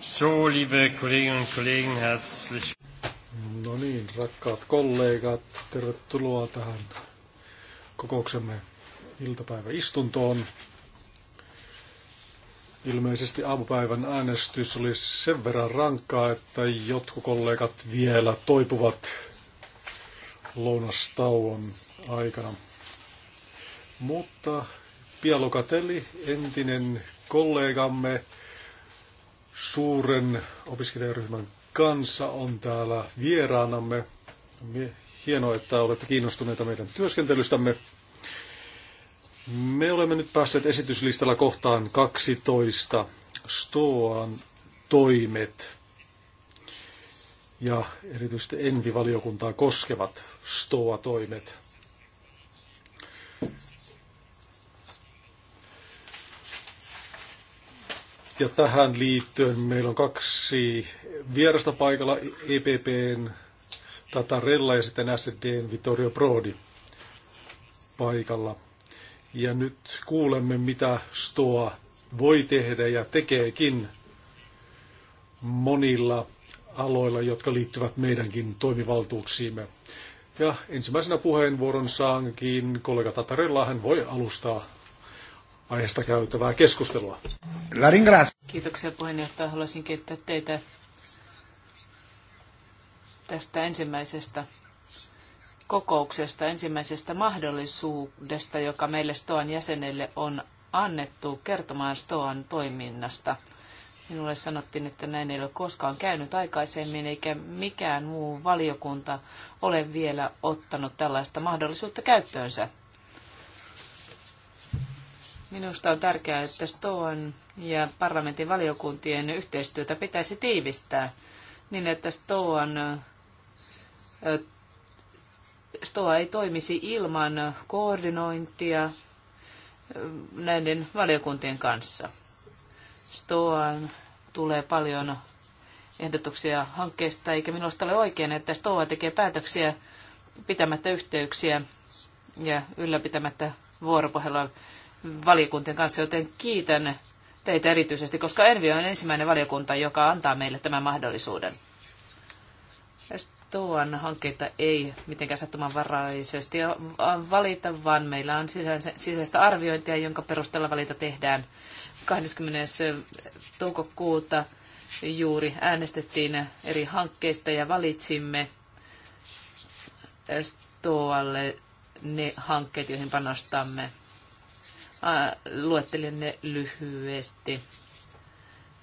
So, liebe Kolleginnen und Kollegen, herzlich. No niin, rakkaat kollegat, tervetuloa tähän kokouksemme iltapäiväistuntoon. Ilmeisesti aamupäivän äänestys oli sen verran rankkaa, että jotkut kollegat vielä toipuvat lounastauon aikana. Mutta Pia Lokatelli, entinen kollegamme suuren opiskelijaryhmän kanssa on täällä vieraanamme. Hienoa, että olette kiinnostuneita meidän työskentelystämme. Me olemme nyt päässeet esityslistalla kohtaan 12. Stoan toimet ja erityisesti envivaliokuntaa koskevat STOA-toimet. Ja tähän liittyen meillä on kaksi vierasta paikalla, EPPn Tatarella ja sitten SDn Vittorio Prodi paikalla. Ja nyt kuulemme, mitä STOA voi tehdä ja tekeekin monilla aloilla, jotka liittyvät meidänkin toimivaltuuksiimme. Ja ensimmäisenä puheenvuoron saankin kollega Tatarella, hän voi alustaa aiheesta käytävää keskustelua. Kiitoksia puheenjohtaja. Haluaisin kiittää teitä tästä ensimmäisestä kokouksesta, ensimmäisestä mahdollisuudesta, joka meille Stoan jäsenille on annettu kertomaan Stoan toiminnasta. Minulle sanottiin, että näin ei ole koskaan käynyt aikaisemmin, eikä mikään muu valiokunta ole vielä ottanut tällaista mahdollisuutta käyttöönsä. Minusta on tärkeää, että STOAN ja parlamentin valiokuntien yhteistyötä pitäisi tiivistää niin, että STOAN STOA ei toimisi ilman koordinointia näiden valiokuntien kanssa. STOAN tulee paljon ehdotuksia hankkeista, eikä minusta ole oikein, että STOA tekee päätöksiä pitämättä yhteyksiä ja ylläpitämättä vuoropuhelua valiokuntien kanssa, joten kiitän teitä erityisesti, koska Envi on ensimmäinen valiokunta, joka antaa meille tämän mahdollisuuden. Tuon hankkeita ei mitenkään sattumanvaraisesti valita, vaan meillä on sisäistä arviointia, jonka perusteella valinta tehdään 20. toukokuuta. Juuri äänestettiin eri hankkeista ja valitsimme Stoalle ne hankkeet, joihin panostamme Äh, luettelin ne lyhyesti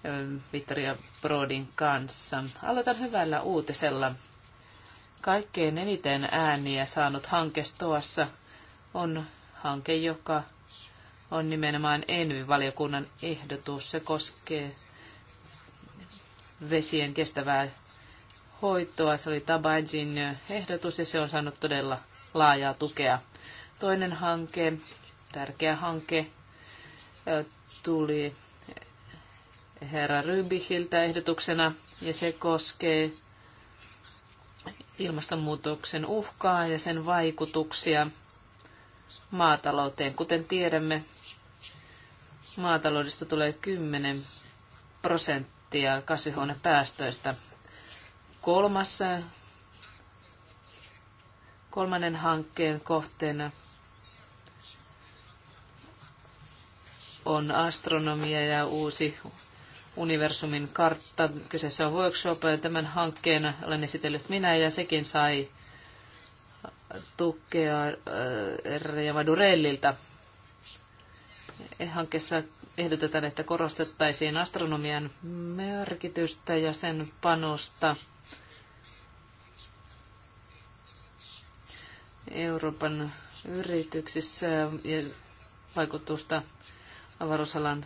ähm, Vittoria Brodin kanssa. Aloitan hyvällä uutisella. Kaikkein eniten ääniä saanut hanke Stoassa on hanke, joka on nimenomaan ENVY-valiokunnan ehdotus. Se koskee vesien kestävää hoitoa. Se oli Tabajin ehdotus ja se on saanut todella laajaa tukea. Toinen hanke tärkeä hanke tuli herra Rybichiltä ehdotuksena, ja se koskee ilmastonmuutoksen uhkaa ja sen vaikutuksia maatalouteen. Kuten tiedämme, maataloudesta tulee 10 prosenttia kasvihuonepäästöistä. Kolmas, kolmannen hankkeen kohteena on astronomia ja uusi universumin kartta. Kyseessä on workshop ja tämän hankkeen olen esitellyt minä ja sekin sai tukea äh, Reija Madurellilta. Hankkeessa ehdotetaan, että korostettaisiin astronomian merkitystä ja sen panosta Euroopan yrityksissä ja vaikutusta avaruusalan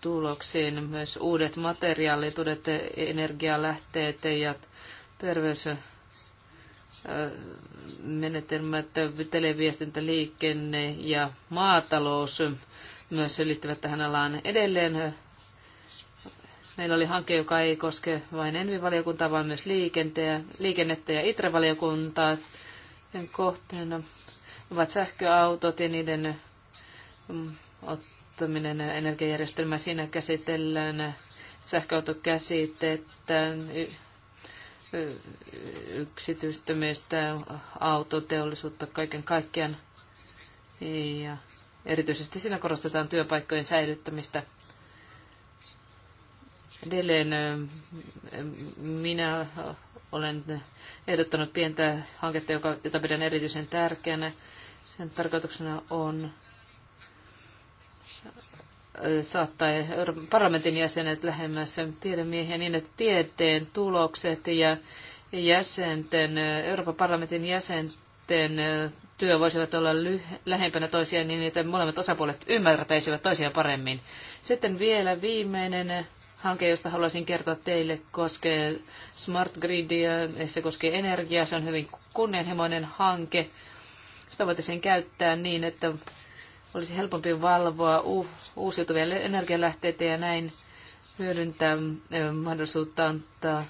tuloksiin. Myös uudet materiaalit, uudet energialähteet ja terveysmenetelmät, televiestintä, liikenne ja maatalous myös liittyvät tähän alaan edelleen. Meillä oli hanke, joka ei koske vain Envi-valiokuntaa, vaan myös liikennettä ja ITRE-valiokuntaa. Sen kohteena ovat sähköautot ja niiden mm, muuttaminen energiajärjestelmä. Siinä käsitellään sähköautokäsitettä, yksityistymistä, autoteollisuutta kaiken kaikkiaan. Ja erityisesti siinä korostetaan työpaikkojen säilyttämistä. Edelleen minä olen ehdottanut pientä hanketta, jota pidän erityisen tärkeänä. Sen tarkoituksena on saattaa Euroopan parlamentin jäsenet lähemmäs tiedemiehiä niin, että tieteen tulokset ja jäsenten, Euroopan parlamentin jäsenten työ voisivat olla lyh- lähempänä toisiaan niin, että molemmat osapuolet ymmärtäisivät toisiaan paremmin. Sitten vielä viimeinen hanke, josta haluaisin kertoa teille, koskee Smart Gridia, se koskee energiaa, se on hyvin kunnianhimoinen hanke. Sitä voitaisiin käyttää niin, että olisi helpompi valvoa uusiutuvia energialähteitä ja näin hyödyntää mahdollisuutta antaa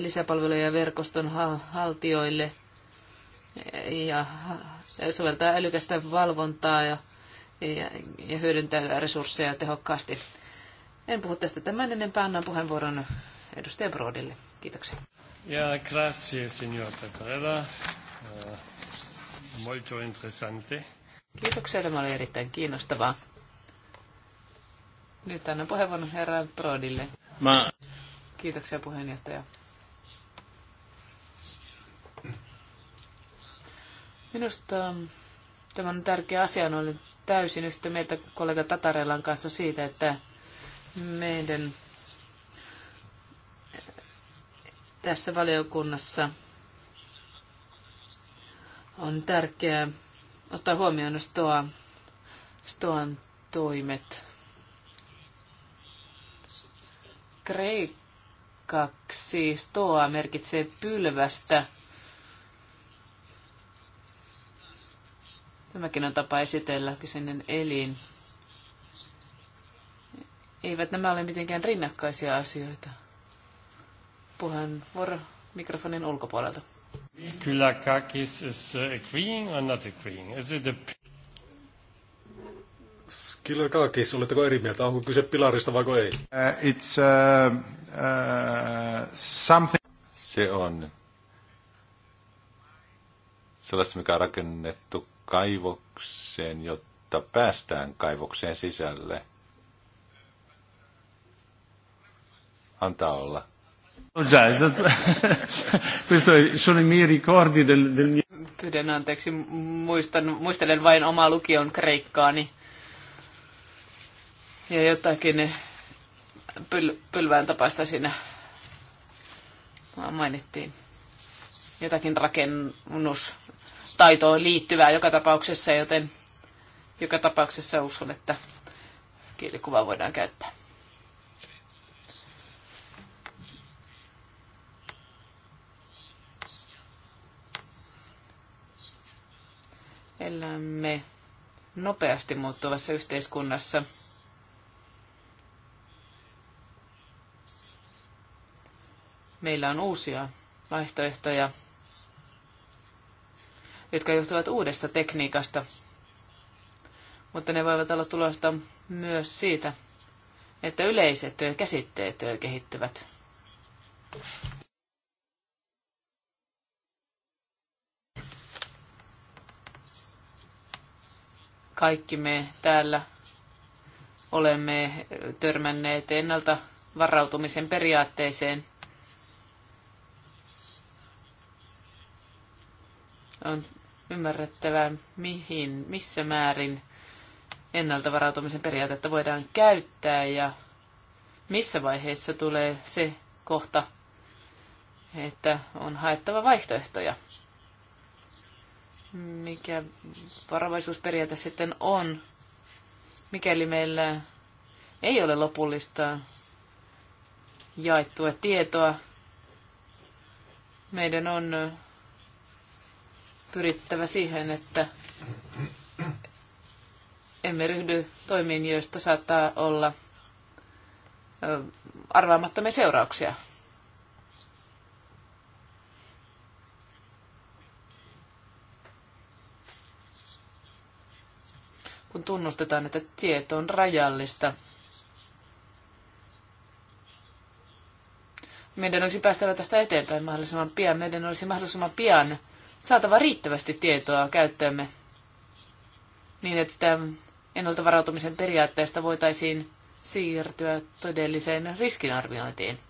lisäpalveluja verkoston haltijoille ja soveltaa älykästä valvontaa ja, ja, ja hyödyntää resursseja tehokkaasti. En puhu tästä tämän enempää, annan puheenvuoron edustaja Broadille. Kiitoksia. Ja grazie signor Petrella. Eh, molto interessante. Kiitoksia, tämä oli erittäin kiinnostavaa. Nyt annan puheenvuoron herra Brodille. Mä... Kiitoksia puheenjohtaja. Minusta tämä on tärkeä asia. Olen täysin yhtä mieltä kollega Tatarellan kanssa siitä, että meidän tässä valiokunnassa on tärkeää ottaa huomioon Stoa, Stoan toimet. Kreikaksi Stoa merkitsee pylvästä. Tämäkin on tapa esitellä kyseinen elin. Eivät nämä ole mitenkään rinnakkaisia asioita. Puheenvuoro mikrofonin ulkopuolelta. Skylakakis is agreeing or not agreeing? Is it a... Skylakakis, oletteko eri mieltä? Onko kyse pilarista vai ei? Uh, it's uh, uh, something... Se on sellaista, mikä on rakennettu kaivokseen, jotta päästään kaivokseen sisälle. Antaa olla. Pyydän anteeksi, muistan, muistelen vain omaa lukion kreikkaani. Ja jotakin eh, pyl- pylvään tapaista siinä mainittiin. Jotakin rakennustaitoon liittyvää joka tapauksessa, joten joka tapauksessa uskon, että kielikuva voidaan käyttää. Elämme nopeasti muuttuvassa yhteiskunnassa. Meillä on uusia vaihtoehtoja, jotka johtuvat uudesta tekniikasta, mutta ne voivat olla tulosta myös siitä, että yleiset käsitteet kehittyvät. Kaikki me täällä olemme törmänneet ennalta varautumisen periaatteeseen. On ymmärrettävää, mihin, missä määrin ennalta varautumisen periaatetta voidaan käyttää ja missä vaiheessa tulee se kohta, että on haettava vaihtoehtoja mikä varovaisuusperiaate sitten on, mikäli meillä ei ole lopullista jaettua tietoa. Meidän on pyrittävä siihen, että emme ryhdy toimiin, joista saattaa olla arvaamattomia seurauksia. kun tunnustetaan, että tieto on rajallista. Meidän olisi päästävä tästä eteenpäin mahdollisimman pian. Meidän olisi mahdollisimman pian saatava riittävästi tietoa käyttöömme niin, että ennalta varautumisen periaatteesta voitaisiin siirtyä todelliseen riskinarviointiin,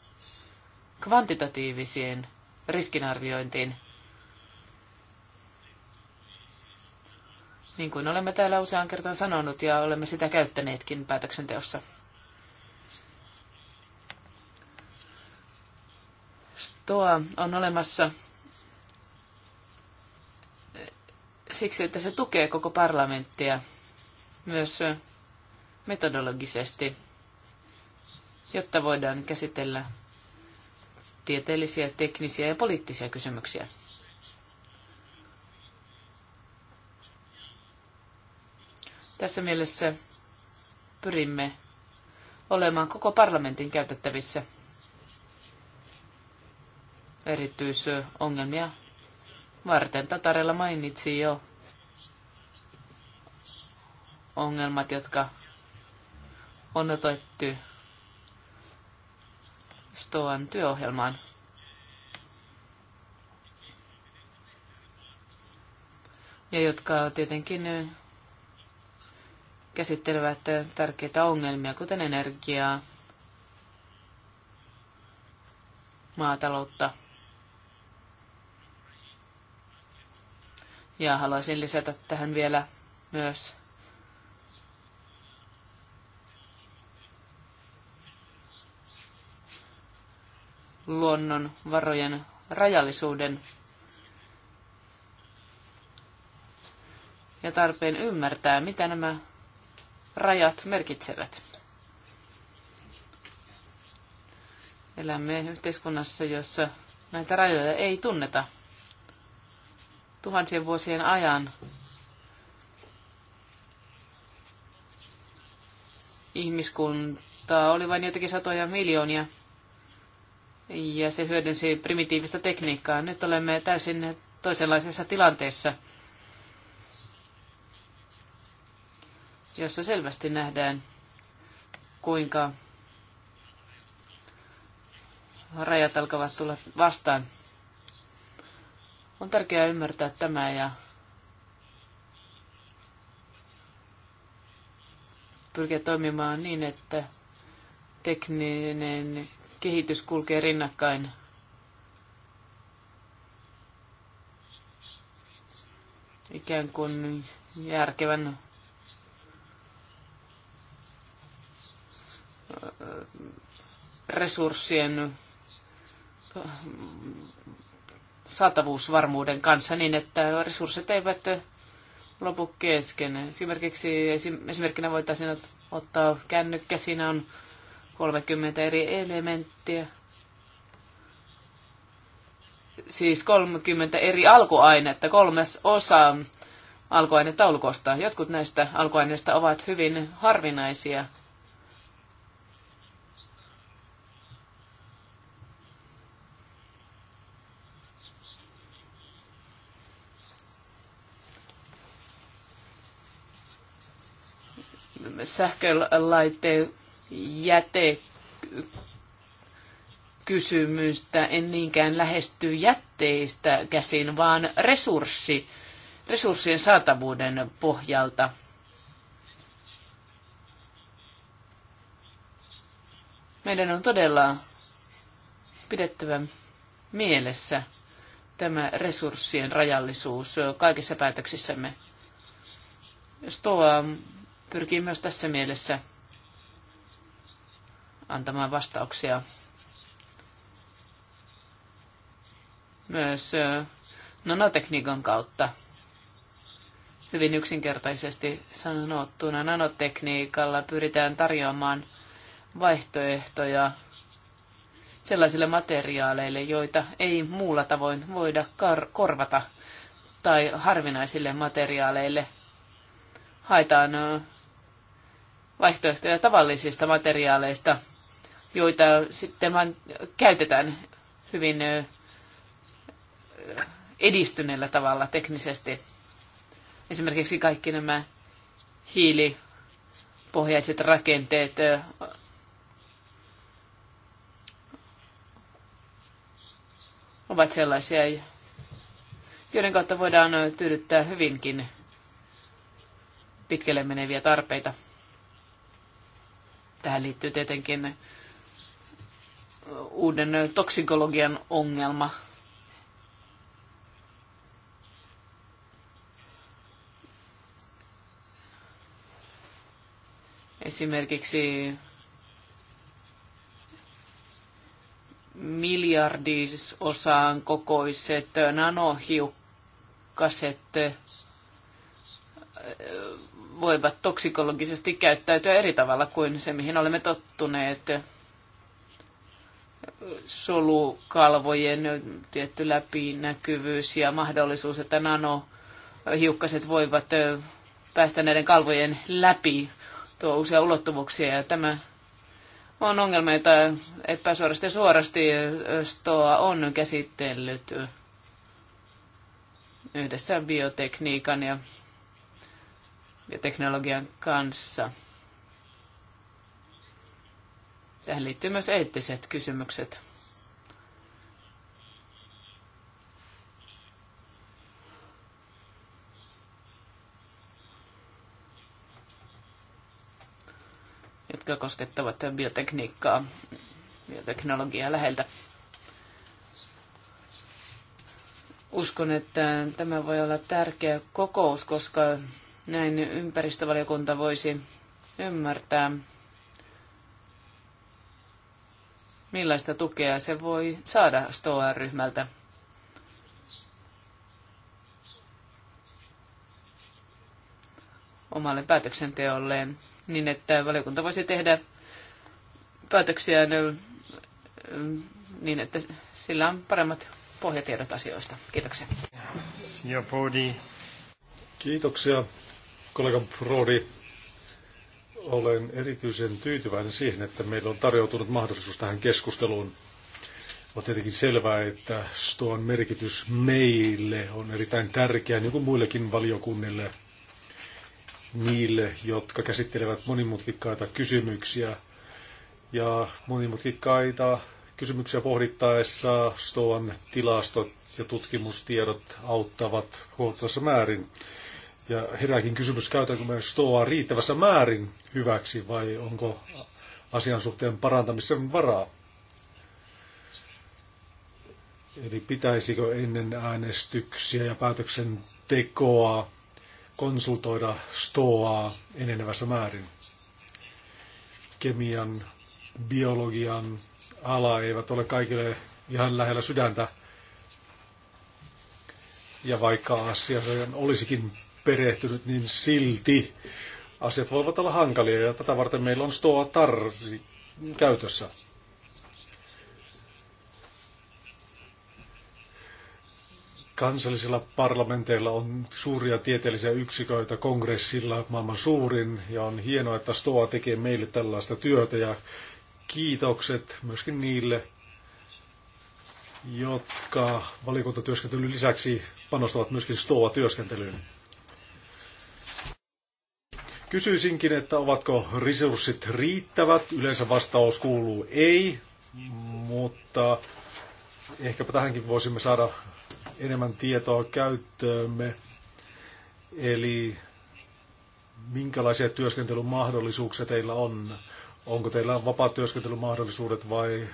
kvantitatiiviseen riskinarviointiin – niin kuin olemme täällä useaan kertaan sanonut ja olemme sitä käyttäneetkin päätöksenteossa. Stoa on olemassa siksi, että se tukee koko parlamenttia myös metodologisesti, jotta voidaan käsitellä tieteellisiä, teknisiä ja poliittisia kysymyksiä. Tässä mielessä pyrimme olemaan koko parlamentin käytettävissä. Erityisongelmia varten Tatarella mainitsi jo ongelmat, jotka on otettu Stoan työohjelmaan. Ja jotka tietenkin käsittelevät tärkeitä ongelmia, kuten energiaa, maataloutta. Ja haluaisin lisätä tähän vielä myös luonnon varojen rajallisuuden ja tarpeen ymmärtää, mitä nämä rajat merkitsevät. Elämme yhteiskunnassa, jossa näitä rajoja ei tunneta. Tuhansien vuosien ajan ihmiskuntaa oli vain jotakin satoja miljoonia ja se hyödynsi primitiivistä tekniikkaa. Nyt olemme täysin toisenlaisessa tilanteessa – jossa selvästi nähdään, kuinka rajat alkavat tulla vastaan. On tärkeää ymmärtää tämä ja pyrkiä toimimaan niin, että tekninen kehitys kulkee rinnakkain ikään kuin järkevän resurssien mm, saatavuusvarmuuden kanssa niin, että resurssit eivät lopu kesken. Esimerkiksi, esimerkkinä voitaisiin ottaa kännykkä, siinä on 30 eri elementtiä. Siis 30 eri alkuainetta, kolmes osa alkuainetaulukosta. Jotkut näistä alkuaineista ovat hyvin harvinaisia – sähkölaite jäte kysymystä en niinkään lähesty jätteistä käsin, vaan resurssi, resurssien saatavuuden pohjalta. Meidän on todella pidettävä mielessä tämä resurssien rajallisuus kaikissa päätöksissämme. Stoa pyrkii myös tässä mielessä antamaan vastauksia myös nanotekniikan kautta. Hyvin yksinkertaisesti sanottuna nanotekniikalla pyritään tarjoamaan vaihtoehtoja sellaisille materiaaleille, joita ei muulla tavoin voida korvata, tai harvinaisille materiaaleille. Haetaan vaihtoehtoja tavallisista materiaaleista, joita sitten vaan käytetään hyvin edistyneellä tavalla teknisesti. Esimerkiksi kaikki nämä hiilipohjaiset rakenteet ovat sellaisia, joiden kautta voidaan tyydyttää hyvinkin pitkälle meneviä tarpeita. Tähän liittyy tietenkin uuden toksikologian ongelma. Esimerkiksi miljardisosaan kokoiset nanohiukkaset voivat toksikologisesti käyttäytyä eri tavalla kuin se, mihin olemme tottuneet. Solukalvojen tietty läpinäkyvyys ja mahdollisuus, että nanohiukkaset voivat päästä näiden kalvojen läpi, tuo uusia ulottuvuuksia ja tämä on ongelma, jota epäsuorasti ja suorasti STOA on käsitellyt yhdessä biotekniikan ja ja teknologian kanssa. Tähän liittyy myös eettiset kysymykset. jotka koskettavat biotekniikkaa, bioteknologiaa läheltä. Uskon, että tämä voi olla tärkeä kokous, koska näin ympäristövaliokunta voisi ymmärtää, millaista tukea se voi saada STOA-ryhmältä. omalle päätöksenteolleen, niin että valiokunta voisi tehdä päätöksiä niin, että sillä on paremmat pohjatiedot asioista. Kiitoksia. Kiitoksia. Kollega Prodi, olen erityisen tyytyväinen siihen, että meillä on tarjoutunut mahdollisuus tähän keskusteluun. On tietenkin selvää, että STOAn merkitys meille on erittäin tärkeä, niin kuin muillekin valiokunnille, niille, jotka käsittelevät monimutkikkaita kysymyksiä. Ja monimutkikkaita kysymyksiä pohdittaessa STOAn tilastot ja tutkimustiedot auttavat huomattavassa määrin. Ja herääkin kysymys, käytänkö me stoa riittävässä määrin hyväksi vai onko asian suhteen parantamisen varaa? Eli pitäisikö ennen äänestyksiä ja päätöksentekoa konsultoida stoaa enenevässä määrin? Kemian, biologian ala eivät ole kaikille ihan lähellä sydäntä. Ja vaikka asia olisikin perehtynyt, niin silti asiat voivat olla hankalia ja tätä varten meillä on stoa tarsi käytössä. Kansallisilla parlamenteilla on suuria tieteellisiä yksiköitä, kongressilla maailman suurin, ja on hienoa, että STOA tekee meille tällaista työtä, ja kiitokset myöskin niille, jotka valiokuntatyöskentelyn lisäksi panostavat myöskin STOA-työskentelyyn. Kysyisinkin, että ovatko resurssit riittävät? Yleensä vastaus kuuluu ei, mutta ehkäpä tähänkin voisimme saada enemmän tietoa käyttöömme. Eli minkälaisia työskentelymahdollisuuksia teillä on? Onko teillä vapaat työskentelymahdollisuudet vai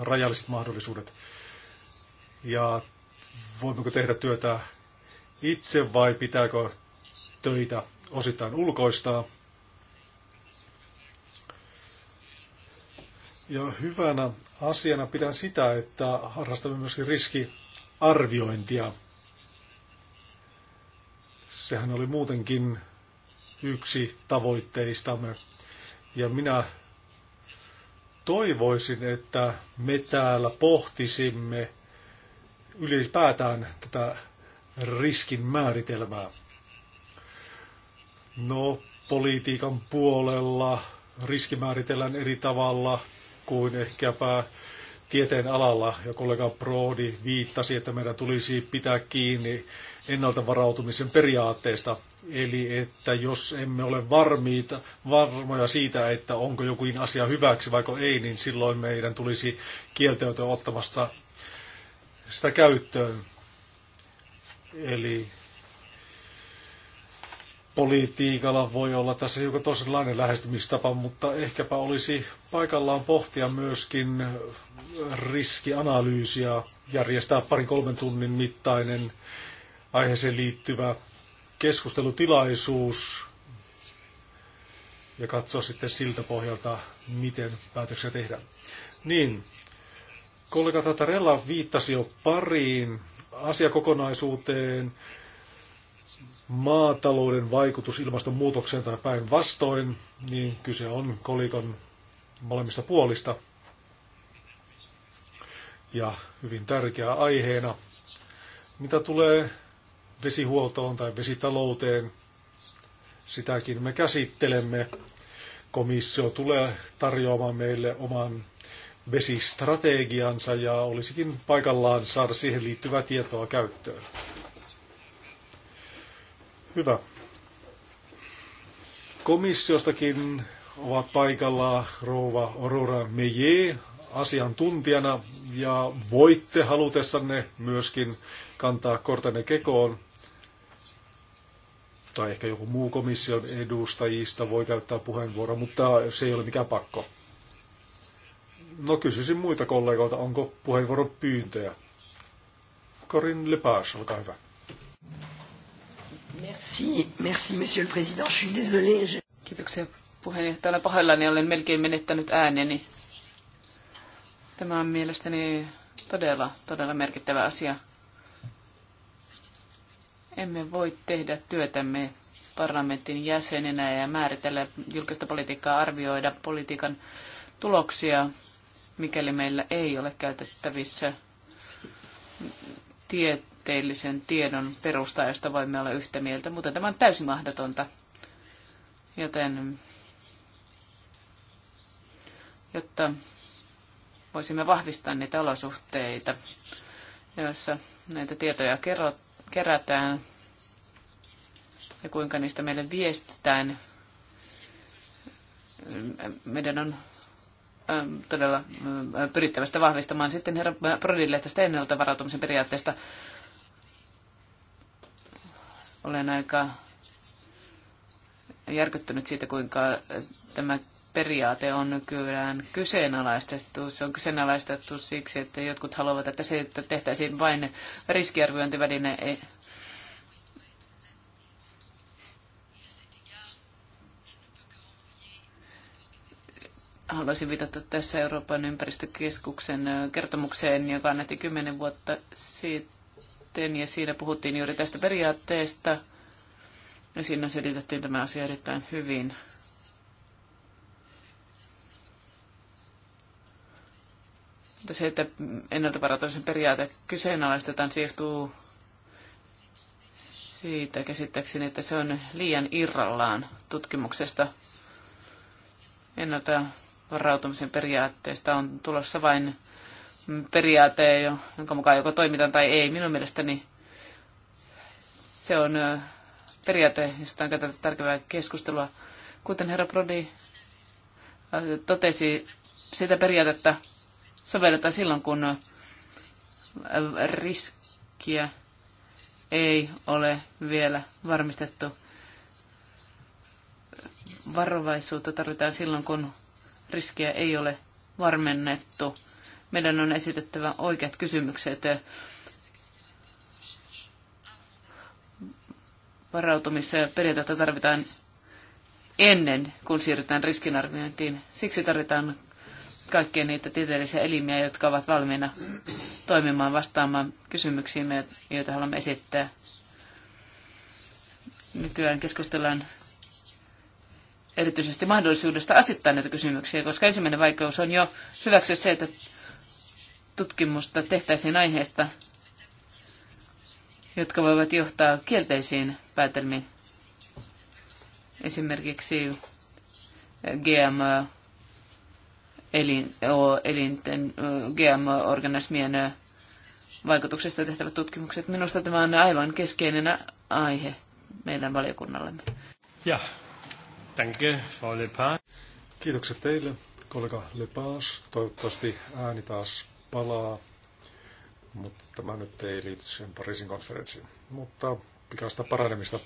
rajalliset mahdollisuudet? Ja voimmeko tehdä työtä itse vai pitääkö töitä osittain ulkoistaa. Ja hyvänä asiana pidän sitä, että harrastamme myöskin riskiarviointia. Sehän oli muutenkin yksi tavoitteistamme. Ja minä toivoisin, että me täällä pohtisimme ylipäätään tätä riskin määritelmää. No, politiikan puolella riskimääritellään eri tavalla kuin ehkäpä tieteen alalla. Ja kollega Brody viittasi, että meidän tulisi pitää kiinni ennalta varautumisen periaatteesta. Eli että jos emme ole varmiita, varmoja siitä, että onko jokin asia hyväksi vai ei, niin silloin meidän tulisi kieltäytyä ottamasta sitä käyttöön. Eli politiikalla voi olla tässä joku toisenlainen lähestymistapa, mutta ehkäpä olisi paikallaan pohtia myöskin riskianalyysiä, järjestää parin kolmen tunnin mittainen aiheeseen liittyvä keskustelutilaisuus ja katsoa sitten siltä pohjalta, miten päätöksiä tehdään. Niin, kollega Tatarella viittasi jo pariin asiakokonaisuuteen, maatalouden vaikutus ilmastonmuutokseen tai päinvastoin, niin kyse on kolikon molemmista puolista. Ja hyvin tärkeä aiheena, mitä tulee vesihuoltoon tai vesitalouteen, sitäkin me käsittelemme. Komissio tulee tarjoamaan meille oman vesistrategiansa ja olisikin paikallaan saada siihen liittyvää tietoa käyttöön. Hyvä. Komissiostakin ovat paikalla rouva Aurora Meje asiantuntijana ja voitte halutessanne myöskin kantaa kortenne kekoon. Tai ehkä joku muu komission edustajista voi käyttää puheenvuoroa, mutta se ei ole mikään pakko. No kysyisin muita kollegoilta, onko puheenvuoron pyyntöjä. Korin Lepage, olkaa hyvä. Merci, merci, monsieur le président. Je suis désolée. Je... Kiitoksia puheenjohtajana. Pahoillani niin olen melkein menettänyt ääneni. Tämä on mielestäni todella, todella merkittävä asia. Emme voi tehdä työtämme parlamentin jäsenenä ja määritellä julkista politiikkaa, arvioida politiikan tuloksia, mikäli meillä ei ole käytettävissä tietoa tieteellisen tiedon perusta, josta voimme olla yhtä mieltä, mutta tämä on täysin mahdotonta. Joten jotta voisimme vahvistaa niitä olosuhteita, joissa näitä tietoja kerätään ja kuinka niistä meille viestitään. Meidän on ähm, todella äh, pyrittävästä vahvistamaan sitten herra Prodille tästä ennalta varautumisen periaatteesta. Olen aika järkyttynyt siitä, kuinka tämä periaate on nykyään kyseenalaistettu. Se on kyseenalaistettu siksi, että jotkut haluavat, että se että tehtäisiin vain riskiarviointiväline. Haluaisin viitata tässä Euroopan ympäristökeskuksen kertomukseen, joka annettiin kymmenen vuotta sitten sitten, ja siinä puhuttiin juuri tästä periaatteesta ja siinä selitettiin tämä asia erittäin hyvin. Mutta se, että ennaltaparatoisen periaate kyseenalaistetaan, se johtuu siitä käsittääkseni, että se on liian irrallaan tutkimuksesta. Ennalta varautumisen periaatteesta on tulossa vain periaate, jonka mukaan joko toimitaan tai ei. Minun mielestäni se on periaate, josta on käytetty tärkeää keskustelua. Kuten herra Brody totesi, sitä periaatetta sovelletaan silloin, kun riskiä ei ole vielä varmistettu. Varovaisuutta tarvitaan silloin, kun riskiä ei ole varmennettu meidän on esitettävä oikeat kysymykset periaatteita tarvitaan ennen kuin siirrytään riskinarviointiin. Siksi tarvitaan kaikkia niitä tieteellisiä elimiä, jotka ovat valmiina toimimaan vastaamaan kysymyksiin, joita haluamme esittää. Nykyään keskustellaan erityisesti mahdollisuudesta asittaa näitä kysymyksiä, koska ensimmäinen vaikeus on jo hyväksyä se, että tutkimusta tehtäisiin aiheesta, jotka voivat johtaa kielteisiin päätelmiin. Esimerkiksi GM elin, elinten, GM-organismien vaikutuksesta tehtävät tutkimukset. Minusta tämä on aivan keskeinen aihe meidän valiokunnallemme. Ja, danke, Frau Kiitokset teille, kollega Lepage. Toivottavasti ääni taas palaa, mutta tämä nyt ei liity siihen Pariisin konferenssiin. Mutta pikaista paranemista.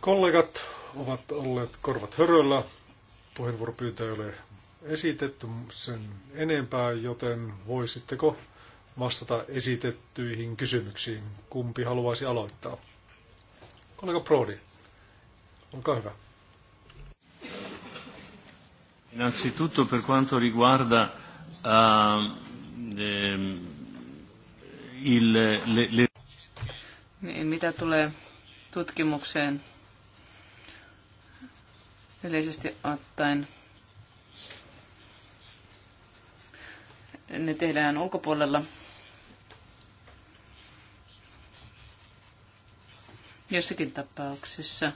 Kollegat ovat olleet korvat höröllä. Puheenvuoropyyntö ei ole esitetty sen enempää, joten voisitteko vastata esitettyihin kysymyksiin? Kumpi haluaisi aloittaa? Kollega Prodi, olkaa hyvä. Innanzitutto per quanto riguarda uh, Eh, il, le, le... Niin, mitä tulee tutkimukseen yleisesti ottaen? Ne tehdään ulkopuolella. Jossakin tapauksessa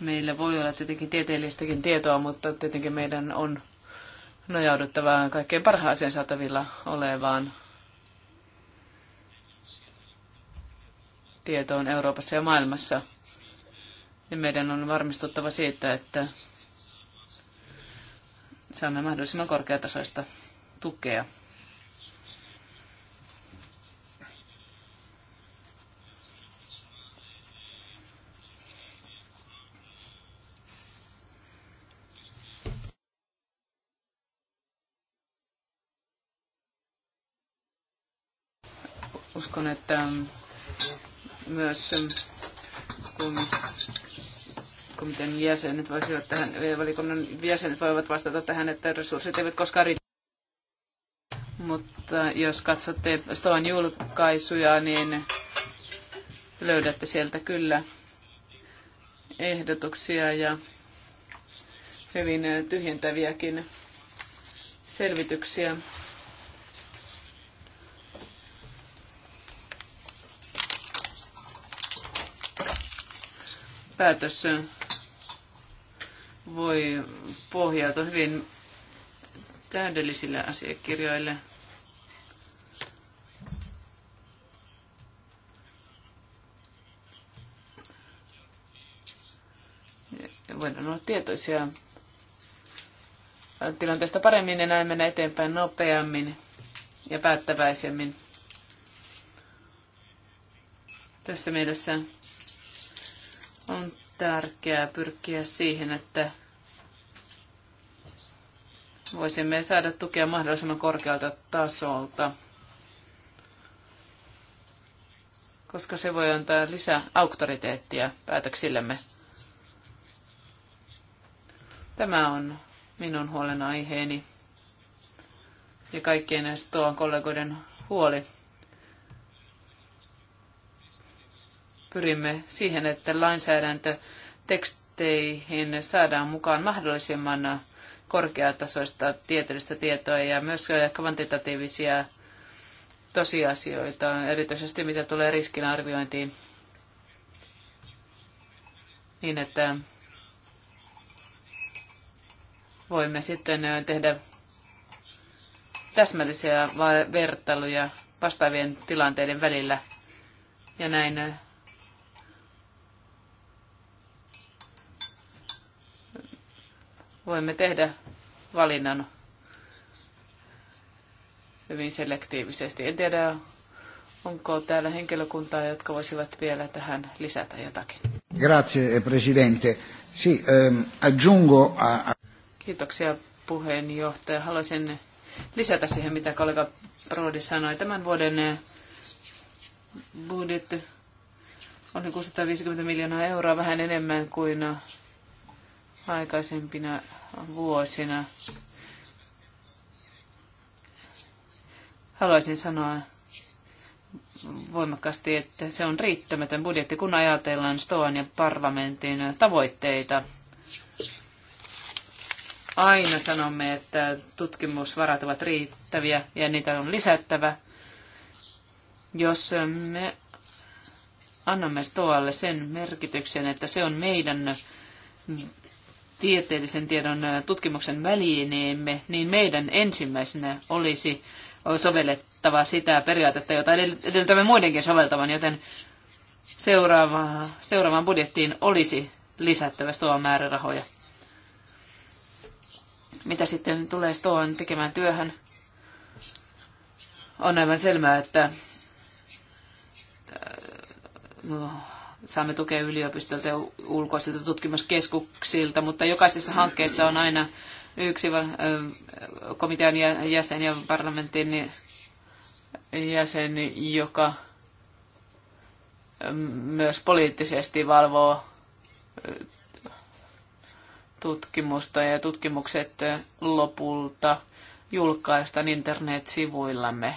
meillä voi olla tietenkin tieteellistäkin tietoa, mutta tietenkin meidän on nojauduttavaan kaikkein parhaaseen saatavilla olevaan tietoon Euroopassa ja maailmassa, ja meidän on varmistuttava siitä, että saamme mahdollisimman korkeatasoista tukea. uskon, että myös komitean jäsenet voisivat tähän, valikunnan jäsenet voivat vastata tähän, että resurssit eivät koskaan riitä. Mutta jos katsotte Stoan julkaisuja, niin löydätte sieltä kyllä ehdotuksia ja hyvin tyhjentäviäkin selvityksiä päätös voi pohjautua hyvin täydellisille asiakirjoille. Voidaan olla tietoisia tilanteesta paremmin ja näin mennä eteenpäin nopeammin ja päättäväisemmin. Tässä mielessä on tärkeää pyrkiä siihen, että voisimme saada tukea mahdollisimman korkealta tasolta, koska se voi antaa lisää auktoriteettia päätöksillemme. Tämä on minun huolenaiheeni ja kaikkien näistä tuon kollegoiden huoli. pyrimme siihen, että lainsäädäntöteksteihin saadaan mukaan mahdollisimman korkeatasoista tieteellistä tietoa ja myös kvantitatiivisia tosiasioita, erityisesti mitä tulee riskinarviointiin, niin että voimme sitten tehdä täsmällisiä vertailuja vastaavien tilanteiden välillä ja näin voimme tehdä valinnan hyvin selektiivisesti. En tiedä, onko täällä henkilökuntaa, jotka voisivat vielä tähän lisätä jotakin. Grazie, presidente. Si, ehm, aggiungo a... Kiitoksia, puheenjohtaja. Haluaisin lisätä siihen, mitä kollega Brody sanoi. Tämän vuoden eh, budjetti on 650 niin miljoonaa euroa, vähän enemmän kuin eh, aikaisempina vuosina. Haluaisin sanoa voimakkaasti, että se on riittämätön budjetti, kun ajatellaan Stoan ja parlamentin tavoitteita. Aina sanomme, että tutkimusvarat ovat riittäviä ja niitä on lisättävä. Jos me annamme Stoalle sen merkityksen, että se on meidän tieteellisen tiedon tutkimuksen välineemme, niin meidän ensimmäisenä olisi sovellettava sitä periaatetta, jota edellytämme muidenkin soveltavan, joten seuraava, seuraavaan budjettiin olisi lisättävä Stoan määrärahoja. Mitä sitten tulee Stoan tekemään työhön? On aivan selvää, että saamme tukea yliopistolta ja ulkoisilta tutkimuskeskuksilta, mutta jokaisessa hankkeessa on aina yksi komitean jäsen ja parlamentin jäsen, joka myös poliittisesti valvoo tutkimusta ja tutkimukset lopulta julkaistaan internet-sivuillamme.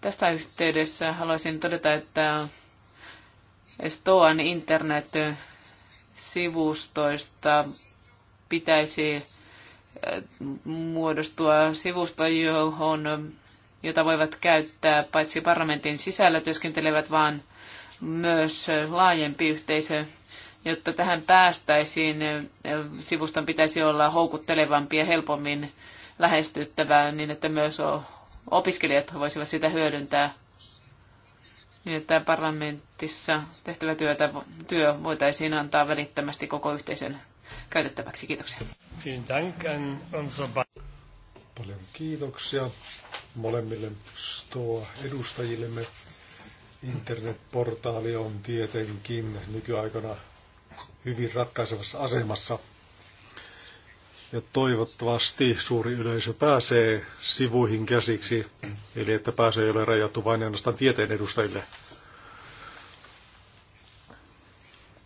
Tästä yhteydessä haluaisin todeta, että Estoan internet-sivustoista pitäisi äh, muodostua sivusto, johon, jota voivat käyttää paitsi parlamentin sisällä työskentelevät, vaan myös laajempi yhteisö. Jotta tähän päästäisiin, äh, sivuston pitäisi olla houkuttelevampi ja helpommin lähestyttävää niin, että myös opiskelijat voisivat sitä hyödyntää niin että parlamentissa tehtävä työtä, työ voitaisiin antaa välittömästi koko yhteisön käytettäväksi. Kiitoksia. Paljon kiitoksia molemmille STOA-edustajillemme. Internetportaali on tietenkin nykyaikana hyvin ratkaisevassa asemassa. Ja toivottavasti suuri yleisö pääsee sivuihin käsiksi, eli että pääsy ei ole rajattu vain ainoastaan tieteen edustajille.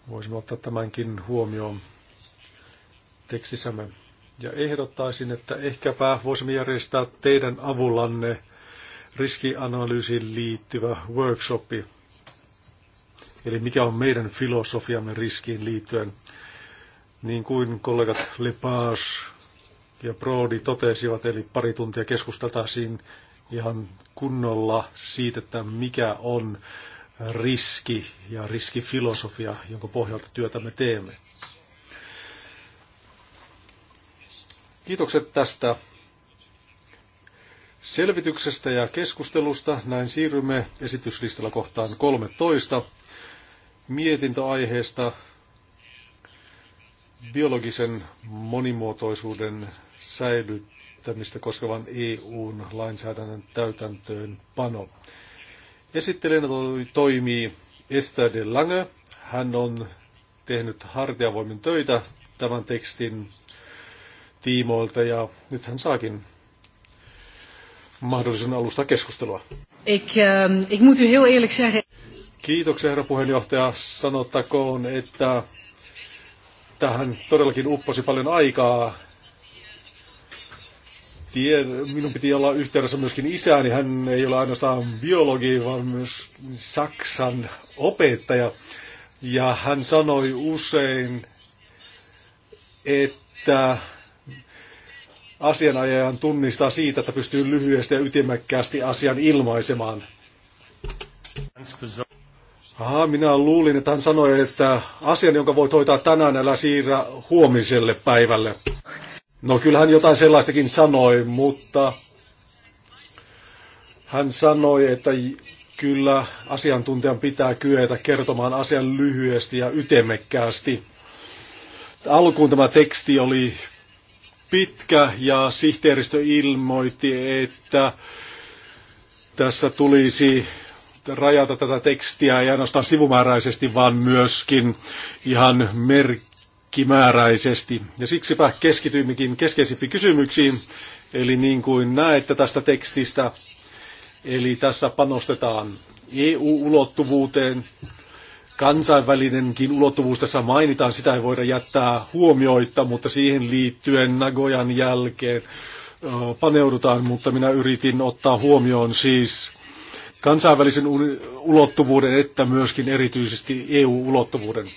Voisimme ottaa tämänkin huomioon tekstissämme. Ja ehdottaisin, että ehkäpä voisimme järjestää teidän avullanne riskianalyysiin liittyvä workshopi. Eli mikä on meidän filosofiamme riskiin liittyen. Niin kuin kollegat Lepage ja Brody totesivat, eli pari tuntia keskusteltaisiin ihan kunnolla siitä, että mikä on riski ja riskifilosofia, jonka pohjalta työtä me teemme. Kiitokset tästä selvityksestä ja keskustelusta. Näin siirrymme esityslistalla kohtaan 13. mietintöaiheesta biologisen monimuotoisuuden säilyttämistä koskevan EUn lainsäädännön täytäntöön pano. Esittelijänä toimii Esther de Lange. Hän on tehnyt hartiavoimin töitä tämän tekstin tiimoilta ja nyt hän saakin mahdollisuuden alustaa keskustelua. Ik, ehm, ik moet u heel eerlijk zeggen. Kiitoksia herra puheenjohtaja. Sanottakoon, että tähän todellakin upposi paljon aikaa. Tie, minun piti olla yhteydessä myöskin isääni. Niin hän ei ole ainoastaan biologi, vaan myös Saksan opettaja. Ja hän sanoi usein, että asianajajan tunnistaa siitä, että pystyy lyhyesti ja ytimekkäästi asian ilmaisemaan. Aha, minä luulin, että hän sanoi, että asian, jonka voit hoitaa tänään, älä siirrä huomiselle päivälle. No kyllähän jotain sellaistakin sanoi, mutta hän sanoi, että kyllä asiantuntijan pitää kyetä kertomaan asian lyhyesti ja ytemekkäästi. Alkuun tämä teksti oli pitkä ja sihteeristö ilmoitti, että tässä tulisi rajata tätä tekstiä ei ainoastaan sivumääräisesti, vaan myöskin ihan merkkimääräisesti. Ja siksipä keskityimmekin keskeisimpiin kysymyksiin, eli niin kuin näette tästä tekstistä, eli tässä panostetaan EU-ulottuvuuteen, kansainvälinenkin ulottuvuus tässä mainitaan, sitä ei voida jättää huomioita, mutta siihen liittyen Nagojan jälkeen paneudutaan, mutta minä yritin ottaa huomioon siis kansainvälisen ulottuvuuden että myöskin erityisesti EU-ulottuvuuden.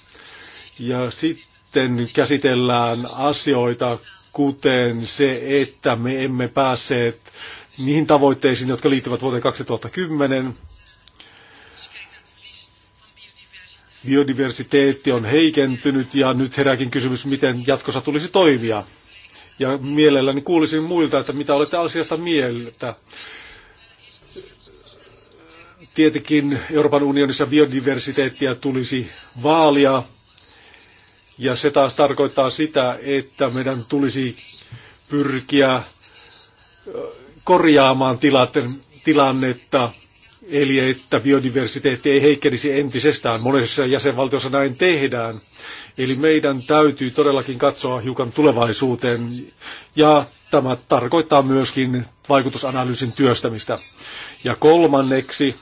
Ja sitten käsitellään asioita, kuten se, että me emme päässeet niihin tavoitteisiin, jotka liittyvät vuoteen 2010. Biodiversiteetti on heikentynyt ja nyt herääkin kysymys, miten jatkossa tulisi toimia. Ja mielelläni kuulisin muilta, että mitä olette asiasta mieltä. Tietenkin Euroopan unionissa biodiversiteettia tulisi vaalia, ja se taas tarkoittaa sitä, että meidän tulisi pyrkiä korjaamaan tilannetta, eli että biodiversiteetti ei heikkenisi entisestään. Monessa jäsenvaltiossa näin tehdään. Eli meidän täytyy todellakin katsoa hiukan tulevaisuuteen, ja tämä tarkoittaa myöskin vaikutusanalyysin työstämistä. Ja kolmanneksi,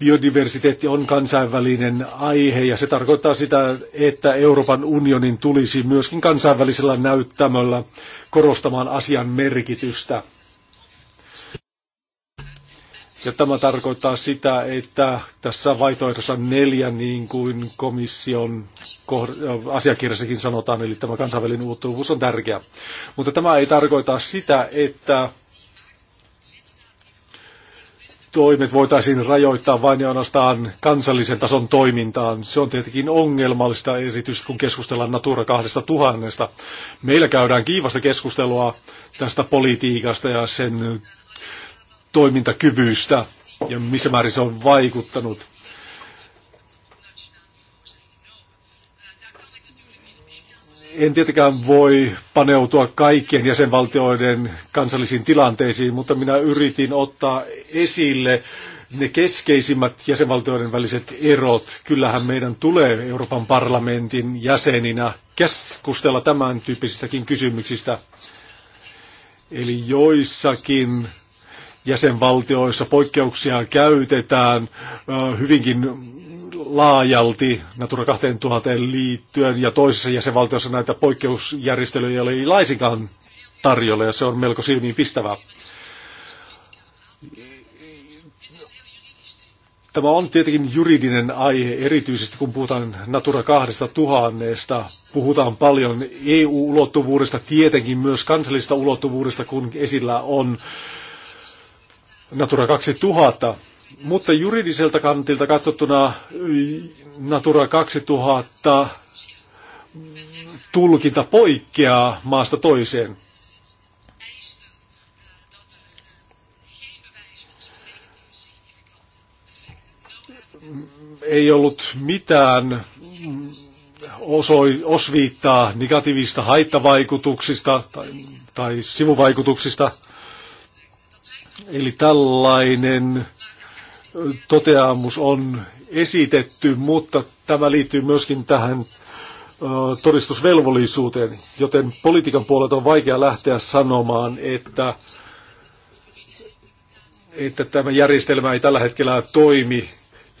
Biodiversiteetti on kansainvälinen aihe ja se tarkoittaa sitä, että Euroopan unionin tulisi myöskin kansainvälisellä näyttämöllä korostamaan asian merkitystä. Ja tämä tarkoittaa sitä, että tässä vaihtoehdossa neljä, niin kuin komission äh, asiakirjassakin sanotaan, eli tämä kansainvälinen ulottuvuus on tärkeä. Mutta tämä ei tarkoita sitä, että toimet voitaisiin rajoittaa vain ja ainoastaan kansallisen tason toimintaan. Se on tietenkin ongelmallista, erityisesti kun keskustellaan Natura 2000. Meillä käydään kiivasta keskustelua tästä politiikasta ja sen toimintakyvystä ja missä määrin se on vaikuttanut. En tietenkään voi paneutua kaikkien jäsenvaltioiden kansallisiin tilanteisiin, mutta minä yritin ottaa esille ne keskeisimmät jäsenvaltioiden väliset erot. Kyllähän meidän tulee Euroopan parlamentin jäseninä keskustella tämän tyyppisistäkin kysymyksistä. Eli joissakin jäsenvaltioissa poikkeuksia käytetään hyvinkin laajalti Natura 2000 liittyen ja toisessa jäsenvaltiossa näitä poikkeusjärjestelyjä ei ole laisinkaan tarjolla ja se on melko silmiin pistävää. Tämä on tietenkin juridinen aihe, erityisesti kun puhutaan Natura 2000. Puhutaan paljon EU-ulottuvuudesta, tietenkin myös kansallista ulottuvuudesta, kun esillä on Natura 2000. Mutta juridiselta kantilta katsottuna Natura 2000 tulkinta poikkeaa maasta toiseen. Ei ollut mitään osoi, osviittaa negatiivista haittavaikutuksista tai, tai sivuvaikutuksista. Eli tällainen toteamus on esitetty, mutta tämä liittyy myöskin tähän todistusvelvollisuuteen, joten politiikan puolelta on vaikea lähteä sanomaan, että, että tämä järjestelmä ei tällä hetkellä toimi.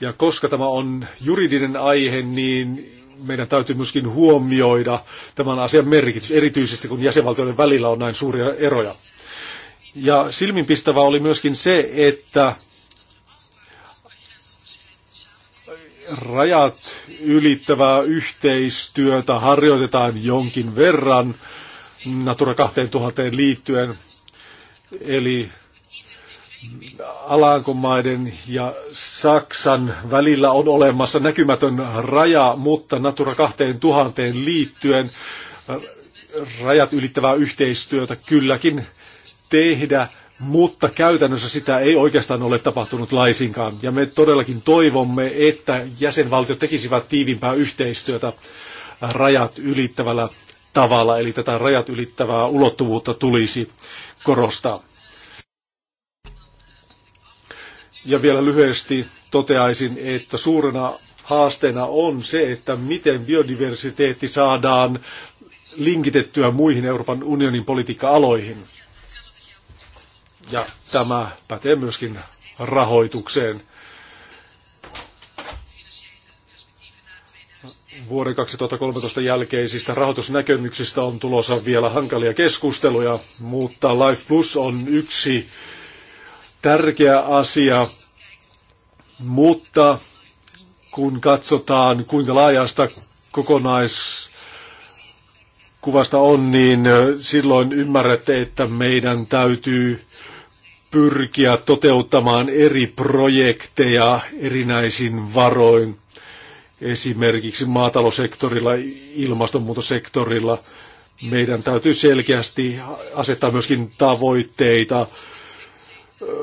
Ja koska tämä on juridinen aihe, niin meidän täytyy myöskin huomioida tämän asian merkitys, erityisesti kun jäsenvaltioiden välillä on näin suuria eroja. Ja silminpistävä oli myöskin se, että rajat ylittävää yhteistyötä harjoitetaan jonkin verran Natura 2000 liittyen. Eli Alankomaiden ja Saksan välillä on olemassa näkymätön raja, mutta Natura 2000 liittyen rajat ylittävää yhteistyötä kylläkin tehdä mutta käytännössä sitä ei oikeastaan ole tapahtunut laisinkaan. Ja me todellakin toivomme, että jäsenvaltiot tekisivät tiivimpää yhteistyötä rajat ylittävällä tavalla, eli tätä rajat ylittävää ulottuvuutta tulisi korostaa. Ja vielä lyhyesti toteaisin, että suurena haasteena on se, että miten biodiversiteetti saadaan linkitettyä muihin Euroopan unionin politiikka-aloihin. Ja tämä pätee myöskin rahoitukseen. Vuoden 2013 jälkeisistä rahoitusnäkemyksistä on tulossa vielä hankalia keskusteluja, mutta Life Plus on yksi tärkeä asia, mutta kun katsotaan kuinka laajasta kokonaiskuvasta on, niin silloin ymmärrätte, että meidän täytyy pyrkiä toteuttamaan eri projekteja erinäisin varoin, esimerkiksi maataloussektorilla, ilmastonmuutosektorilla. Meidän täytyy selkeästi asettaa myöskin tavoitteita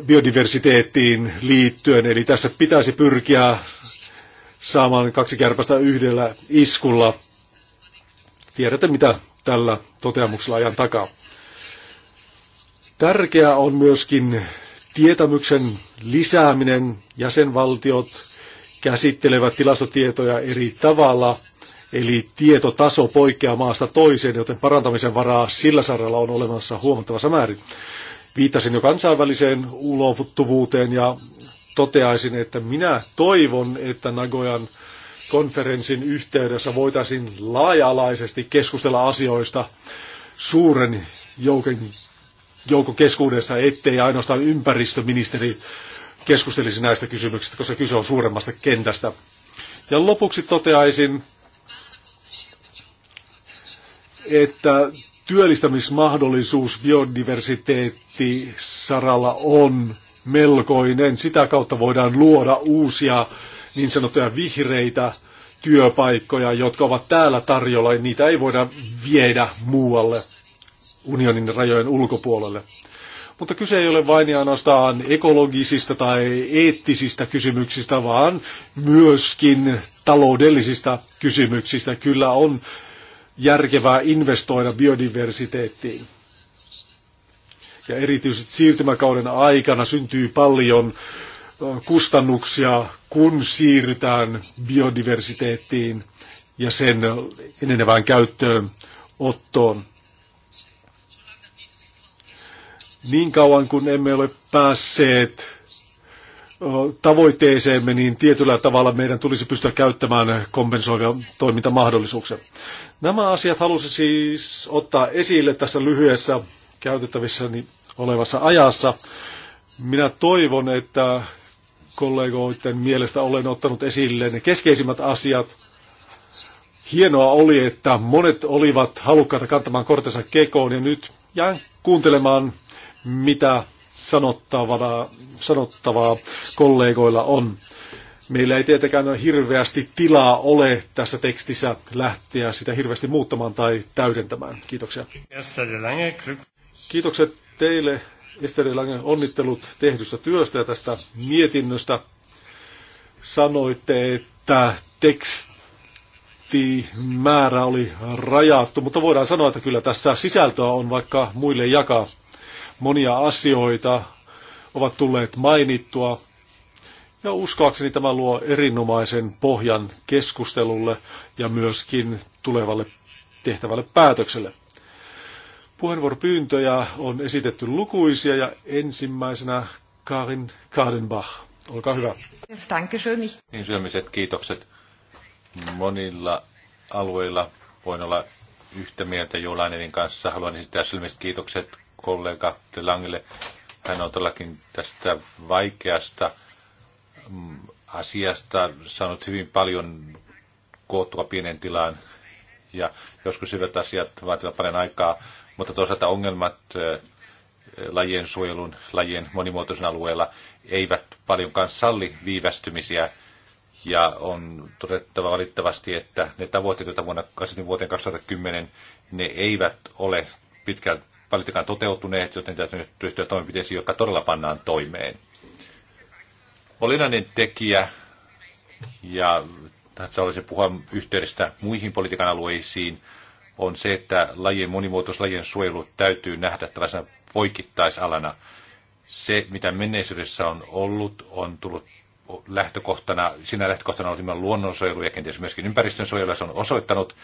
biodiversiteettiin liittyen, eli tässä pitäisi pyrkiä saamaan kaksi kärpästä yhdellä iskulla. Tiedätte, mitä tällä toteamuksella ajan takaa. Tärkeää on myöskin tietämyksen lisääminen. Jäsenvaltiot käsittelevät tilastotietoja eri tavalla, eli tietotaso poikkeaa maasta toiseen, joten parantamisen varaa sillä saralla on olemassa huomattavassa määrin. Viittasin jo kansainväliseen ulottuvuuteen ja toteaisin, että minä toivon, että Nagojan konferenssin yhteydessä voitaisiin laaja-alaisesti keskustella asioista suuren joukon keskuudessa, ettei ainoastaan ympäristöministeri keskustelisi näistä kysymyksistä, koska kyse on suuremmasta kentästä. Ja lopuksi toteaisin, että työllistämismahdollisuus biodiversiteetti saralla on melkoinen. Sitä kautta voidaan luoda uusia niin sanottuja vihreitä työpaikkoja, jotka ovat täällä tarjolla, ja niitä ei voida viedä muualle unionin rajojen ulkopuolelle. Mutta kyse ei ole vain ja ainoastaan ekologisista tai eettisistä kysymyksistä, vaan myöskin taloudellisista kysymyksistä. Kyllä on järkevää investoida biodiversiteettiin. Ja erityisesti siirtymäkauden aikana syntyy paljon kustannuksia, kun siirrytään biodiversiteettiin ja sen enenevään käyttöön ottoon. Niin kauan kun emme ole päässeet tavoitteeseemme, niin tietyllä tavalla meidän tulisi pystyä käyttämään kompensoivia toimintamahdollisuuksia. Nämä asiat halusin siis ottaa esille tässä lyhyessä käytettävissäni olevassa ajassa. Minä toivon, että kollegoiden mielestä olen ottanut esille ne keskeisimmät asiat. Hienoa oli, että monet olivat halukkaita kantamaan kortensa kekoon ja nyt jään kuuntelemaan mitä sanottavaa, sanottavaa kollegoilla on. Meillä ei tietenkään hirveästi tilaa ole tässä tekstissä lähteä sitä hirveästi muuttamaan tai täydentämään. Kiitoksia. Kiitokset teille, Esteri Lange, onnittelut tehdystä työstä ja tästä mietinnöstä. Sanoitte, että tekstimäärä oli rajattu, mutta voidaan sanoa, että kyllä tässä sisältöä on vaikka muille jakaa. Monia asioita ovat tulleet mainittua. Ja uskoakseni tämä luo erinomaisen pohjan keskustelulle ja myöskin tulevalle tehtävälle päätökselle. Puheenvuoropyyntöjä on esitetty lukuisia ja ensimmäisenä Karin Kardenbach Olkaa hyvä. Niin syömiset kiitokset. Monilla alueilla voin olla yhtä mieltä Joulainenin kanssa. Haluan esittää sylmiset kiitokset kollega De Langille. Hän on todellakin tästä vaikeasta mm, asiasta saanut hyvin paljon koottua pienen tilaan ja joskus hyvät asiat vaativat paljon aikaa, mutta toisaalta ongelmat lajien suojelun, lajien monimuotoisen alueella eivät paljonkaan salli viivästymisiä ja on todettava valittavasti, että ne tavoitteet, joita vuonna, vuoteen 2010, ne eivät ole pitkälti valitettavasti toteutuneet, joten täytyy nyt ryhtyä toimenpiteisiin, jotka todella pannaan toimeen. Olennainen tekijä, ja tässä olisi puhua yhteydestä muihin politiikan alueisiin, on se, että lajien monimuotoisuus, lajien suojelu täytyy nähdä tällaisena poikittaisalana. Se, mitä menneisyydessä on ollut, on tullut lähtökohtana, siinä lähtökohtana on nimenomaan luonnonsuojelu ja kenties myöskin ympäristönsuojelu, se on osoittanut,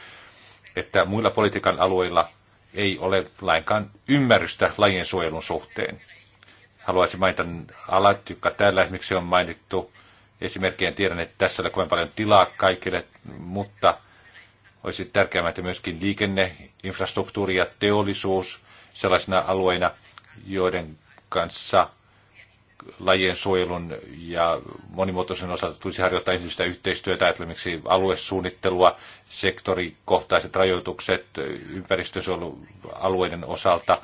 että muilla politiikan alueilla ei ole lainkaan ymmärrystä lajien suojelun suhteen. Haluaisin mainita alat, jotka täällä esimerkiksi on mainittu. Esimerkkejä tiedän, että tässä ei ole kovin paljon tilaa kaikille, mutta olisi tärkeää, että myöskin liikenne, infrastruktuuri ja teollisuus sellaisina alueina, joiden kanssa lajien suojelun ja monimuotoisen osalta tulisi harjoittaa ensistä yhteistyötä, esimerkiksi aluesuunnittelua, sektorikohtaiset rajoitukset ympäristösuojelualueiden osalta,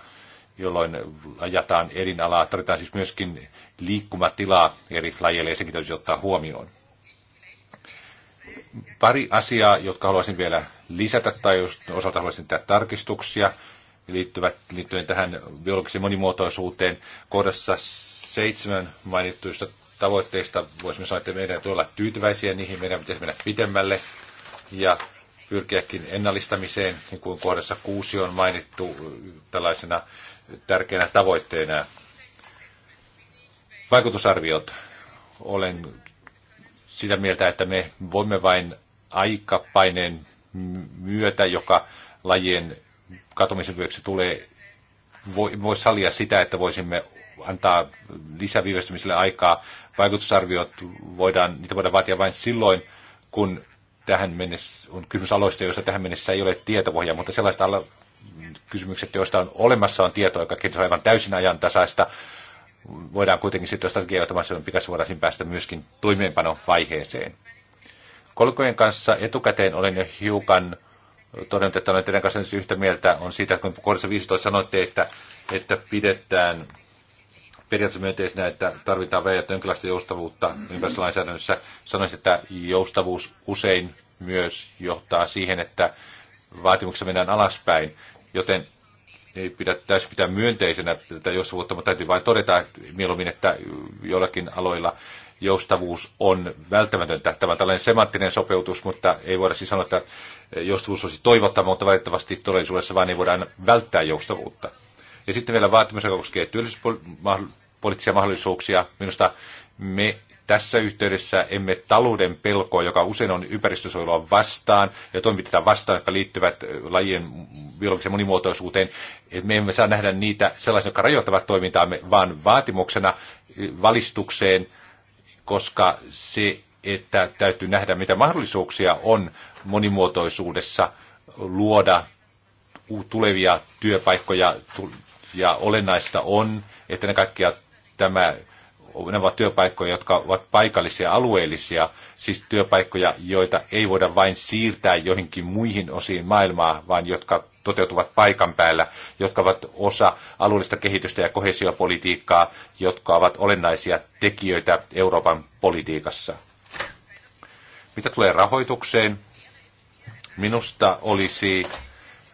jolloin ajataan alaa, Tarvitaan siis myöskin liikkumatilaa eri lajeille ja sekin täytyy ottaa huomioon. Pari asiaa, jotka haluaisin vielä lisätä tai jos osalta haluaisin tehdä tarkistuksia liittyvät, liittyen tähän biologiseen monimuotoisuuteen. Kohdassa seitsemän mainittuista tavoitteista voisimme sanoa, että meidän tulee olla tyytyväisiä niihin, meidän pitäisi mennä pitemmälle ja pyrkiäkin ennallistamiseen, niin kuin kohdassa kuusi on mainittu tällaisena tärkeänä tavoitteena. Vaikutusarviot. Olen sitä mieltä, että me voimme vain aikapaineen myötä, joka lajien katumisen vyöksi tulee, voi, voi salia sitä, että voisimme antaa lisäviivästymiselle aikaa. Vaikutusarviot voidaan, niitä voidaan vaatia vain silloin, kun tähän mennessä on kysymys aloista, joissa tähän mennessä ei ole tietopohjaa, mutta sellaiset ala- kysymykset, joista on olemassa on tietoa, joka on aivan täysin ajantasaista, voidaan kuitenkin sitten strategiaa on pikaisesti voidaan päästä myöskin toimeenpanovaiheeseen. Kolkojen kanssa etukäteen olen jo hiukan todennut, että olen teidän kanssa yhtä mieltä on siitä, kun kohdassa 15 sanoitte, että, että pidetään periaatteessa myönteisenä, että tarvitaan väijättä jonkinlaista joustavuutta ympäristölainsäädännössä. Sanoisin, että joustavuus usein myös johtaa siihen, että vaatimuksessa mennään alaspäin, joten ei pidä täysin pitää myönteisenä tätä joustavuutta, mutta täytyy vain todeta mieluummin, että joillakin aloilla joustavuus on välttämätöntä. Tämä on tällainen semanttinen sopeutus, mutta ei voida siis sanoa, että joustavuus olisi toivottava, mutta valitettavasti todellisuudessa vain ei voida aina välttää joustavuutta. Ja sitten vielä vaatimus, joka koskee työllisyyspoliittisia mahdollisuuksia. Minusta me tässä yhteydessä emme talouden pelkoa, joka usein on ympäristösuojelua vastaan ja toimitetaan vastaan, jotka liittyvät lajien biologiseen monimuotoisuuteen. Et me emme saa nähdä niitä sellaisia, jotka rajoittavat toimintaamme, vaan vaatimuksena valistukseen, koska se, että täytyy nähdä, mitä mahdollisuuksia on monimuotoisuudessa luoda tulevia työpaikkoja, ja olennaista on, että ne kaikkia tämä, ne ovat työpaikkoja, jotka ovat paikallisia, alueellisia, siis työpaikkoja, joita ei voida vain siirtää johonkin muihin osiin maailmaa, vaan jotka toteutuvat paikan päällä, jotka ovat osa alueellista kehitystä ja kohesiopolitiikkaa, jotka ovat olennaisia tekijöitä Euroopan politiikassa. Mitä tulee rahoitukseen, minusta olisi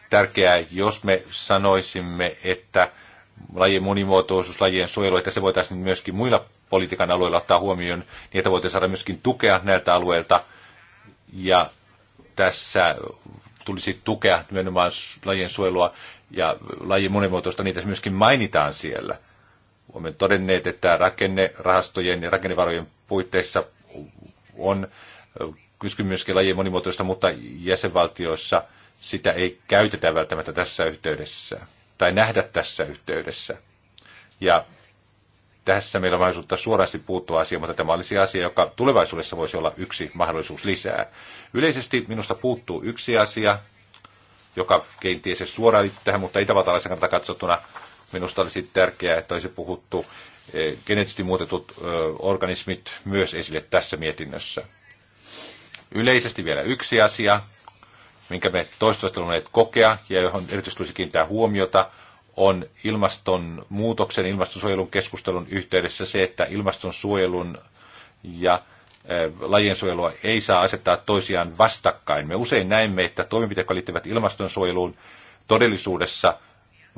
tärkeää, jos me sanoisimme, että lajien monimuotoisuus, lajien suojelu, että se voitaisiin myöskin muilla politiikan alueilla ottaa huomioon, niin että voitaisiin saada myöskin tukea näiltä alueilta. Ja tässä tulisi tukea nimenomaan lajien suojelua ja lajien monimuotoista, niitä myöskin mainitaan siellä. Olemme todenneet, että rakennerahastojen ja rakennevarojen puitteissa on kysymys myöskin lajien monimuotoista, mutta jäsenvaltioissa – sitä ei käytetä välttämättä tässä yhteydessä tai nähdä tässä yhteydessä. Ja tässä meillä on mahdollisuutta suorasti puuttua asiaan, mutta tämä olisi asia, joka tulevaisuudessa voisi olla yksi mahdollisuus lisää. Yleisesti minusta puuttuu yksi asia, joka kenties ei suoraan liittyy tähän, mutta itävaltalaisen kannalta katsottuna minusta olisi tärkeää, että olisi puhuttu e, geneettisesti muutetut organismit myös esille tässä mietinnössä. Yleisesti vielä yksi asia, minkä me toistuvasti olemme kokea ja johon erityisesti tulisi kiinnittää huomiota, on ilmastonmuutoksen, ilmastonsuojelun keskustelun yhteydessä se, että ilmastonsuojelun ja eh, lajien suojelua ei saa asettaa toisiaan vastakkain. Me usein näemme, että toimenpiteet, jotka liittyvät ilmastonsuojeluun, todellisuudessa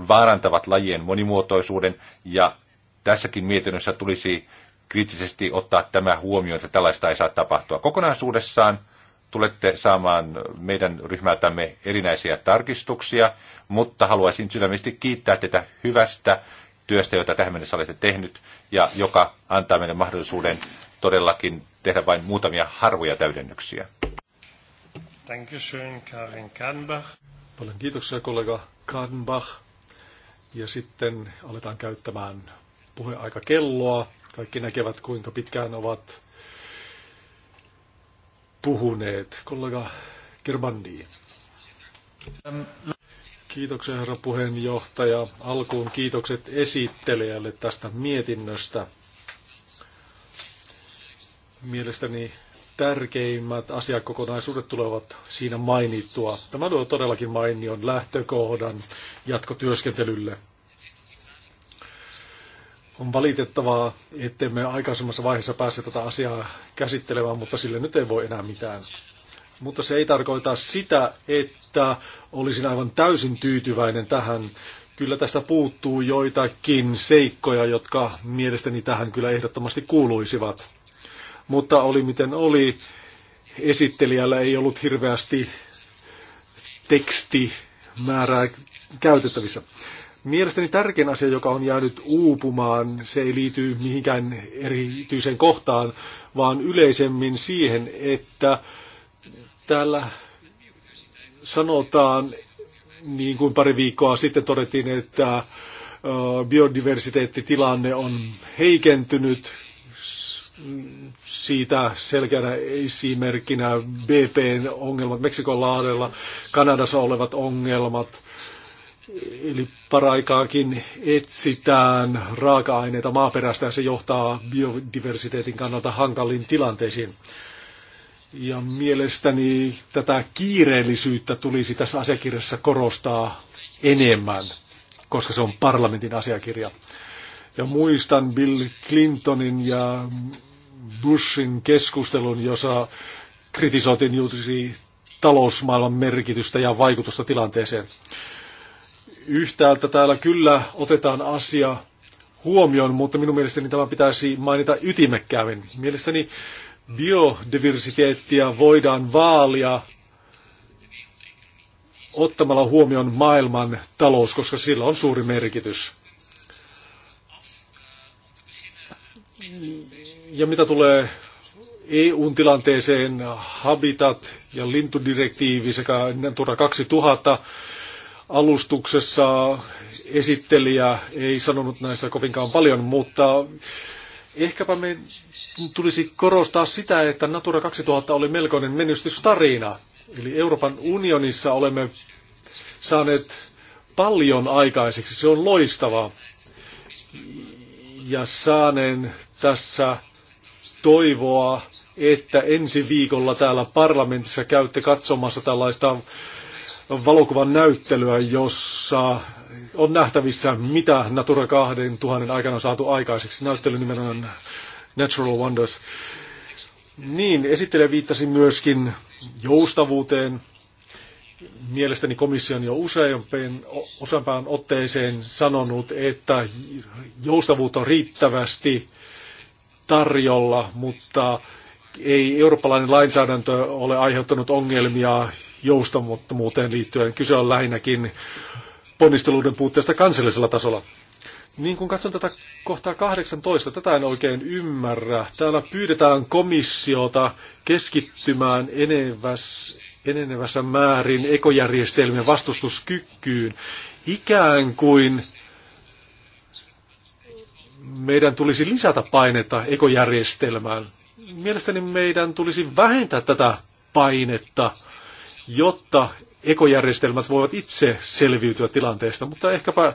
vaarantavat lajien monimuotoisuuden ja tässäkin mietinnössä tulisi kriittisesti ottaa tämä huomioon, että tällaista ei saa tapahtua. Kokonaisuudessaan tulette saamaan meidän ryhmältämme erinäisiä tarkistuksia, mutta haluaisin sydämesti kiittää teitä hyvästä työstä, jota tähän mennessä olette tehnyt, ja joka antaa meille mahdollisuuden todellakin tehdä vain muutamia harvoja täydennyksiä. Dankeschön, Karin Kanbach. Paljon kiitoksia, kollega Kahnbach. Ja sitten aletaan käyttämään puheaikakelloa. Kaikki näkevät, kuinka pitkään ovat puhuneet. Kollega Gerbandi. Kiitoksia herra puheenjohtaja. Alkuun kiitokset esittelijälle tästä mietinnöstä. Mielestäni tärkeimmät asiakokonaisuudet tulevat siinä mainittua. Tämä luo todellakin mainion lähtökohdan jatkotyöskentelylle. On valitettavaa, ettemme aikaisemmassa vaiheessa pääse tätä asiaa käsittelemään, mutta sille nyt ei voi enää mitään. Mutta se ei tarkoita sitä, että olisin aivan täysin tyytyväinen tähän. Kyllä tästä puuttuu joitakin seikkoja, jotka mielestäni tähän kyllä ehdottomasti kuuluisivat. Mutta oli miten oli, esittelijällä ei ollut hirveästi tekstimäärää käytettävissä. Mielestäni tärkein asia, joka on jäänyt uupumaan, se ei liity mihinkään erityiseen kohtaan, vaan yleisemmin siihen, että täällä sanotaan, niin kuin pari viikkoa sitten todettiin, että biodiversiteettitilanne on heikentynyt. Siitä selkeänä esimerkkinä BPn ongelmat Meksikon laadella, Kanadassa olevat ongelmat, Eli paraikaakin etsitään raaka-aineita maaperästä ja se johtaa biodiversiteetin kannalta hankaliin tilanteisiin. Ja mielestäni tätä kiireellisyyttä tulisi tässä asiakirjassa korostaa enemmän, koska se on parlamentin asiakirja. Ja muistan Bill Clintonin ja Bushin keskustelun, jossa kritisoitiin juuri talousmaailman merkitystä ja vaikutusta tilanteeseen. Yhtäältä täällä kyllä otetaan asia huomioon, mutta minun mielestäni tämä pitäisi mainita ytimekkäämmin. Mielestäni biodiversiteettia voidaan vaalia ottamalla huomioon maailman talous, koska sillä on suuri merkitys. Ja mitä tulee eu tilanteeseen, Habitat ja lintudirektiivi sekä Natura 2000, alustuksessa esittelijä ei sanonut näistä kovinkaan paljon, mutta ehkäpä me tulisi korostaa sitä, että Natura 2000 oli melkoinen menestystarina. Eli Euroopan unionissa olemme saaneet paljon aikaiseksi. Se on loistava Ja saaneen tässä toivoa, että ensi viikolla täällä parlamentissa käytte katsomassa tällaista valokuvan näyttelyä, jossa on nähtävissä, mitä Natura 2000 aikana on saatu aikaiseksi. Näyttely nimenomaan Natural Wonders. Niin, esittelijä viittasi myöskin joustavuuteen. Mielestäni komission jo useampaan, useampaan otteeseen sanonut, että joustavuutta on riittävästi tarjolla, mutta ei eurooppalainen lainsäädäntö ole aiheuttanut ongelmia joustamattomuuteen liittyen. Kyse on lähinnäkin ponnisteluiden puutteesta kansallisella tasolla. Niin kun katson tätä kohtaa 18, tätä en oikein ymmärrä. Täällä pyydetään komissiota keskittymään eneväs, enenevässä määrin ekojärjestelmien vastustuskykyyn. Ikään kuin meidän tulisi lisätä painetta ekojärjestelmään. Mielestäni meidän tulisi vähentää tätä painetta jotta ekojärjestelmät voivat itse selviytyä tilanteesta, mutta ehkäpä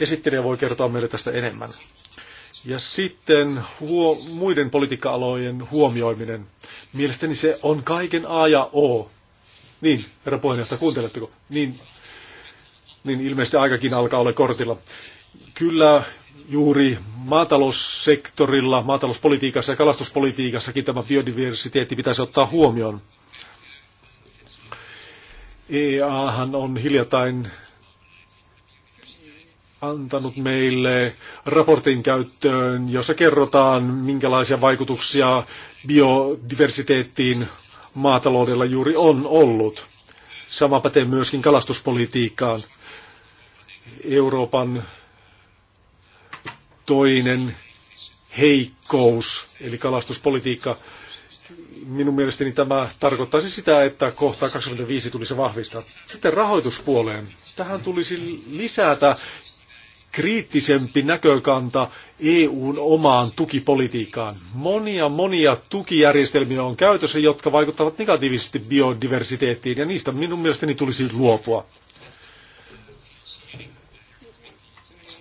esittelijä voi kertoa meille tästä enemmän. Ja sitten huo, muiden politiikka-alojen huomioiminen. Mielestäni se on kaiken A ja O. Niin, herra puheenjohtaja, kuunteletteko? Niin, niin ilmeisesti aikakin alkaa olla kortilla. Kyllä juuri maataloussektorilla, maatalouspolitiikassa ja kalastuspolitiikassakin tämä biodiversiteetti pitäisi ottaa huomioon. EAhan on hiljattain antanut meille raportin käyttöön, jossa kerrotaan, minkälaisia vaikutuksia biodiversiteettiin maataloudella juuri on ollut. Sama pätee myöskin kalastuspolitiikkaan. Euroopan toinen heikkous, eli kalastuspolitiikka minun mielestäni tämä tarkoittaisi sitä, että kohta 25 tulisi vahvistaa. Sitten rahoituspuoleen. Tähän tulisi lisätä kriittisempi näkökanta EUn omaan tukipolitiikkaan. Monia, monia tukijärjestelmiä on käytössä, jotka vaikuttavat negatiivisesti biodiversiteettiin, ja niistä minun mielestäni tulisi luopua.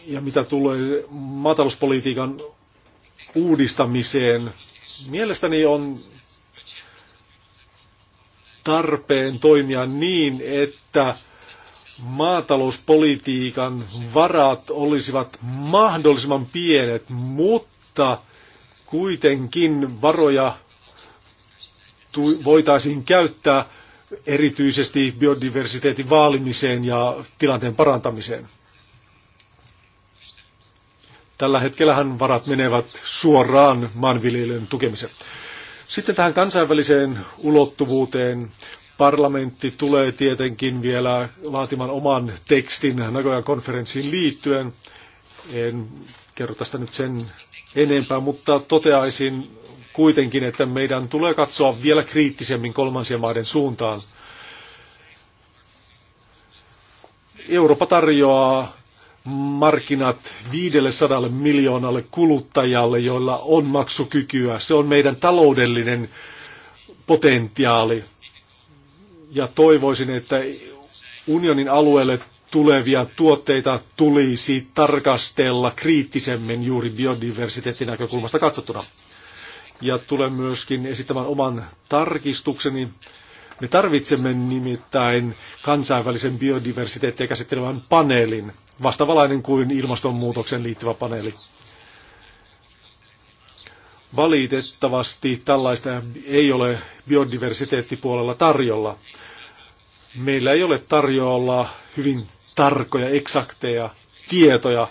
Ja mitä tulee matalouspolitiikan uudistamiseen, mielestäni on tarpeen toimia niin, että maatalouspolitiikan varat olisivat mahdollisimman pienet, mutta kuitenkin varoja voitaisiin käyttää erityisesti biodiversiteetin vaalimiseen ja tilanteen parantamiseen. Tällä hetkellähän varat menevät suoraan maanviljelyn tukemiseen. Sitten tähän kansainväliseen ulottuvuuteen. Parlamentti tulee tietenkin vielä laatimaan oman tekstin Nagoyan konferenssiin liittyen. En kerro tästä nyt sen enempää, mutta toteaisin kuitenkin, että meidän tulee katsoa vielä kriittisemmin kolmansien maiden suuntaan. Eurooppa tarjoaa markkinat 500 miljoonalle kuluttajalle, joilla on maksukykyä. Se on meidän taloudellinen potentiaali. Ja toivoisin, että unionin alueelle tulevia tuotteita tulisi tarkastella kriittisemmin juuri biodiversiteetin näkökulmasta katsottuna. Ja tulen myöskin esittämään oman tarkistukseni. Me tarvitsemme nimittäin kansainvälisen biodiversiteettiä käsittelevän paneelin vastavalainen kuin ilmastonmuutoksen liittyvä paneeli. Valitettavasti tällaista ei ole biodiversiteettipuolella tarjolla. Meillä ei ole tarjolla hyvin tarkkoja, eksakteja tietoja.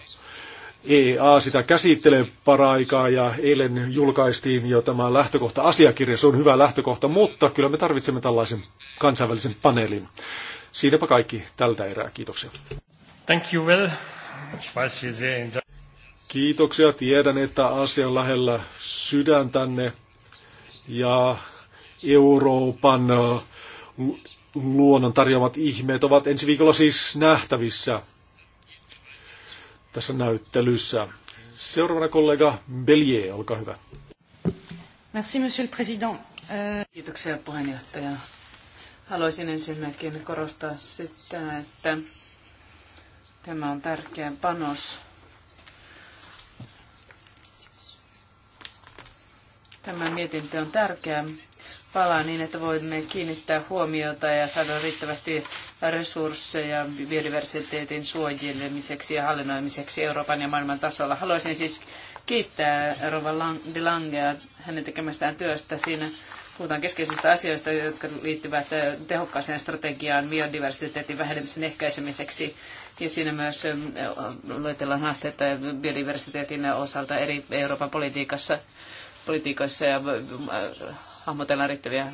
EA sitä käsittelee paraikaa ja eilen julkaistiin jo tämä lähtökohta asiakirja. Se on hyvä lähtökohta, mutta kyllä me tarvitsemme tällaisen kansainvälisen paneelin. Siinäpä kaikki tältä erää. Kiitoksia. Thank you Ich weiß, Kiitoksia. Tiedän, että asia on lähellä sydäntänne ja Euroopan luonnon tarjoamat ihmeet ovat ensi viikolla siis nähtävissä tässä näyttelyssä. Seuraavana kollega Bellier, olkaa hyvä. Merci, monsieur le président. Euh, Kiitoksia puheenjohtaja. Haluaisin ensinnäkin korostaa sitä, että Tämä on tärkeä panos. Tämä mietintö on tärkeä pala niin, että voimme kiinnittää huomiota ja saada riittävästi resursseja biodiversiteetin suojelemiseksi ja hallinnoimiseksi Euroopan ja maailman tasolla. Haluaisin siis kiittää Rova de Langea hänen tekemästään työstä. Siinä puhutaan keskeisistä asioista, jotka liittyvät tehokkaaseen strategiaan biodiversiteetin vähenemisen ehkäisemiseksi. Ja siinä myös luetellaan haasteita biodiversiteetin osalta eri Euroopan politiikassa, politiikassa ja hahmotellaan riittäviä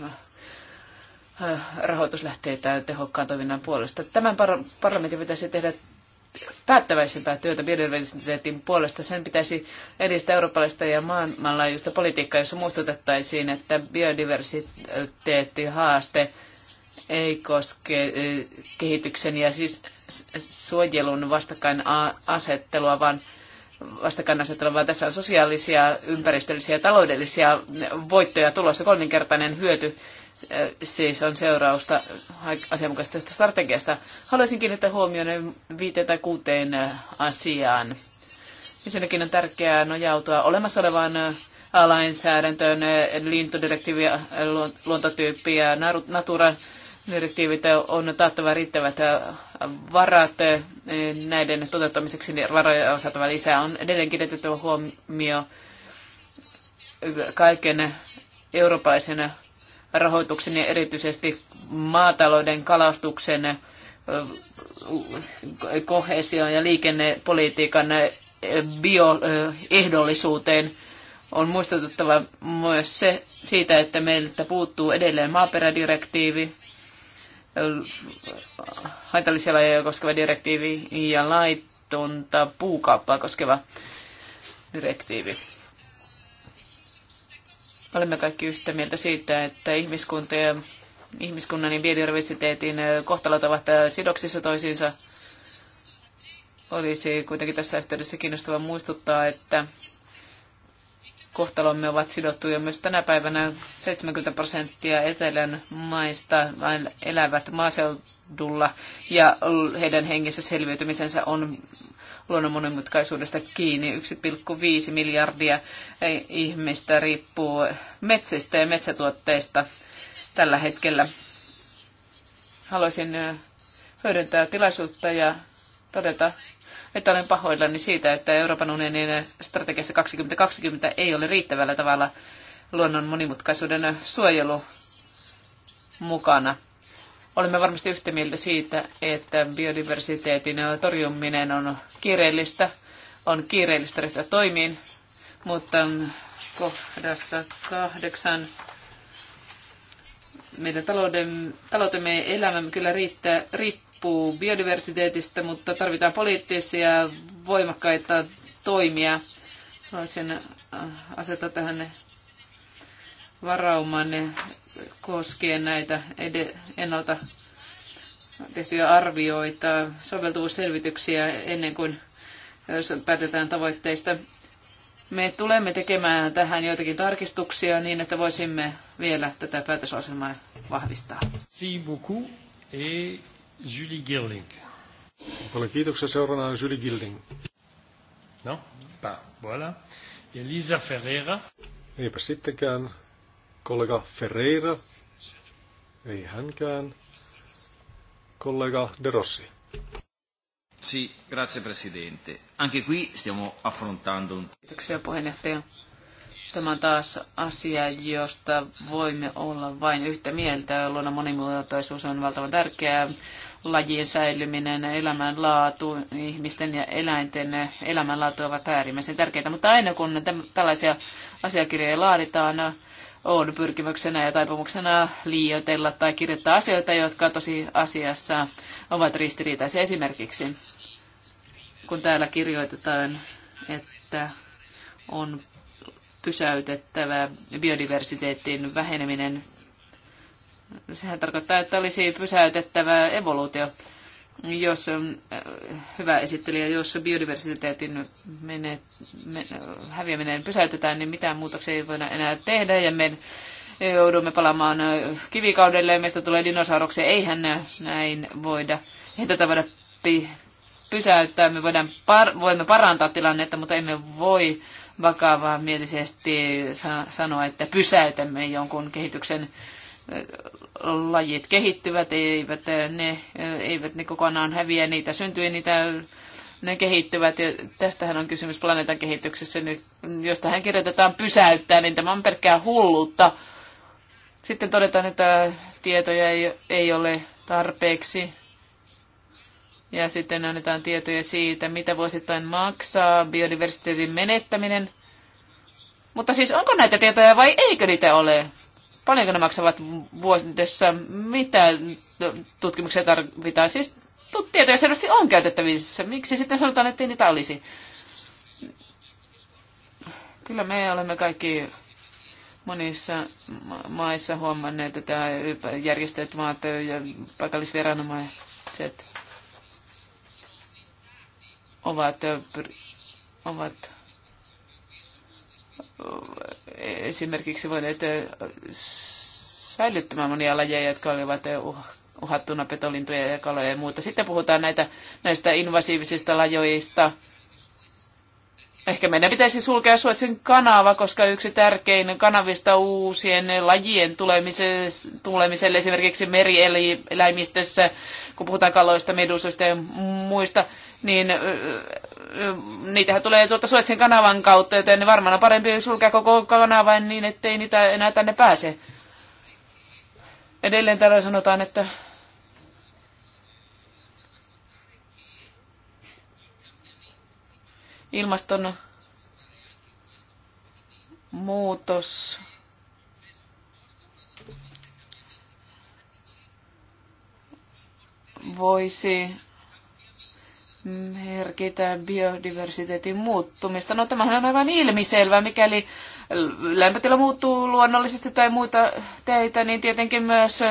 rahoituslähteitä tehokkaan toiminnan puolesta. Tämän par- parlamentin pitäisi tehdä päättäväisempää työtä biodiversiteetin puolesta. Sen pitäisi edistää eurooppalaista ja maailmanlaajuista politiikkaa, jossa muistutettaisiin, että biodiversiteettihaaste ei koske kehityksen ja siis suojelun vastakkainasettelua, vaan vastakkainasettelua, vaan tässä on sosiaalisia, ympäristöllisiä ja taloudellisia voittoja tulossa. Kolminkertainen hyöty siis on seurausta asianmukaisesta strategiasta. Haluaisin kiinnittää huomioon viiteen tai kuuteen asiaan. Ensinnäkin on tärkeää nojautua olemassa olevaan lainsäädäntöön, lintudirektiiviä, luontotyyppiä, Natura direktiivit on taattava riittävät äh, varat äh, näiden toteuttamiseksi, niin varoja on saatava lisää. On edelleen kiinnitettävä huomio kaiken eurooppalaisen rahoituksen ja erityisesti maatalouden, kalastuksen, äh, kohesioon ja liikennepolitiikan bioehdollisuuteen on muistutettava myös se siitä, että meiltä puuttuu edelleen maaperädirektiivi, haitallisia lajeja koskeva direktiivi ja laitonta puukauppaa koskeva direktiivi. Olemme kaikki yhtä mieltä siitä, että ihmiskunta ja ihmiskunnan ja biodiversiteetin kohtalot ovat sidoksissa toisiinsa. Olisi kuitenkin tässä yhteydessä kiinnostavaa muistuttaa, että kohtalomme ovat sidottuja myös tänä päivänä. 70 prosenttia etelän maista vain elävät maaseudulla ja heidän hengissä selviytymisensä on luonnon monimutkaisuudesta kiinni. 1,5 miljardia ihmistä riippuu metsistä ja metsätuotteista tällä hetkellä. Haluaisin hyödyntää tilaisuutta ja todeta, että olen pahoillani siitä, että Euroopan unionin strategiassa 2020 ei ole riittävällä tavalla luonnon monimutkaisuuden suojelu mukana. Olemme varmasti yhtä mieltä siitä, että biodiversiteetin torjuminen on kiireellistä, on kiireellistä ryhtyä toimiin, mutta kohdassa kahdeksan meidän talouden, taloutemme elämämme kyllä riittää, riittää riippuu biodiversiteetistä, mutta tarvitaan poliittisia voimakkaita toimia. Haluaisin äh, asettaa tähän varauman koskien näitä ennalta tehtyjä arvioita, soveltuvuusselvityksiä ennen kuin äh, päätetään tavoitteista. Me tulemme tekemään tähän joitakin tarkistuksia niin, että voisimme vielä tätä päätösasemaa vahvistaa. Merci beaucoup. Et Julie Gilding. Paljon kiitoksia. Seuraavana on Julie Gilding. No, pää. Voilà. Ja Lisa Ferreira. Eipä sittenkään. Kollega Ferreira. Ei hänkään. Kollega De Rossi. Sì, grazie Presidente. Anche qui stiamo affrontando un... Kiitoksia puheenjohtaja. Tämä on taas asia, josta voimme olla vain yhtä mieltä. Luonnon monimuotoisuus on valtavan tärkeää lajien säilyminen, elämänlaatu, ihmisten ja eläinten elämänlaatu ovat äärimmäisen tärkeitä. Mutta aina kun tällaisia asiakirjoja laaditaan, on pyrkimyksenä ja taipumuksena liioitella tai kirjoittaa asioita, jotka tosi asiassa ovat ristiriitaisia. Esimerkiksi kun täällä kirjoitetaan, että on pysäytettävä biodiversiteetin väheneminen Sehän tarkoittaa, että olisi pysäytettävä evoluutio, jos hyvä esittelijä, jos biodiversiteetin menet, men, häviäminen pysäytetään, niin mitään muutoksia ei voida enää tehdä ja me joudumme palaamaan kivikaudelle ja meistä tulee dinosauruksia. Eihän näin voida, ei tätä voida pysäyttää. Me voidaan par- voimme parantaa tilannetta, mutta emme voi vakavaa mielisesti sa- sanoa, että pysäytämme jonkun kehityksen lajit kehittyvät, eivät ne, eivät ne kokonaan häviä, niitä syntyy, niitä ne kehittyvät, ja tästähän on kysymys planeetan kehityksessä. Nyt, jos tähän kirjoitetaan pysäyttää, niin tämä on pelkkää hulluutta. Sitten todetaan, että tietoja ei, ei ole tarpeeksi. Ja sitten annetaan tietoja siitä, mitä vuosittain maksaa biodiversiteetin menettäminen. Mutta siis onko näitä tietoja vai eikö niitä ole? paljonko ne maksavat vuodessa, mitä tutkimuksia tarvitaan. Siis tietoja selvästi on käytettävissä. Miksi sitten sanotaan, että ei niitä olisi? Kyllä me olemme kaikki monissa maissa huomanneet, että järjestöt, maat ja paikallisviranomaiset ovat, ovat esimerkiksi voineet säilyttämään monia lajeja, jotka olivat uh, uhattuna petolintuja ja kaloja ja muuta. Sitten puhutaan näitä, näistä invasiivisista lajoista. Ehkä meidän pitäisi sulkea Suotsin kanava, koska yksi tärkein kanavista uusien lajien tulemiselle esimerkiksi merieläimistössä, kun puhutaan kaloista, medusoista ja muista, niin niitähän tulee tuolta Suetsin kanavan kautta, joten varmaan on parempi sulkea koko kanavan niin, ettei niitä enää tänne pääse. Edelleen täällä sanotaan, että ilmaston muutos voisi merkitä biodiversiteetin muuttumista. No tämähän on aivan ilmiselvä, mikäli lämpötila muuttuu luonnollisesti tai muita teitä, niin tietenkin myös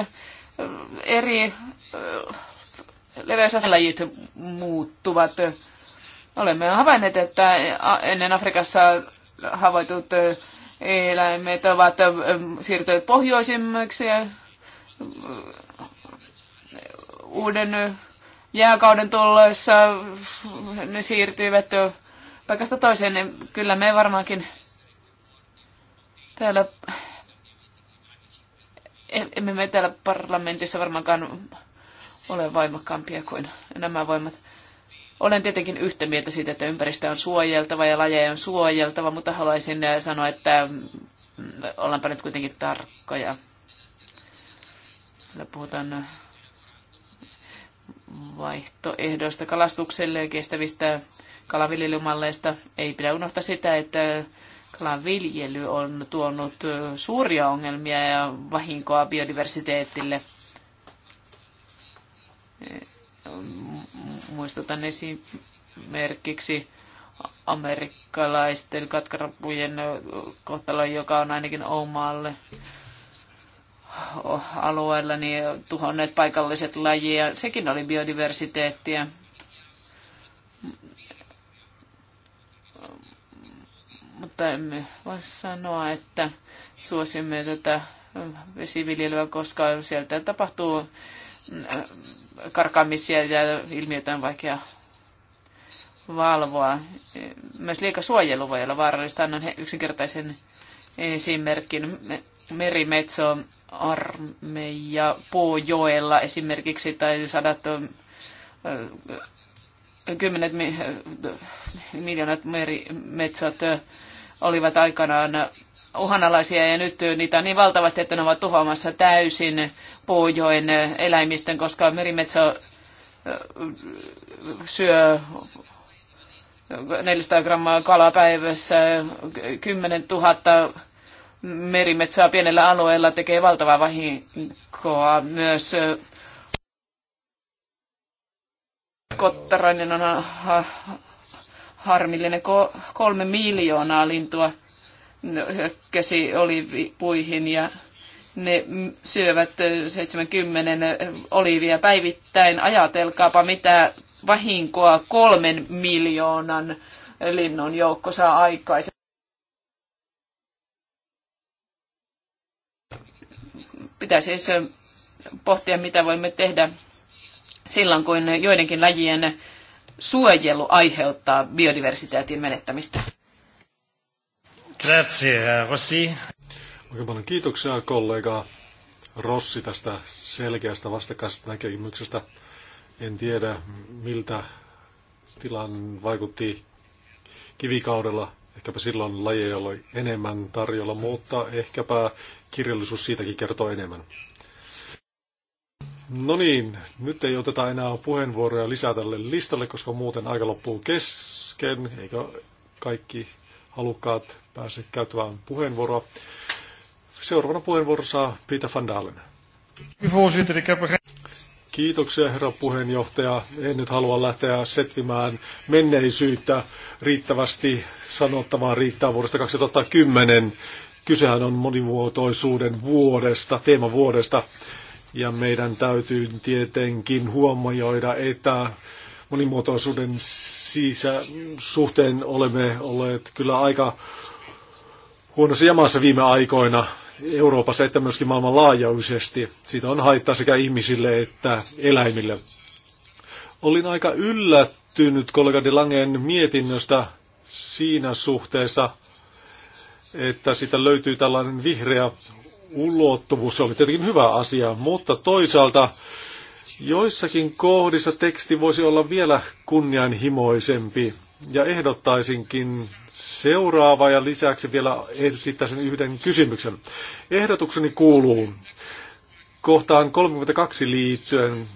eri leveysaselajit muuttuvat. Olemme havainneet, että ennen Afrikassa havaitut eläimet ovat siirtyneet pohjoisimmiksi ja uuden jääkauden tulloissa ne siirtyivät paikasta toiseen, niin kyllä me varmaankin täällä, emme me täällä parlamentissa varmaankaan ole voimakkaampia kuin nämä voimat. Olen tietenkin yhtä mieltä siitä, että ympäristö on suojeltava ja lajeja on suojeltava, mutta haluaisin sanoa, että mm, ollaanpa nyt kuitenkin tarkkoja. Täällä puhutaan vaihtoehdoista kalastukselle ja kestävistä kalaviljelymalleista. Ei pidä unohtaa sitä, että kalaviljely on tuonut suuria ongelmia ja vahinkoa biodiversiteetille. Muistutan esimerkiksi amerikkalaisten katkarapujen kohtalo, joka on ainakin omalle alueella niin tuhonneet paikalliset lajeja. Sekin oli biodiversiteettiä. Mutta emme voi sanoa, että suosimme tätä vesiviljelyä, koska sieltä tapahtuu äh, karkaamisia ja ilmiötä on vaikea valvoa. Myös liikasuojelu voi olla vaarallista. Annan yksinkertaisen esimerkin. Merimetso armeija Puujoella esimerkiksi tai sadat kymmenet miljoonat merimetsät olivat aikanaan uhanalaisia ja nyt niitä on niin valtavasti, että ne ovat tuhoamassa täysin Puujoen eläimistön, koska merimetsä syö 400 grammaa kalaa päivässä, 10 000 merimetsää pienellä alueella tekee valtavaa vahinkoa myös kottarainen on harmillinen. kolme miljoonaa lintua hökkäsi olivipuihin ja ne syövät 70 olivia päivittäin. Ajatelkaapa, mitä vahinkoa kolmen miljoonan linnun joukko saa aikaisemmin. pitäisi siis pohtia, mitä voimme tehdä silloin, kun joidenkin lajien suojelu aiheuttaa biodiversiteetin menettämistä. Grazie, Rossi. Oikein paljon kiitoksia kollega Rossi tästä selkeästä vastakkaisesta näkemyksestä. En tiedä, miltä tilan vaikutti kivikaudella Ehkäpä silloin lajeja oli enemmän tarjolla, mutta ehkäpä kirjallisuus siitäkin kertoo enemmän. No niin, nyt ei oteta enää puheenvuoroja lisää tälle listalle, koska muuten aika loppuu kesken, eikä kaikki halukkaat pääse käyttämään puheenvuoroa. Seuraavana puheenvuorossa Peter van Dalen. Kiitoksia herra puheenjohtaja. En nyt halua lähteä setvimään menneisyyttä riittävästi sanottavaa riittää vuodesta 2010. Kysehän on monivuotoisuuden vuodesta, teemavuodesta. Ja meidän täytyy tietenkin huomioida, että monimuotoisuuden sisä, suhteen olemme olleet kyllä aika huonossa jamassa viime aikoina. Euroopassa että myöskin maailman laajuisesti. Siitä on haittaa sekä ihmisille että eläimille. Olin aika yllättynyt kollega de Langen mietinnöstä siinä suhteessa, että siitä löytyy tällainen vihreä ulottuvuus. Se oli tietenkin hyvä asia, mutta toisaalta joissakin kohdissa teksti voisi olla vielä kunnianhimoisempi. Ja ehdottaisinkin seuraava ja lisäksi vielä esittäisin yhden kysymyksen. Ehdotukseni kuuluu kohtaan 32 liittyen.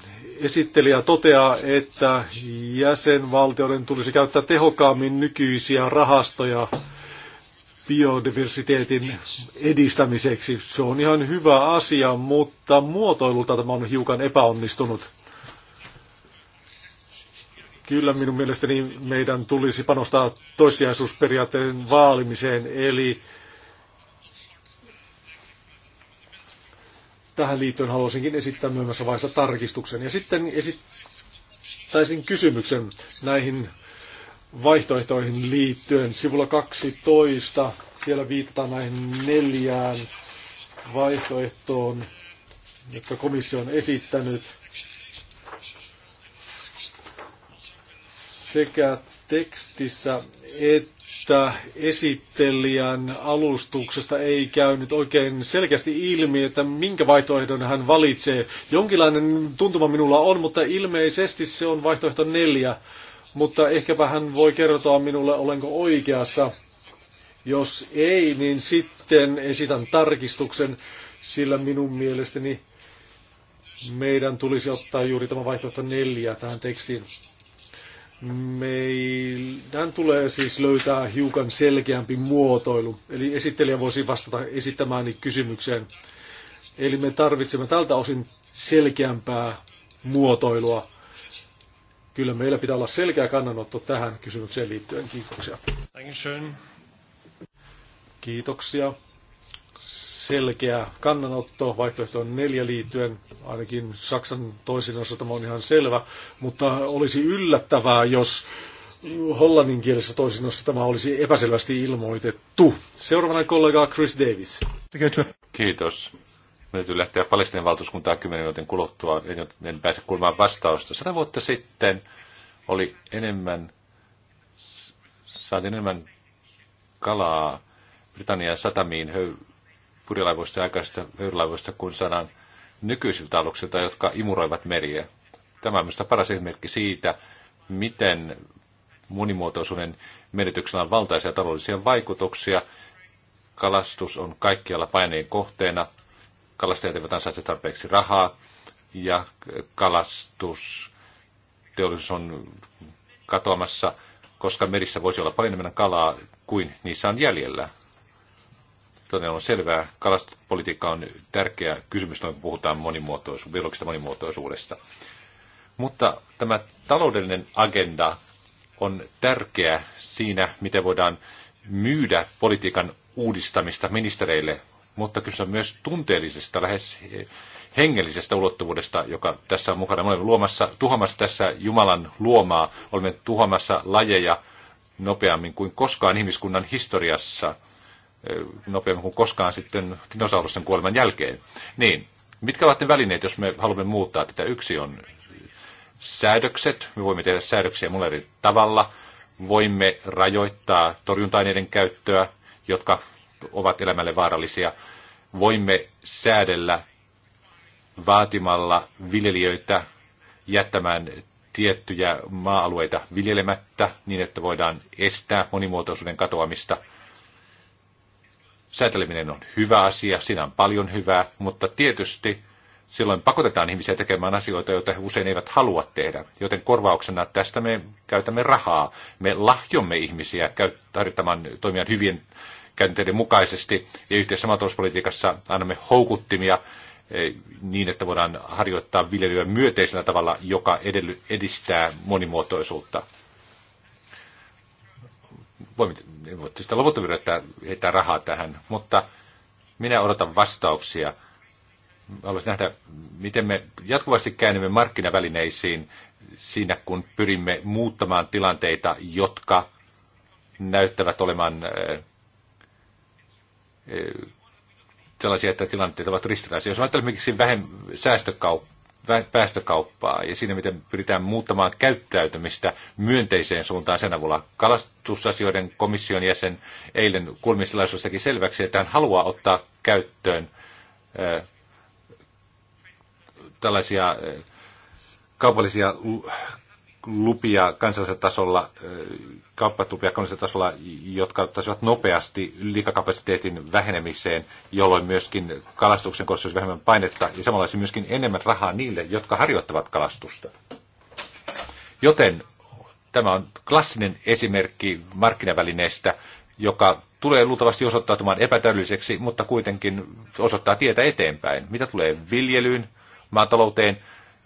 Esittelijä toteaa, että jäsenvaltioiden tulisi käyttää tehokkaammin nykyisiä rahastoja biodiversiteetin edistämiseksi. Se on ihan hyvä asia, mutta muotoilulta tämä on hiukan epäonnistunut. Kyllä minun mielestäni meidän tulisi panostaa toissijaisuusperiaatteen vaalimiseen, eli tähän liittyen haluaisinkin esittää myöhemmässä vaiheessa tarkistuksen. Ja sitten esittäisin kysymyksen näihin vaihtoehtoihin liittyen. Sivulla 12 siellä viitataan näihin neljään vaihtoehtoon, jotka komissio on esittänyt – sekä tekstissä että esittelijän alustuksesta ei käynyt oikein selkeästi ilmi, että minkä vaihtoehdon hän valitsee. Jonkinlainen tuntuma minulla on, mutta ilmeisesti se on vaihtoehto neljä. Mutta ehkäpä hän voi kertoa minulle, olenko oikeassa. Jos ei, niin sitten esitän tarkistuksen, sillä minun mielestäni meidän tulisi ottaa juuri tämä vaihtoehto neljä tähän tekstiin. Meidän tulee siis löytää hiukan selkeämpi muotoilu. Eli esittelijä voisi vastata esittämääni kysymykseen. Eli me tarvitsemme tältä osin selkeämpää muotoilua. Kyllä meillä pitää olla selkeä kannanotto tähän kysymykseen liittyen. Kiitoksia. Kiitoksia selkeä kannanotto vaihtoehtoon neljä liittyen, ainakin Saksan toisin osa tämä on ihan selvä, mutta olisi yllättävää, jos hollannin kielessä toisinnossa tämä olisi epäselvästi ilmoitettu. Seuraavana kollega Chris Davis. Kiitos. Me täytyy lähteä Palestinan valtuuskuntaa kymmenen minuutin kuluttua, en, en pääse kuulemaan vastausta. Sata vuotta sitten oli enemmän, saatiin enemmän kalaa Britannian satamiin höy, purilaivoista ja aikaisista höyrylaivoista kuin saadaan nykyisiltä aluksilta, jotka imuroivat meriä. Tämä on minusta paras esimerkki siitä, miten monimuotoisuuden menetyksellä on valtaisia taloudellisia vaikutuksia. Kalastus on kaikkialla paineen kohteena. Kalastajat eivät ansaitse tarpeeksi rahaa ja kalastusteollisuus on katoamassa, koska merissä voisi olla paljon enemmän kalaa kuin niissä on jäljellä. Toinen on selvää. Kalastuspolitiikka on tärkeä kysymys, kun puhutaan monimuotoisu- biologisesta monimuotoisuudesta. Mutta tämä taloudellinen agenda on tärkeä siinä, miten voidaan myydä politiikan uudistamista ministereille, mutta kyse on myös tunteellisesta, lähes hengellisestä ulottuvuudesta, joka tässä on mukana. Me olemme luomassa, tuhoamassa tässä Jumalan luomaa, olemme tuhoamassa lajeja nopeammin kuin koskaan ihmiskunnan historiassa – nopeammin kuin koskaan sitten dinosaurusten kuoleman jälkeen. Niin, mitkä ovat ne välineet, jos me haluamme muuttaa tätä? Yksi on säädökset. Me voimme tehdä säädöksiä mulle eri tavalla. Voimme rajoittaa torjunta käyttöä, jotka ovat elämälle vaarallisia. Voimme säädellä vaatimalla viljelijöitä jättämään tiettyjä maa-alueita viljelemättä niin, että voidaan estää monimuotoisuuden katoamista – Sääteleminen on hyvä asia, siinä on paljon hyvää, mutta tietysti silloin pakotetaan ihmisiä tekemään asioita, joita he usein eivät halua tehdä. Joten korvauksena tästä me käytämme rahaa. Me lahjomme ihmisiä harjoittamaan toimijan hyvien käytänteiden mukaisesti ja yhteisessä maatalouspolitiikassa annamme houkuttimia eh, niin, että voidaan harjoittaa viljelyä myöteisellä tavalla, joka edistää monimuotoisuutta voimme sitä loputtomiin yrittää heittää rahaa tähän, mutta minä odotan vastauksia. Haluaisin nähdä, miten me jatkuvasti käännymme markkinavälineisiin siinä, kun pyrimme muuttamaan tilanteita, jotka näyttävät olemaan eh, eh, sellaisia, että tilanteet ovat ristiriitaisia. Jos ajattelemme esimerkiksi vähem, säästökau- päästökauppaa ja siinä, miten pyritään muuttamaan käyttäytymistä myönteiseen suuntaan sen avulla, kalast- puolustusasioiden komission jäsen eilen kulmistilaisuudessakin selväksi, että hän haluaa ottaa käyttöön äh, tällaisia äh, kaupallisia lupia kansallisella tasolla, äh, kauppatupia kansallisella tasolla, jotka ottaisivat nopeasti liikakapasiteetin vähenemiseen, jolloin myöskin kalastuksen olisi vähemmän painetta ja samalla olisi myöskin enemmän rahaa niille, jotka harjoittavat kalastusta. Joten Tämä on klassinen esimerkki markkinavälineestä, joka tulee luultavasti osoittautumaan epätäydelliseksi, mutta kuitenkin osoittaa tietä eteenpäin. Mitä tulee viljelyyn, maatalouteen,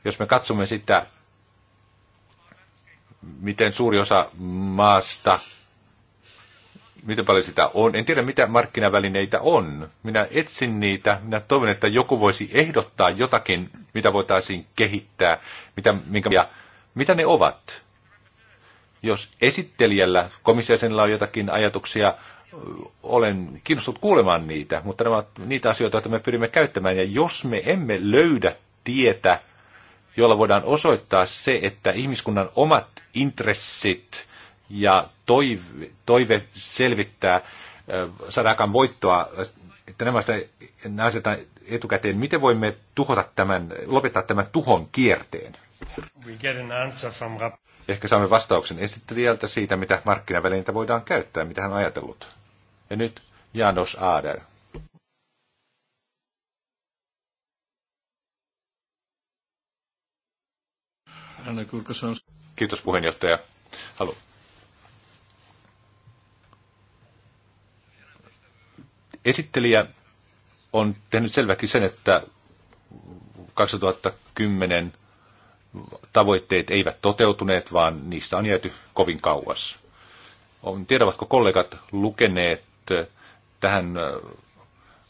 jos me katsomme sitä, miten suuri osa maasta, miten paljon sitä on. En tiedä, mitä markkinavälineitä on. Minä etsin niitä. Minä toivon, että joku voisi ehdottaa jotakin, mitä voitaisiin kehittää, mitä, minkä, ja mitä ne ovat. Jos esittelijällä, komissiasenilla on jotakin ajatuksia, olen kiinnostunut kuulemaan niitä, mutta nämä ovat niitä asioita, joita me pyrimme käyttämään. Ja jos me emme löydä tietä, jolla voidaan osoittaa se, että ihmiskunnan omat intressit ja toive, toive selvittää, saadaan voittoa, että nämä, asiat etukäteen, miten voimme tuhota tämän, lopettaa tämän tuhon kierteen? Ehkä saamme vastauksen esittelijältä siitä, mitä markkinavälineitä voidaan käyttää, mitä hän on ajatellut. Ja nyt Janos Aader. Kiitos puheenjohtaja. Halu. Esittelijä on tehnyt selväksi sen, että 2010 tavoitteet eivät toteutuneet, vaan niistä on jääty kovin kauas. On, tiedävätkö kollegat lukeneet tähän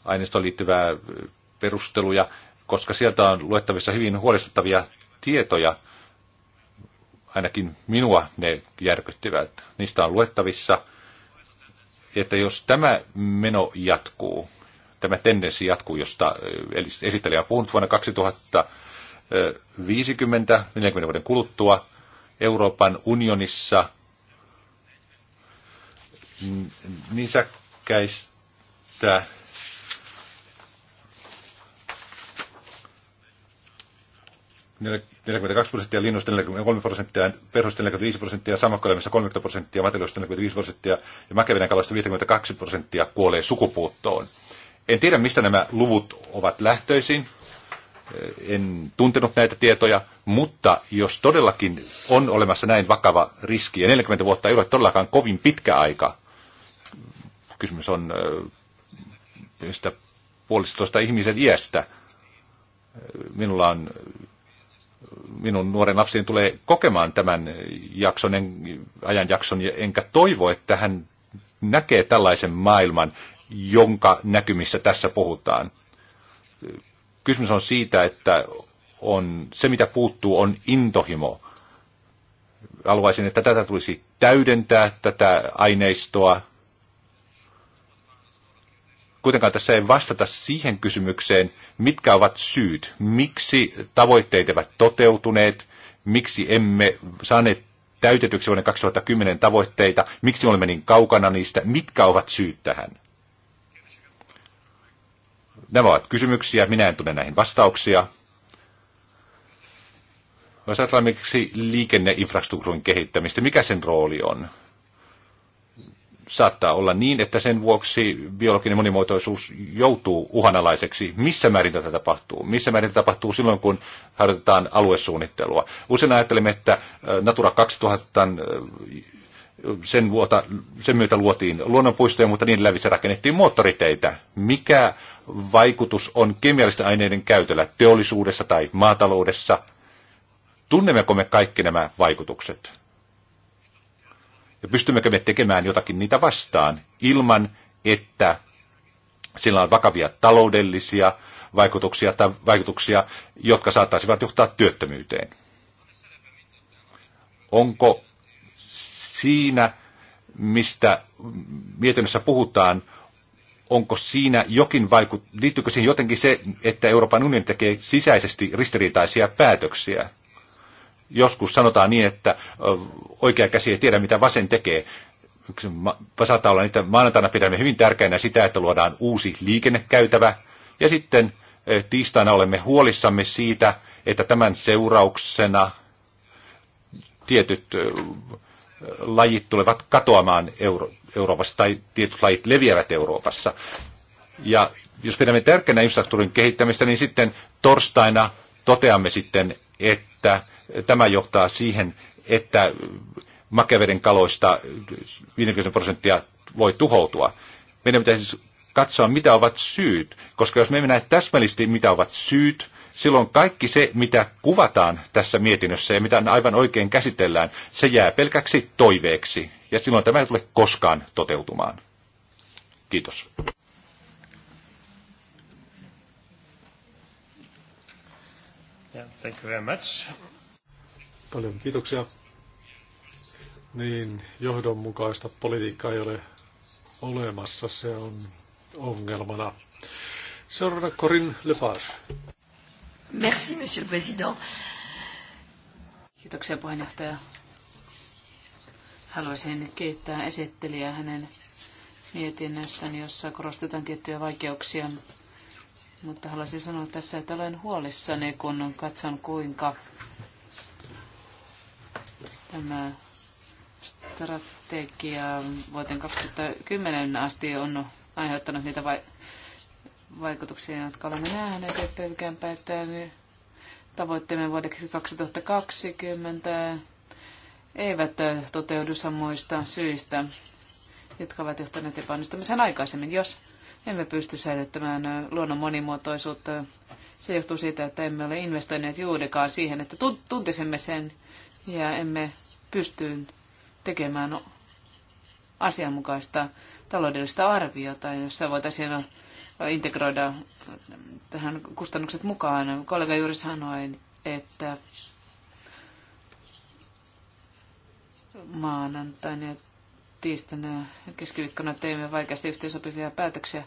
aineistoon liittyvää perusteluja, koska sieltä on luettavissa hyvin huolestuttavia tietoja, ainakin minua ne järkyttivät. Niistä on luettavissa, että jos tämä meno jatkuu, tämä tendenssi jatkuu, josta esittelijä on puhunut vuonna 2000, 50, 40 vuoden kuluttua Euroopan unionissa nisäkkäistä Neljä, 42 prosenttia, linnusta 43 prosenttia, perhosta 45 prosenttia, sammakkoeläimistä 30 prosenttia, mateloista 45 prosenttia ja mäkevenäkaloista 52 prosenttia kuolee sukupuuttoon. En tiedä, mistä nämä luvut ovat lähtöisin en tuntenut näitä tietoja, mutta jos todellakin on olemassa näin vakava riski, ja 40 vuotta ei ole todellakaan kovin pitkä aika, kysymys on sitä puolistosta ihmisen iästä. Minulla on, minun nuoren lapsiin tulee kokemaan tämän jakson, ajanjakson, enkä toivo, että hän näkee tällaisen maailman, jonka näkymissä tässä puhutaan kysymys on siitä, että on, se mitä puuttuu on intohimo. Haluaisin, että tätä tulisi täydentää, tätä aineistoa. Kuitenkaan tässä ei vastata siihen kysymykseen, mitkä ovat syyt, miksi tavoitteet eivät toteutuneet, miksi emme saaneet täytetyksi vuoden 2010 tavoitteita, miksi olemme niin kaukana niistä, mitkä ovat syyt tähän. Nämä ovat kysymyksiä, minä en tunne näihin vastauksia. Jos ajatellaan miksi liikenneinfrastruktuurin kehittämistä, mikä sen rooli on? Saattaa olla niin, että sen vuoksi biologinen monimuotoisuus joutuu uhanalaiseksi. Missä määrin tätä tapahtuu? Missä määrin tätä tapahtuu silloin, kun harjoitetaan aluesuunnittelua? Usein ajattelemme, että Natura 2000 sen, vuota, sen myötä luotiin luonnonpuistoja, mutta niin lävissä rakennettiin moottoriteitä. Mikä vaikutus on kemiallisten aineiden käytöllä teollisuudessa tai maataloudessa? Tunnemmeko me kaikki nämä vaikutukset? Ja pystymmekö me tekemään jotakin niitä vastaan ilman, että sillä on vakavia taloudellisia vaikutuksia tai vaikutuksia, jotka saattaisivat johtaa työttömyyteen? Onko siinä, mistä mietinnössä puhutaan, onko siinä jokin vaikut, liittyykö siihen jotenkin se, että Euroopan unioni tekee sisäisesti ristiriitaisia päätöksiä? Joskus sanotaan niin, että oikea käsi ei tiedä, mitä vasen tekee. Saattaa olla, niin, että maanantaina pidämme hyvin tärkeänä sitä, että luodaan uusi liikennekäytävä. Ja sitten tiistaina olemme huolissamme siitä, että tämän seurauksena tietyt lajit tulevat katoamaan Euro- Euroopassa tai tietyt lajit leviävät Euroopassa. Ja jos pidämme tärkeänä infrastruktuurin kehittämistä, niin sitten torstaina toteamme sitten, että tämä johtaa siihen, että makeveden kaloista 50 prosenttia voi tuhoutua. Meidän pitäisi siis katsoa, mitä ovat syyt, koska jos me emme näe täsmällisesti, mitä ovat syyt, silloin kaikki se, mitä kuvataan tässä mietinnössä ja mitä aivan oikein käsitellään, se jää pelkäksi toiveeksi. Ja silloin tämä ei tule koskaan toteutumaan. Kiitos. Yeah, thank you very much. Paljon kiitoksia. Niin, johdonmukaista politiikkaa ei ole olemassa, se on ongelmana. Seuraava Corin Lepage. Merci, monsieur le président. Kiitoksia puheenjohtaja. Haluaisin kiittää esittelijää hänen mietinnöstään, jossa korostetaan tiettyjä vaikeuksia. Mutta haluaisin sanoa tässä, että olen huolissani, kun katson kuinka tämä strategia vuoteen 2010 asti on aiheuttanut niitä vai- vaikutuksia, jotka olemme nähneet, ja pelkäänpä, että tavoitteemme vuodeksi 2020 eivät toteudu samoista syistä, jotka ovat johtaneet epäonnistumiseen aikaisemmin. Jos emme pysty säilyttämään luonnon monimuotoisuutta, se johtuu siitä, että emme ole investoineet juurikaan siihen, että tuntisimme sen ja emme pysty tekemään asianmukaista taloudellista arviota, jossa voitaisiin integroida tähän kustannukset mukaan. Kollega juuri sanoi, että maanantaina ja tiistaina ja keskiviikkona teemme vaikeasti yhteensopivia päätöksiä.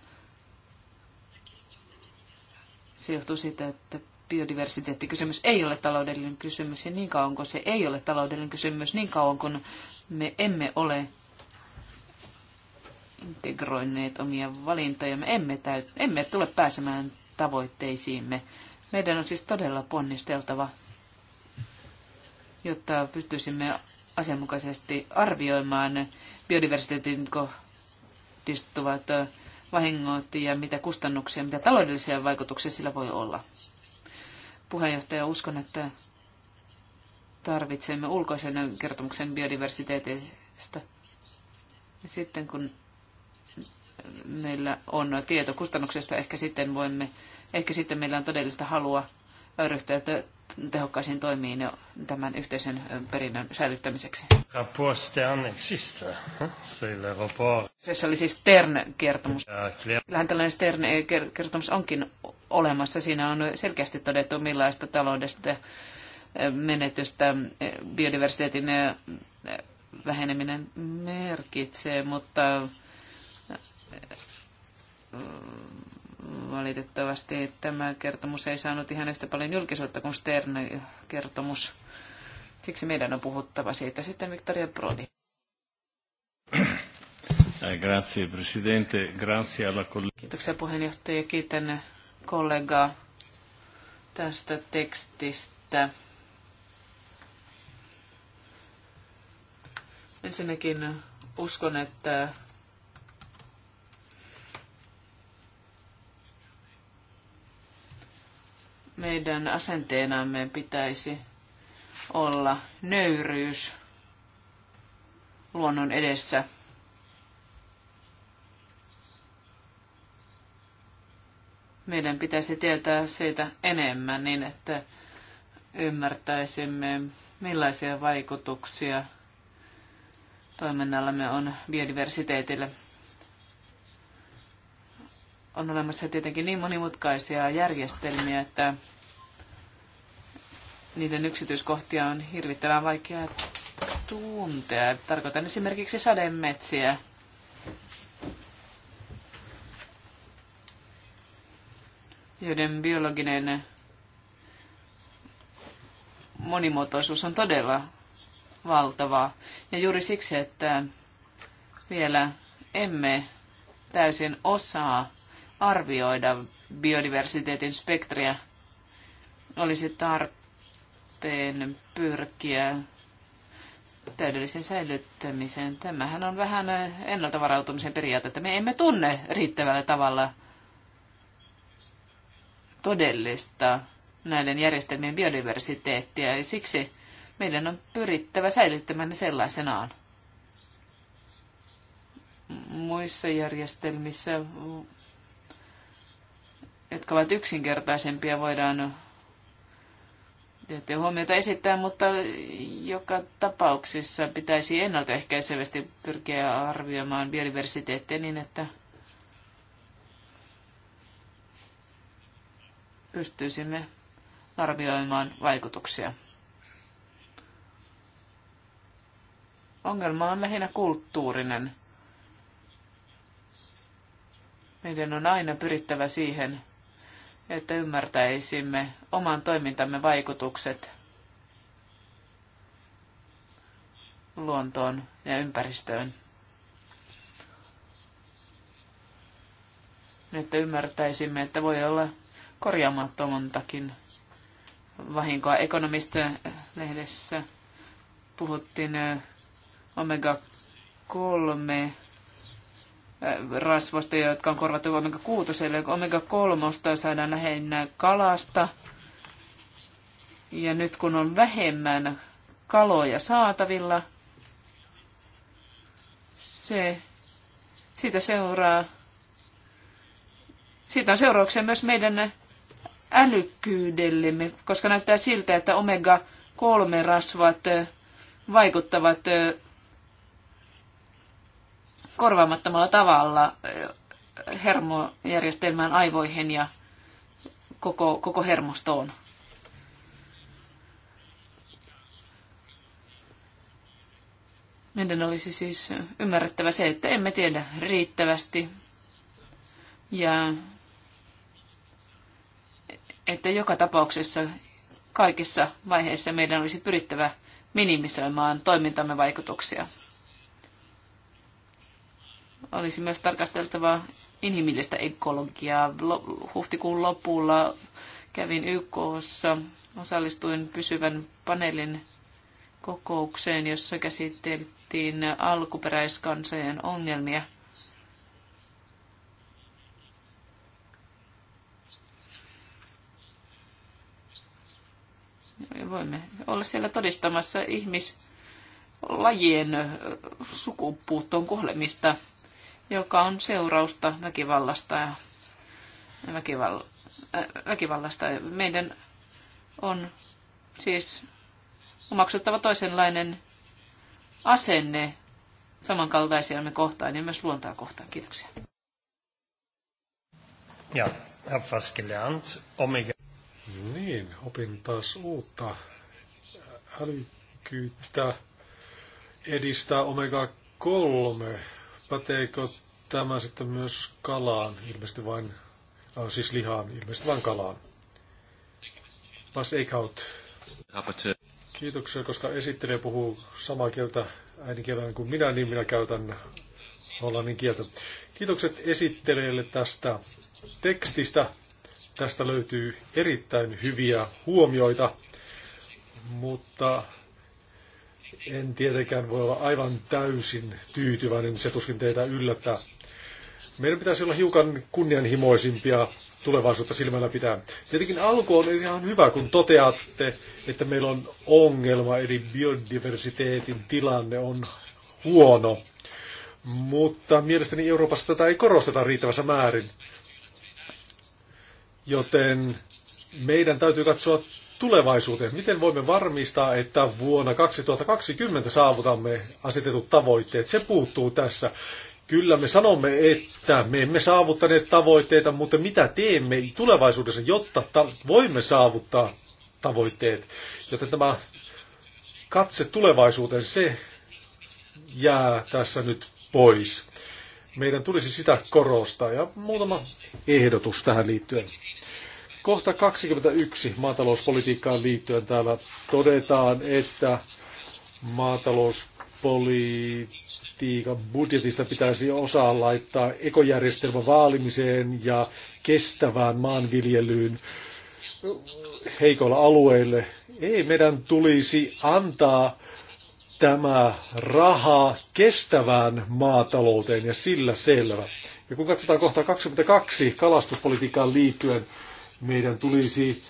Se johtuu siitä, että biodiversiteettikysymys ei ole taloudellinen kysymys, ja niin kauan kuin se ei ole taloudellinen kysymys, niin kauan kun me emme ole integroineet omia valintojamme, emme, täy, emme tule pääsemään tavoitteisiimme. Meidän on siis todella ponnisteltava, jotta pystyisimme asianmukaisesti arvioimaan biodiversiteetin kohdistuvat vahingot ja mitä kustannuksia, mitä taloudellisia vaikutuksia sillä voi olla. Puheenjohtaja, uskon, että tarvitsemme ulkoisen kertomuksen biodiversiteetistä. Ja sitten kun meillä on tieto kustannuksista, ehkä sitten voimme, ehkä sitten meillä on todellista halua ryhtyä tehokkaisiin toimiin tämän yhteisen perinnön säilyttämiseksi. Eh? Se oli siis Stern-kertomus. Kyllähän tällainen Stern-kertomus onkin olemassa. Siinä on selkeästi todettu, millaista taloudesta menetystä biodiversiteetin väheneminen merkitsee, mutta valitettavasti tämä kertomus ei saanut ihan yhtä paljon julkisuutta kuin Stern-kertomus. Siksi meidän on puhuttava siitä. Sitten Victoria Brodi. Eh, grazie, Presidente. Grazie alla Kiitoksia puheenjohtaja. Kiitän kollegaa tästä tekstistä. Ensinnäkin uskon, että meidän asenteenamme pitäisi olla nöyryys luonnon edessä. Meidän pitäisi tietää siitä enemmän niin, että ymmärtäisimme, millaisia vaikutuksia toiminnallamme on biodiversiteetille on olemassa tietenkin niin monimutkaisia järjestelmiä, että niiden yksityiskohtia on hirvittävän vaikea tuntea. Tarkoitan esimerkiksi sademetsiä. joiden biologinen monimuotoisuus on todella valtava. Ja juuri siksi, että vielä emme täysin osaa arvioida biodiversiteetin spektriä. Olisi tarpeen pyrkiä täydelliseen säilyttämiseen. Tämähän on vähän ennalta varautumisen periaate, että me emme tunne riittävällä tavalla todellista näiden järjestelmien biodiversiteettiä, ja siksi meidän on pyrittävä säilyttämään ne sellaisenaan. Muissa järjestelmissä jotka ovat yksinkertaisempia, voidaan tiettyjä huomiota esittää, mutta joka tapauksessa pitäisi ennaltaehkäisevästi pyrkiä arvioimaan biodiversiteettiä niin, että pystyisimme arvioimaan vaikutuksia. Ongelma on lähinnä kulttuurinen. Meidän on aina pyrittävä siihen, että ymmärtäisimme oman toimintamme vaikutukset luontoon ja ympäristöön. Että ymmärtäisimme, että voi olla korjaamattomontakin vahinkoa. ekonomisten lehdessä puhuttiin omega-3 rasvoista, jotka on korvattu omega Eli Omega kolmosta saadaan lähinnä kalasta. Ja nyt kun on vähemmän kaloja saatavilla, se, siitä seuraa, siitä on seurauksia myös meidän älykkyydellemme, koska näyttää siltä, että omega-3 rasvat vaikuttavat korvaamattomalla tavalla eh, hermojärjestelmään, aivoihin ja koko, koko hermostoon. Meidän olisi siis ymmärrettävä se, että emme tiedä riittävästi ja että joka tapauksessa kaikissa vaiheissa meidän olisi pyrittävä minimisoimaan toimintamme vaikutuksia. Olisi myös tarkasteltava inhimillistä ekologiaa. Huhtikuun lopulla kävin YKssa, osallistuin pysyvän paneelin kokoukseen, jossa käsiteltiin alkuperäiskansojen ongelmia. Voimme olla siellä todistamassa ihmislajien sukupuuttoon kuolemista joka on seurausta väkivallasta ja väkival, äh, väkivallasta. Meidän on siis omaksuttava toisenlainen asenne me kohtaan ja niin myös luontaa kohtaan. Kiitoksia. Ja, hab Omega. Niin, opin taas uutta älykkyyttä edistää omega-3 Päteekö tämä sitten myös kalaan, ilmeisesti vain, äh, siis lihaan, ilmeisesti vain kalaan? Pas Eichhout. Kiitoksia, koska esittelijä puhuu samaa kieltä äidinkielellä kuin minä, niin minä käytän hollannin kieltä. Kiitokset esittelijälle tästä tekstistä. Tästä löytyy erittäin hyviä huomioita, mutta en tietenkään voi olla aivan täysin tyytyväinen, se tuskin teitä yllättää. Meidän pitäisi olla hiukan kunnianhimoisimpia tulevaisuutta silmällä pitää. Tietenkin alku on ihan hyvä, kun toteatte, että meillä on ongelma, eli biodiversiteetin tilanne on huono. Mutta mielestäni Euroopassa tätä ei korosteta riittävässä määrin. Joten meidän täytyy katsoa tulevaisuuteen. Miten voimme varmistaa, että vuonna 2020 saavutamme asetetut tavoitteet? Se puuttuu tässä. Kyllä me sanomme, että me emme saavuttaneet tavoitteita, mutta mitä teemme tulevaisuudessa, jotta voimme saavuttaa tavoitteet? Joten tämä katse tulevaisuuteen, se jää tässä nyt pois. Meidän tulisi sitä korostaa ja muutama ehdotus tähän liittyen. Kohta 21 maatalouspolitiikkaan liittyen täällä todetaan, että maatalouspolitiikan budjetista pitäisi osaa laittaa ekojärjestelmän vaalimiseen ja kestävään maanviljelyyn heikoilla alueille. Ei meidän tulisi antaa tämä raha kestävään maatalouteen ja sillä selvä. Ja kun katsotaan kohta 22 kalastuspolitiikkaan liittyen, meidän tulisi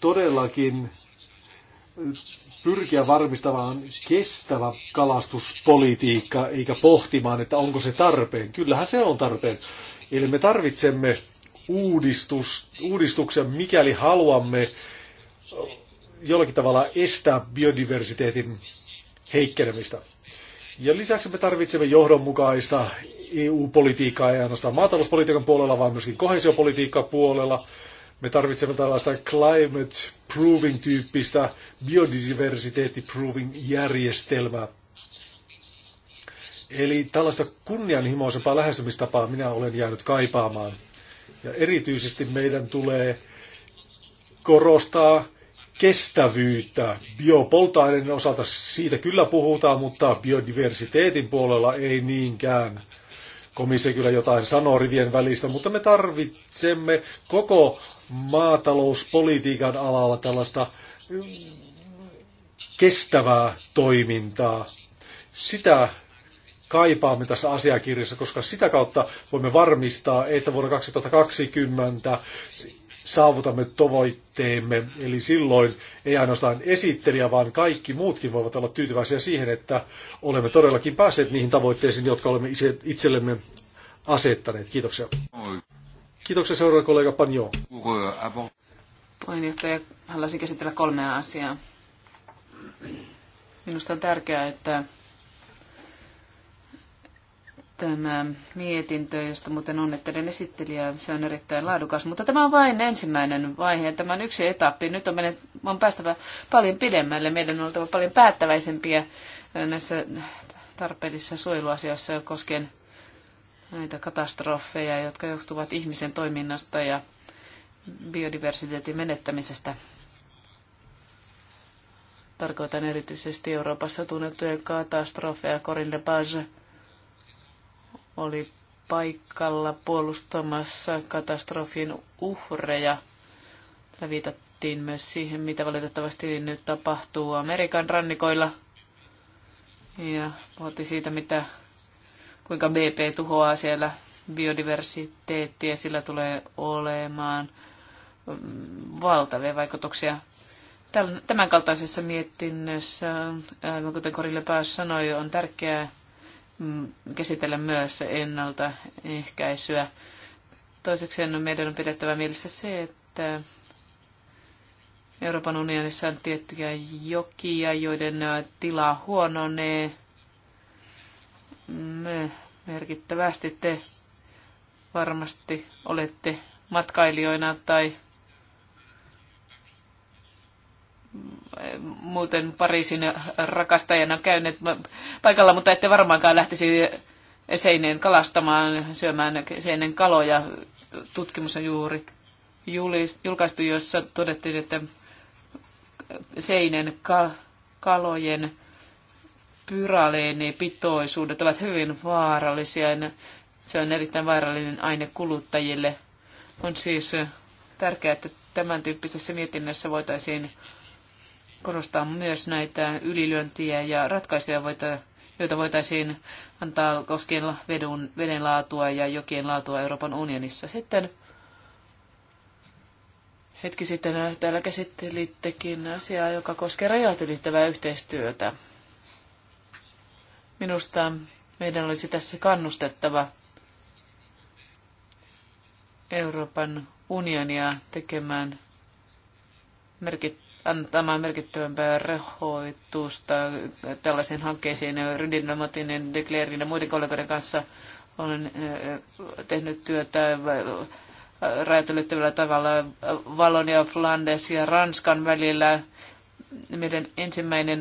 todellakin pyrkiä varmistamaan kestävä kalastuspolitiikka, eikä pohtimaan, että onko se tarpeen. Kyllähän se on tarpeen. Eli me tarvitsemme uudistus, uudistuksen, mikäli haluamme jollakin tavalla estää biodiversiteetin heikkenemistä. Ja lisäksi me tarvitsemme johdonmukaista EU-politiikkaa ei ainoastaan maatalouspolitiikan puolella, vaan myöskin kohesiopolitiikan puolella. Me tarvitsemme tällaista climate proving-tyyppistä biodiversiteetti proving-järjestelmää. Eli tällaista kunnianhimoisempaa lähestymistapaa minä olen jäänyt kaipaamaan. Ja erityisesti meidän tulee korostaa kestävyyttä. Biopolttoaineiden osalta siitä kyllä puhutaan, mutta biodiversiteetin puolella ei niinkään. Komissio kyllä jotain sanoo rivien välistä, mutta me tarvitsemme koko maatalouspolitiikan alalla tällaista mm, kestävää toimintaa. Sitä kaipaamme tässä asiakirjassa, koska sitä kautta voimme varmistaa, että vuonna 2020 saavutamme tavoitteemme. Eli silloin ei ainoastaan esittelijä, vaan kaikki muutkin voivat olla tyytyväisiä siihen, että olemme todellakin päässeet niihin tavoitteisiin, jotka olemme itsellemme asettaneet. Kiitoksia. Kiitoksia seuraava kollega Panjo. Puheenjohtaja, haluaisin käsitellä kolmea asiaa. Minusta on tärkeää, että tämä mietintö, josta muuten onnettelen esittelijä, Se on erittäin laadukas, mutta tämä on vain ensimmäinen vaihe. Tämä on yksi etappi. Nyt on, menet, on päästävä paljon pidemmälle. Meidän on oltava paljon päättäväisempiä näissä tarpeellisissa suojeluasioissa koskien näitä katastrofeja, jotka johtuvat ihmisen toiminnasta ja biodiversiteetin menettämisestä. Tarkoitan erityisesti Euroopassa tunnettuja katastrofeja, Corinne Page, oli paikalla puolustamassa katastrofin uhreja. Täällä viitattiin myös siihen, mitä valitettavasti nyt tapahtuu Amerikan rannikoilla. Ja puhutti siitä, mitä, kuinka BP tuhoaa siellä biodiversiteettiä. Sillä tulee olemaan mm, valtavia vaikutuksia. Tämän kaltaisessa mietinnössä, kuten Korille Pääs sanoi, on tärkeää Mm, käsitellä myös ennaltaehkäisyä. Toiseksi meidän on pidettävä mielessä se, että Euroopan unionissa on tiettyjä jokia, joiden tila huononee merkittävästi. Te varmasti olette matkailijoina tai muuten Pariisin rakastajana käyneet paikalla, mutta ette varmaankaan lähtisi seineen kalastamaan, syömään seinen kaloja. Tutkimus on juuri julkaistu, jossa todettiin, että seinen kalojen pyraleenipitoisuudet ovat hyvin vaarallisia. Se on erittäin vaarallinen aine kuluttajille. On siis tärkeää, että tämän tyyppisessä mietinnössä voitaisiin korostaa myös näitä ylilyöntiä ja ratkaisuja, joita voitaisiin antaa koskien vedun, veden laatua ja jokien laatua Euroopan unionissa. Sitten hetki sitten täällä käsittelittekin asiaa, joka koskee rajat ylittävää yhteistyötä. Minusta meidän olisi tässä kannustettava Euroopan unionia tekemään merkit, antamaan merkittävämpää rahoitusta tällaisiin hankkeisiin. Rydin Lamatinen, Declerin ja muiden kollegoiden kanssa olen tehnyt työtä räätälöittävällä tavalla Valonia, Flandes ja Ranskan välillä. Meidän ensimmäinen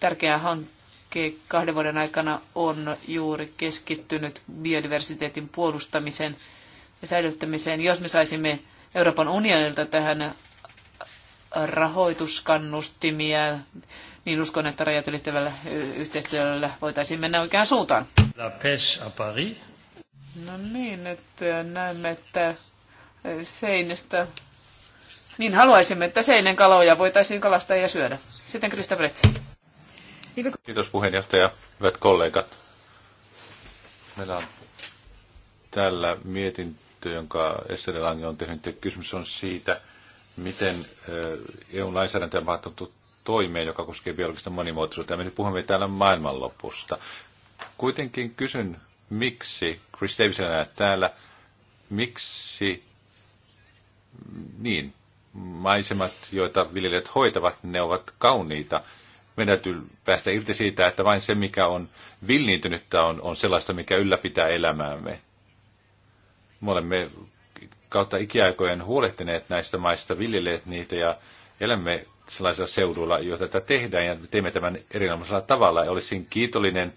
tärkeä hanke kahden vuoden aikana on juuri keskittynyt biodiversiteetin puolustamiseen ja säilyttämiseen. Jos me saisimme Euroopan unionilta tähän rahoituskannustimia, niin uskon, että rajat ylittävällä yhteistyöllä voitaisiin mennä oikeaan suuntaan. La pêche à Paris. No niin, että näemme, että seinästä... Niin haluaisimme, että seinän kaloja voitaisiin kalastaa ja syödä. Sitten Krista Bretsi. Kiitos puheenjohtaja, hyvät kollegat. Meillä on täällä mietintö, jonka Esther Lange on tehnyt. Kysymys on siitä, miten EUn lainsäädäntö on vaatunut toimeen, joka koskee biologista monimuotoisuutta. Me nyt puhumme täällä maailmanlopusta. Kuitenkin kysyn, miksi, Chris Davis näet täällä, miksi niin, maisemat, joita viljelijät hoitavat, ne ovat kauniita. Meidän täytyy päästä irti siitä, että vain se, mikä on villiintynyttä, on, on sellaista, mikä ylläpitää elämäämme. Me olemme kautta ikiaikojen huolehtineet näistä maista, viljelleet niitä ja elämme sellaisilla seuduilla, joita tätä tehdään ja teemme tämän erinomaisella tavalla. Ja olisin kiitollinen,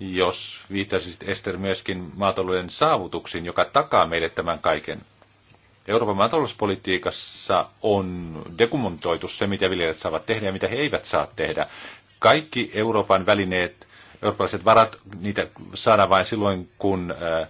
jos viittasit Ester myöskin maatalouden saavutuksiin, joka takaa meille tämän kaiken. Euroopan maatalouspolitiikassa on dekumontoitu se, mitä viljelijät saavat tehdä ja mitä he eivät saa tehdä. Kaikki Euroopan välineet, eurooppalaiset varat, niitä saadaan vain silloin, kun äh,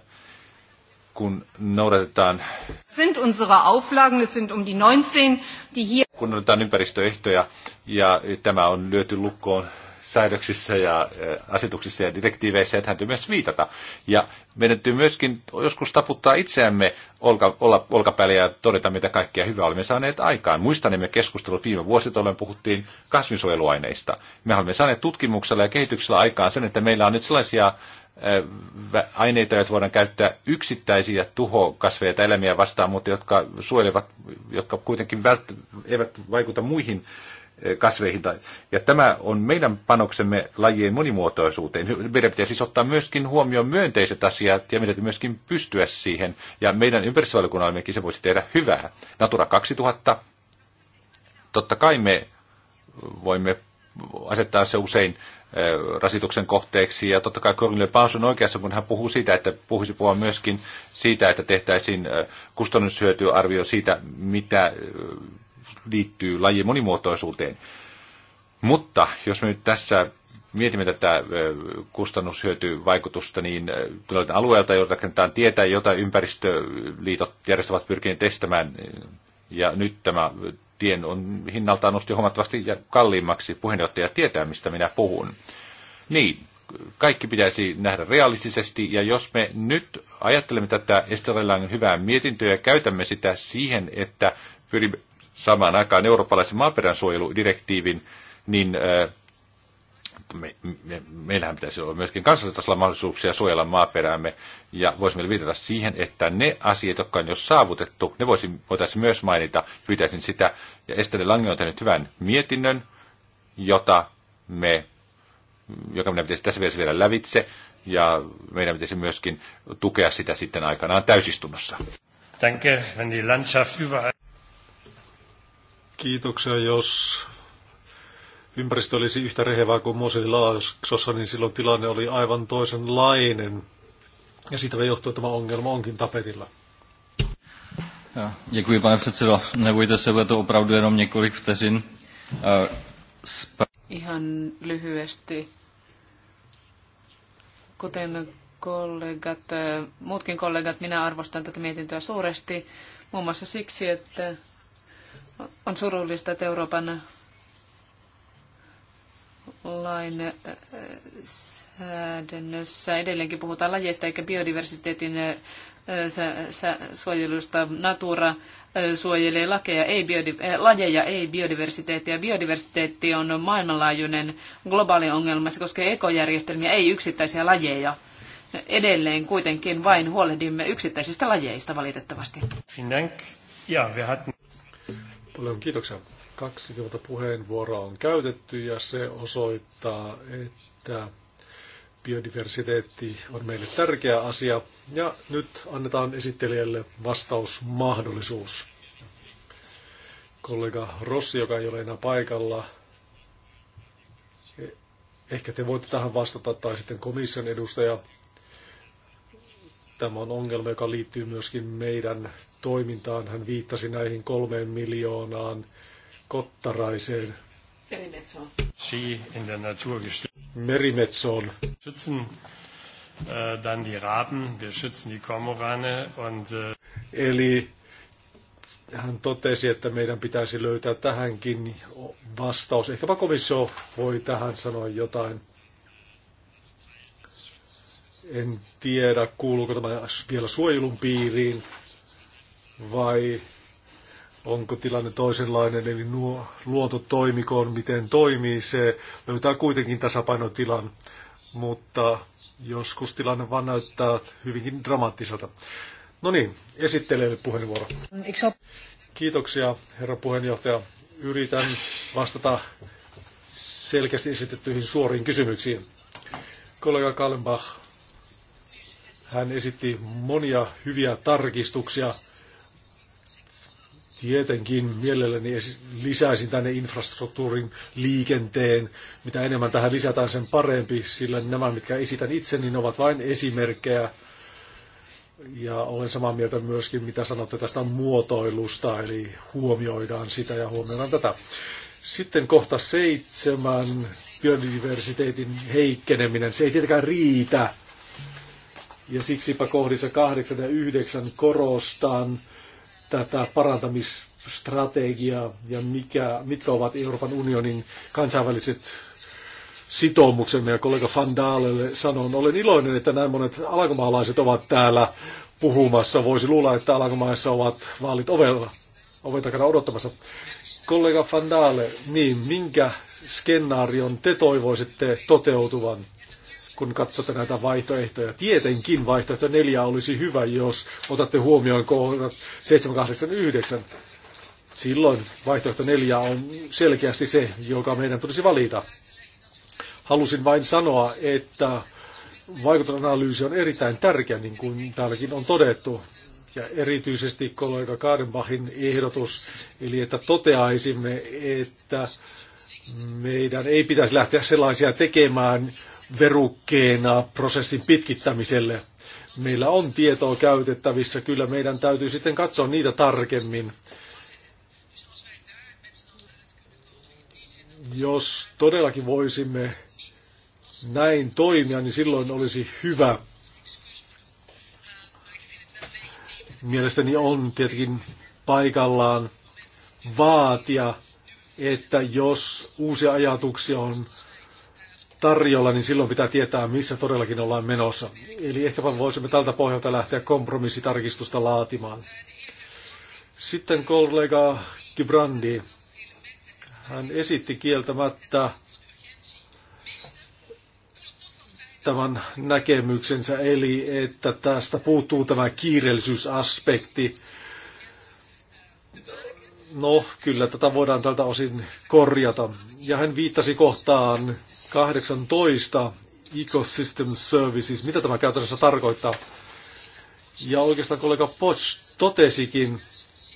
kun noudatetaan, sind unsere Auflagen, es sind um die 19, die hier... kun noudatetaan ympäristöehtoja, ja tämä on lyöty lukkoon säädöksissä ja äh, asetuksissa ja direktiiveissä, että täytyy myös viitata. Ja meidän täytyy myöskin joskus taputtaa itseämme olka, olla, olkapäälle ja todeta, mitä kaikkea hyvää olemme saaneet aikaan. Muistanemme keskustelut viime vuosilta, puhuttiin kasvinsuojeluaineista. Me olemme saaneet tutkimuksella ja kehityksellä aikaan sen, että meillä on nyt sellaisia aineita, joita voidaan käyttää yksittäisiä tuhokasveja tai elämiä vastaan, mutta jotka suojelevat, jotka kuitenkin vält- eivät vaikuta muihin kasveihin. Ja tämä on meidän panoksemme lajien monimuotoisuuteen. Meidän pitää siis ottaa myöskin huomioon myönteiset asiat ja meidän pitää myöskin pystyä siihen. Ja meidän ympäristövaliokunnallemmekin se voisi tehdä hyvää. Natura 2000. Totta kai me voimme asettaa se usein rasituksen kohteeksi. Ja totta kai Corinne Paus on oikeassa, kun hän puhuu siitä, että puhuisi puhua myöskin siitä, että tehtäisiin kustannushyötyarvio siitä, mitä liittyy lajien monimuotoisuuteen. Mutta jos me nyt tässä mietimme tätä kustannushyötyvaikutusta, niin tulee alueelta, joita kentään tietää, jota ympäristöliitot järjestävät pyrkineet estämään. Ja nyt tämä tien on hinnaltaan nosti huomattavasti ja kalliimmaksi. Puheenjohtaja tietää, mistä minä puhun. Niin, kaikki pitäisi nähdä realistisesti, ja jos me nyt ajattelemme tätä Estrellan hyvää mietintöä ja käytämme sitä siihen, että pyrimme samaan aikaan eurooppalaisen maaperän suojeludirektiivin, niin äh, me, me, meillähän pitäisi olla myöskin kansallisella mahdollisuuksia suojella maaperäämme, ja voisimme viitata siihen, että ne asiat, jotka on jo saavutettu, ne voisi, voitaisiin myös mainita, pyytäisin sitä, ja Estelle Lange on tehnyt hyvän mietinnön, jota me, joka meidän pitäisi tässä vielä lävitse, ja meidän pitäisi myöskin tukea sitä sitten aikanaan täysistunnossa. Danke, wenn die Landschaft über... Kiitoksia, jos ympäristö olisi yhtä rehevää kuin Moselilaaksossa, niin silloin tilanne oli aivan toisenlainen. Ja siitä johtuu tämä ongelma onkin tapetilla. Děkuji, pane předsedo. Nebojte se, bude to opravdu jenom několik vteřin. Ihan lyhyesti. Kuten kollegat, e, muutkin kollegat, minä arvostan tätä mietintöä suuresti, muun muassa siksi, että on surullista, että Euroopan lainsäädännössä äh, edelleenkin puhutaan lajeista eikä biodiversiteetin äh, suojelusta. Natura äh, suojelee lakeja, ei biodi- lajeja, ei biodiversiteettiä. Biodiversiteetti on maailmanlaajuinen globaali ongelma. Se koskee ekojärjestelmiä, ei yksittäisiä lajeja. Edelleen kuitenkin vain huolehdimme yksittäisistä lajeista valitettavasti. Paljon kiitoksia. 20 puheenvuoroa on käytetty ja se osoittaa, että biodiversiteetti on meille tärkeä asia. Ja nyt annetaan esittelijälle vastausmahdollisuus. Kollega Rossi, joka ei ole enää paikalla, e- ehkä te voitte tähän vastata, tai sitten komission edustaja. Tämä on ongelma, joka liittyy myöskin meidän toimintaan. Hän viittasi näihin kolmeen miljoonaan kottaraiseen Merimetsoon. in der Natur Merimetsoon. Schützen äh, dann die Raben, wir schützen die Kormorane und... Äh, Eli hän totesi, että meidän pitäisi löytää tähänkin vastaus. Ehkäpä komissio voi tähän sanoa jotain. En tiedä, kuuluuko tämä vielä suojelun piiriin vai onko tilanne toisenlainen, eli nuo luoto toimikoon, miten toimii, se löytää kuitenkin tasapainotilan, mutta joskus tilanne vaan näyttää hyvinkin dramaattiselta. No niin, esittelijälle puheenvuoro. Kiitoksia, herra puheenjohtaja. Yritän vastata selkeästi esitettyihin suoriin kysymyksiin. Kollega Kallenbach, hän esitti monia hyviä tarkistuksia Tietenkin mielelläni lisäisin tänne infrastruktuurin, liikenteen. Mitä enemmän tähän lisätään, sen parempi, sillä nämä, mitkä esitän itse, niin ovat vain esimerkkejä. Ja olen samaa mieltä myöskin, mitä sanotte tästä muotoilusta, eli huomioidaan sitä ja huomioidaan tätä. Sitten kohta seitsemän, biodiversiteetin heikkeneminen. Se ei tietenkään riitä. Ja siksipä kohdissa kahdeksan ja yhdeksän korostan tätä parantamisstrategiaa ja mikä, mitkä ovat Euroopan unionin kansainväliset sitoumuksemme. Ja kollega Van Daalelle sanon, olen iloinen, että näin monet alakomaalaiset ovat täällä puhumassa. Voisi luulla, että alakomaissa ovat vaalit ovella oven takana odottamassa. Kollega Van Daale, niin minkä skenaarion te toivoisitte toteutuvan? kun katsotte näitä vaihtoehtoja. Tietenkin vaihtoehto neljä olisi hyvä, jos otatte huomioon kohdat 789. Silloin vaihtoehto neljä on selkeästi se, joka meidän tulisi valita. Halusin vain sanoa, että vaikutusanalyysi on erittäin tärkeä, niin kuin täälläkin on todettu. Ja erityisesti kollega Kaadenbachin ehdotus, eli että toteaisimme, että meidän ei pitäisi lähteä sellaisia tekemään, verukkeena prosessin pitkittämiselle. Meillä on tietoa käytettävissä, kyllä meidän täytyy sitten katsoa niitä tarkemmin. Jos todellakin voisimme näin toimia, niin silloin olisi hyvä. Mielestäni on tietenkin paikallaan vaatia, että jos uusia ajatuksia on tarjolla, niin silloin pitää tietää, missä todellakin ollaan menossa. Eli ehkäpä voisimme tältä pohjalta lähteä kompromissitarkistusta laatimaan. Sitten kollega Gibrandi. Hän esitti kieltämättä tämän näkemyksensä, eli että tästä puuttuu tämä kiireellisyysaspekti. No, kyllä tätä voidaan tältä osin korjata. Ja hän viittasi kohtaan 18 Ecosystem Services. Mitä tämä käytännössä tarkoittaa? Ja oikeastaan kollega Poch totesikin,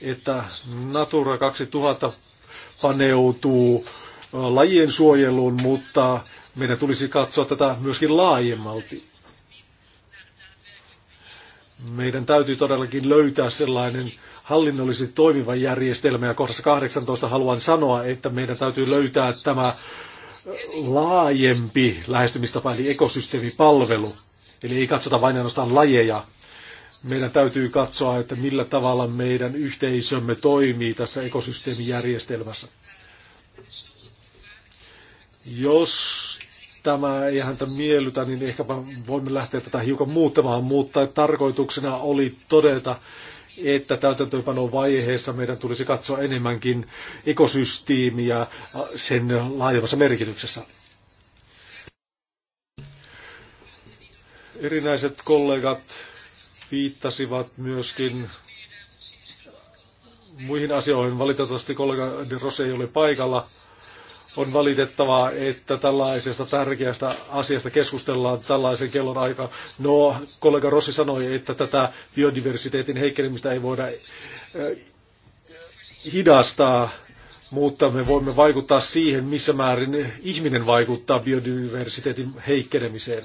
että Natura 2000 paneutuu lajien suojeluun, mutta meidän tulisi katsoa tätä myöskin laajemmalti. Meidän täytyy todellakin löytää sellainen hallinnollisesti toimiva järjestelmä, ja kohdassa 18 haluan sanoa, että meidän täytyy löytää tämä laajempi lähestymistapa, eli ekosysteemipalvelu. Eli ei katsota vain ainoastaan lajeja. Meidän täytyy katsoa, että millä tavalla meidän yhteisömme toimii tässä ekosysteemijärjestelmässä. Jos tämä ei häntä miellytä, niin ehkäpä voimme lähteä tätä hiukan muuttamaan, mutta tarkoituksena oli todeta, että täytäntöönpanovaiheessa meidän tulisi katsoa enemmänkin ekosysteemiä sen laajemmassa merkityksessä. Erinäiset kollegat viittasivat myöskin muihin asioihin. Valitettavasti kollega De Rose ei ole paikalla. On valitettavaa, että tällaisesta tärkeästä asiasta keskustellaan tällaisen kellon aika. No, kollega Rossi sanoi, että tätä biodiversiteetin heikkenemistä ei voida eh, hidastaa, mutta me voimme vaikuttaa siihen, missä määrin ihminen vaikuttaa biodiversiteetin heikkenemiseen.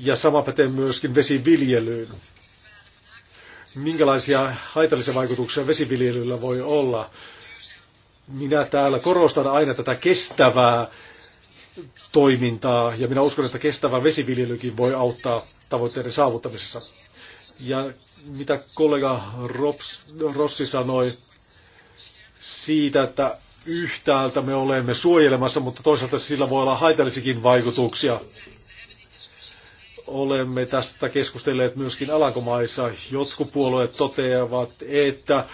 Ja sama pätee myöskin vesiviljelyyn. Minkälaisia haitallisia vaikutuksia vesiviljelyllä voi olla? minä täällä korostan aina tätä kestävää toimintaa, ja minä uskon, että kestävä vesiviljelykin voi auttaa tavoitteiden saavuttamisessa. Ja mitä kollega Rops, Rossi sanoi siitä, että yhtäältä me olemme suojelemassa, mutta toisaalta sillä voi olla haitallisikin vaikutuksia. Olemme tästä keskustelleet myöskin Alankomaissa. Jotkut puolueet toteavat, että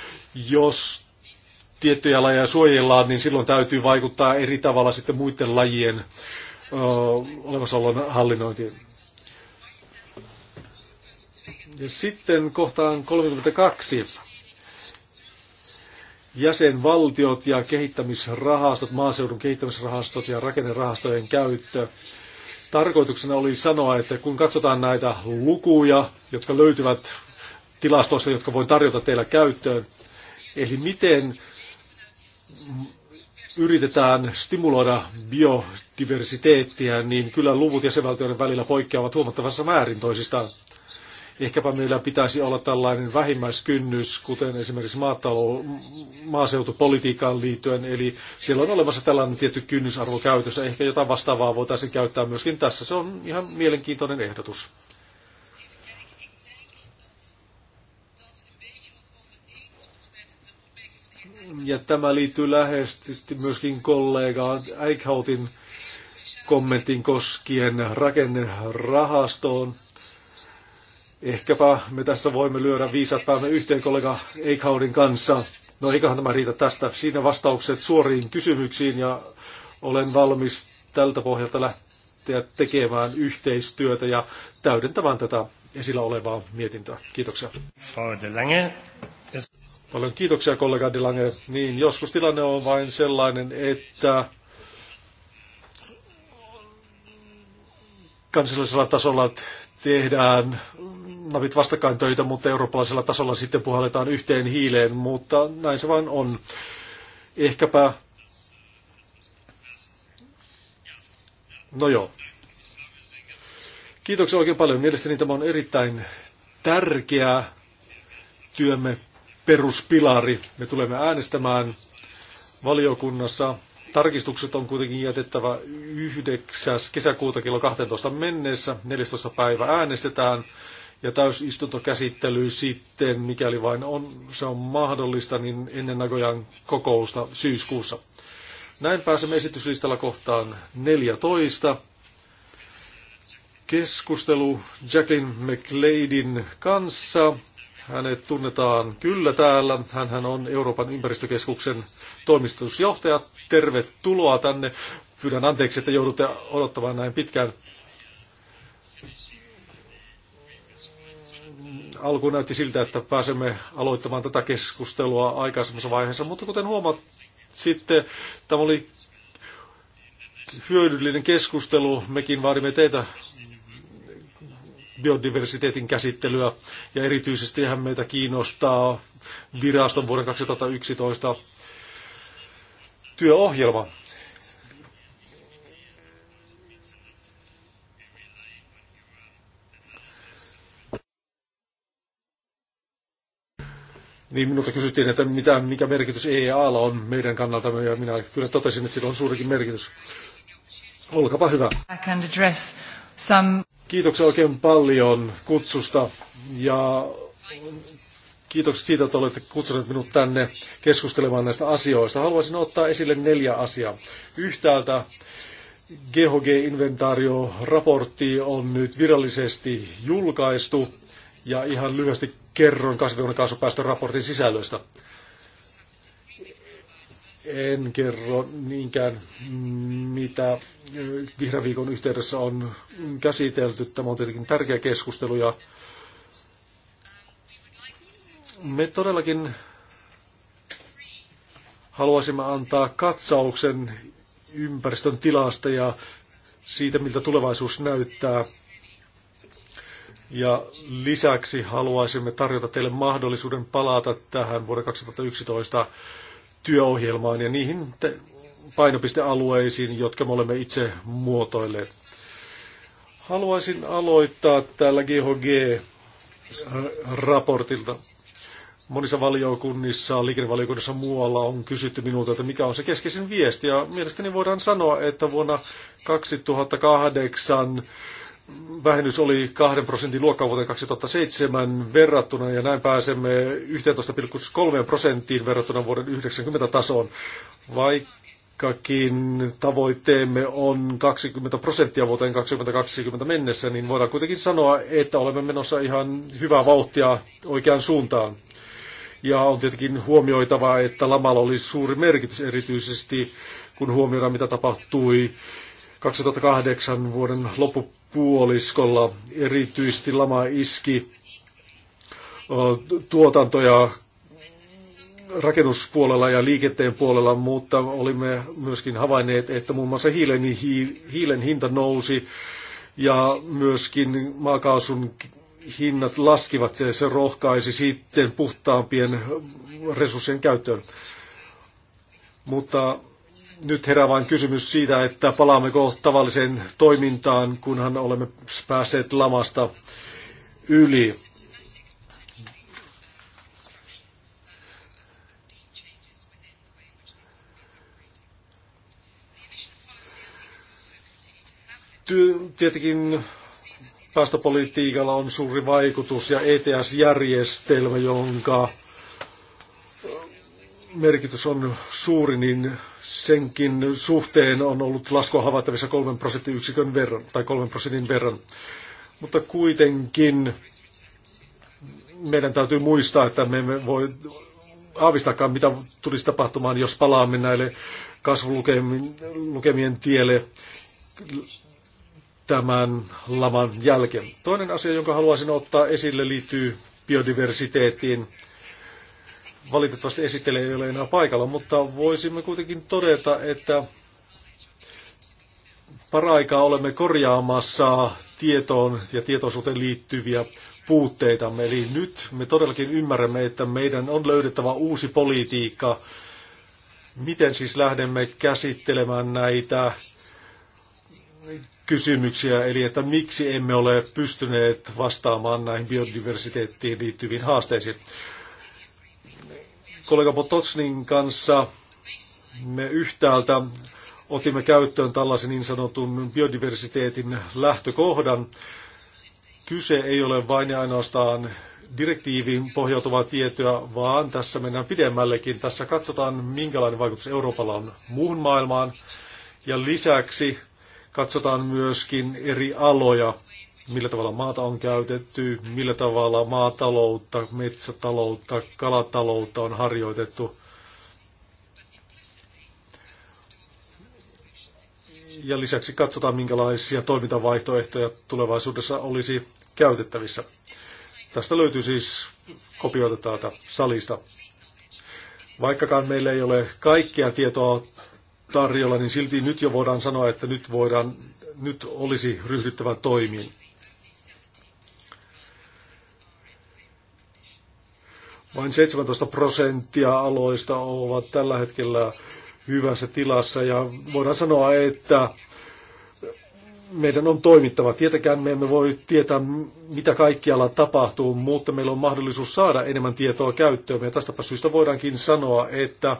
jos tiettyjä lajeja suojellaan, niin silloin täytyy vaikuttaa eri tavalla sitten muiden lajien ö, olemassaolon hallinnointiin. Ja sitten kohtaan 32. Jäsenvaltiot ja kehittämisrahastot, maaseudun kehittämisrahastot ja rakennerahastojen käyttö. Tarkoituksena oli sanoa, että kun katsotaan näitä lukuja, jotka löytyvät tilastoissa, jotka voin tarjota teillä käyttöön, eli miten yritetään stimuloida biodiversiteettiä, niin kyllä luvut jäsenvaltioiden välillä poikkeavat huomattavassa määrin toisistaan. Ehkäpä meillä pitäisi olla tällainen vähimmäiskynnys, kuten esimerkiksi maatalo, maaseutupolitiikkaan liittyen, eli siellä on olemassa tällainen tietty kynnysarvo käytössä. Ehkä jotain vastaavaa voitaisiin käyttää myöskin tässä. Se on ihan mielenkiintoinen ehdotus. ja tämä liittyy läheisesti myöskin kollegaan Eichhautin kommentin koskien rakennerahastoon. Ehkäpä me tässä voimme lyödä viisat päämme yhteen kollega Eichhautin kanssa. No eiköhän tämä riitä tästä. Siinä vastaukset suoriin kysymyksiin ja olen valmis tältä pohjalta lähteä tekemään yhteistyötä ja täydentämään tätä esillä olevaa mietintöä. Kiitoksia. Paljon kiitoksia kollega Dilange. Niin, joskus tilanne on vain sellainen, että kansallisella tasolla tehdään napit vastakkain töitä, mutta eurooppalaisella tasolla sitten puhalletaan yhteen hiileen, mutta näin se vain on. Ehkäpä... No joo. Kiitoksia oikein paljon. Mielestäni tämä on erittäin tärkeä työmme peruspilari. Me tulemme äänestämään valiokunnassa. Tarkistukset on kuitenkin jätettävä 9. kesäkuuta kello 12 mennessä. 14. päivä äänestetään ja täysistuntokäsittely sitten, mikäli vain on, se on mahdollista, niin ennen näköjään kokousta syyskuussa. Näin pääsemme esityslistalla kohtaan 14. Keskustelu Jacqueline McLeidin kanssa hänet tunnetaan kyllä täällä. hän on Euroopan ympäristökeskuksen toimistusjohtaja. Tervetuloa tänne. Pyydän anteeksi, että joudutte odottamaan näin pitkään. Alku näytti siltä, että pääsemme aloittamaan tätä keskustelua aikaisemmassa vaiheessa, mutta kuten huomaat, sitten tämä oli hyödyllinen keskustelu. Mekin vaadimme teitä biodiversiteetin käsittelyä. Ja erityisesti meitä kiinnostaa viraston vuoden 2011 työohjelma. Niin minulta kysyttiin, että mitä, mikä merkitys EAlla on meidän kannalta? ja minä kyllä totesin, että sillä on suurikin merkitys. Olkapa hyvä. I can address some... Kiitoksia oikein paljon kutsusta ja kiitokset siitä, että olette kutsuneet minut tänne keskustelemaan näistä asioista. Haluaisin ottaa esille neljä asiaa. Yhtäältä ghg raportti on nyt virallisesti julkaistu ja ihan lyhyesti kerron kasvihuonekaasupäästöraportin sisällöstä. En kerro niinkään, mitä eh, vihreän viikon yhteydessä on käsitelty. Tämä on tietenkin tärkeä keskustelu ja me todellakin haluaisimme antaa katsauksen ympäristön tilasta ja siitä, miltä tulevaisuus näyttää. Ja lisäksi haluaisimme tarjota teille mahdollisuuden palata tähän vuoden 2011 työohjelmaan ja niihin painopistealueisiin, jotka me olemme itse muotoilleet. Haluaisin aloittaa täällä GHG-raportilta. Äh, Monissa valiokunnissa, liikennevaliokunnassa muualla on kysytty minulta, että mikä on se keskeisin viesti. Ja mielestäni voidaan sanoa, että vuonna 2008 vähennys oli 2 prosentin luokkaa vuoteen 2007 verrattuna ja näin pääsemme 11,3 prosenttiin verrattuna vuoden 90 tasoon, vaikkakin tavoitteemme on 20 prosenttia vuoteen 2020 mennessä, niin voidaan kuitenkin sanoa, että olemme menossa ihan hyvää vauhtia oikeaan suuntaan. Ja on tietenkin huomioitava, että lamalla oli suuri merkitys erityisesti, kun huomioidaan mitä tapahtui 2008 vuoden loppupuolella puoliskolla. Erityisesti lama iski tuotantoja rakennuspuolella ja liikenteen puolella, mutta olimme myöskin havainneet, että muun muassa hiilen, hiilen hinta nousi ja myöskin maakaasun hinnat laskivat, se, se rohkaisi sitten puhtaampien resurssien käyttöön. Mutta nyt herää vain kysymys siitä, että palaammeko tavalliseen toimintaan, kunhan olemme päässeet lamasta yli. Tietenkin päästöpolitiikalla on suuri vaikutus ja ETS-järjestelmä, jonka merkitys on suuri, niin senkin suhteen on ollut laskua havaittavissa 3 prosenttiyksikön verran, tai 3 prosentin verran. Mutta kuitenkin meidän täytyy muistaa, että me emme voi aavistakaan, mitä tulisi tapahtumaan, jos palaamme näille kasvulukemien tielle tämän laman jälkeen. Toinen asia, jonka haluaisin ottaa esille, liittyy biodiversiteettiin valitettavasti esittelijä ei ole enää paikalla, mutta voisimme kuitenkin todeta, että paraikaa olemme korjaamassa tietoon ja tietoisuuteen liittyviä puutteita. Eli nyt me todellakin ymmärrämme, että meidän on löydettävä uusi politiikka, miten siis lähdemme käsittelemään näitä kysymyksiä, eli että miksi emme ole pystyneet vastaamaan näihin biodiversiteettiin liittyviin haasteisiin kollega Potocnin kanssa me yhtäältä otimme käyttöön tällaisen niin sanotun biodiversiteetin lähtökohdan. Kyse ei ole vain ja ainoastaan direktiiviin pohjautuvaa tietoa, vaan tässä mennään pidemmällekin. Tässä katsotaan, minkälainen vaikutus Euroopalla on muuhun maailmaan. Ja lisäksi katsotaan myöskin eri aloja millä tavalla maata on käytetty, millä tavalla maataloutta, metsätaloutta, kalataloutta on harjoitettu. Ja lisäksi katsotaan, minkälaisia toimintavaihtoehtoja tulevaisuudessa olisi käytettävissä. Tästä löytyy siis kopioita täältä salista. Vaikkakaan meillä ei ole kaikkea tietoa tarjolla, niin silti nyt jo voidaan sanoa, että nyt, voidaan, nyt olisi ryhdyttävä toimiin. Vain 17 prosenttia aloista ovat tällä hetkellä hyvässä tilassa ja voidaan sanoa, että meidän on toimittava. Tietenkään me emme voi tietää, mitä kaikkialla tapahtuu, mutta meillä on mahdollisuus saada enemmän tietoa käyttöön. Ja tästä syystä voidaankin sanoa, että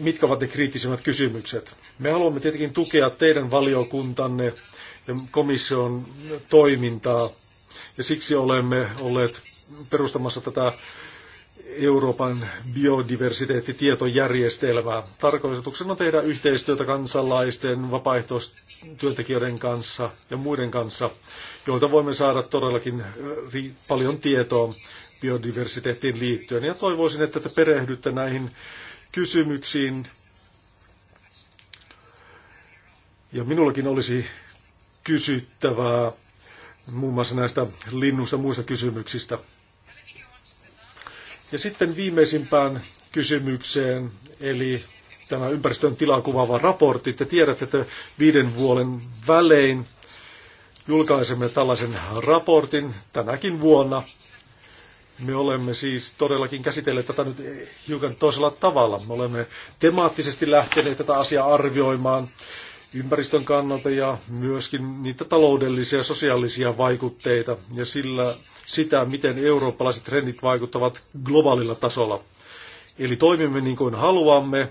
mitkä ovat ne kriittisimmät kysymykset. Me haluamme tietenkin tukea teidän valiokuntanne ja komission toimintaa. Ja siksi olemme olleet perustamassa tätä Euroopan biodiversiteettitietojärjestelmää. Tarkoituksena on tehdä yhteistyötä kansalaisten, vapaaehtoistyöntekijöiden kanssa ja muiden kanssa, joilta voimme saada todellakin äh, paljon tietoa biodiversiteettiin liittyen. Ja toivoisin, että te perehdytte näihin kysymyksiin. Ja minullakin olisi kysyttävää muun muassa näistä linnusta muista kysymyksistä. Ja sitten viimeisimpään kysymykseen, eli tämä ympäristön tilaa kuvaava raportti. Te tiedätte, että viiden vuoden välein julkaisemme tällaisen raportin tänäkin vuonna. Me olemme siis todellakin käsitelleet tätä nyt hiukan toisella tavalla. Me olemme temaattisesti lähteneet tätä asiaa arvioimaan ympäristön kannalta ja myöskin niitä taloudellisia ja sosiaalisia vaikutteita ja sillä, sitä, miten eurooppalaiset trendit vaikuttavat globaalilla tasolla. Eli toimimme niin kuin haluamme,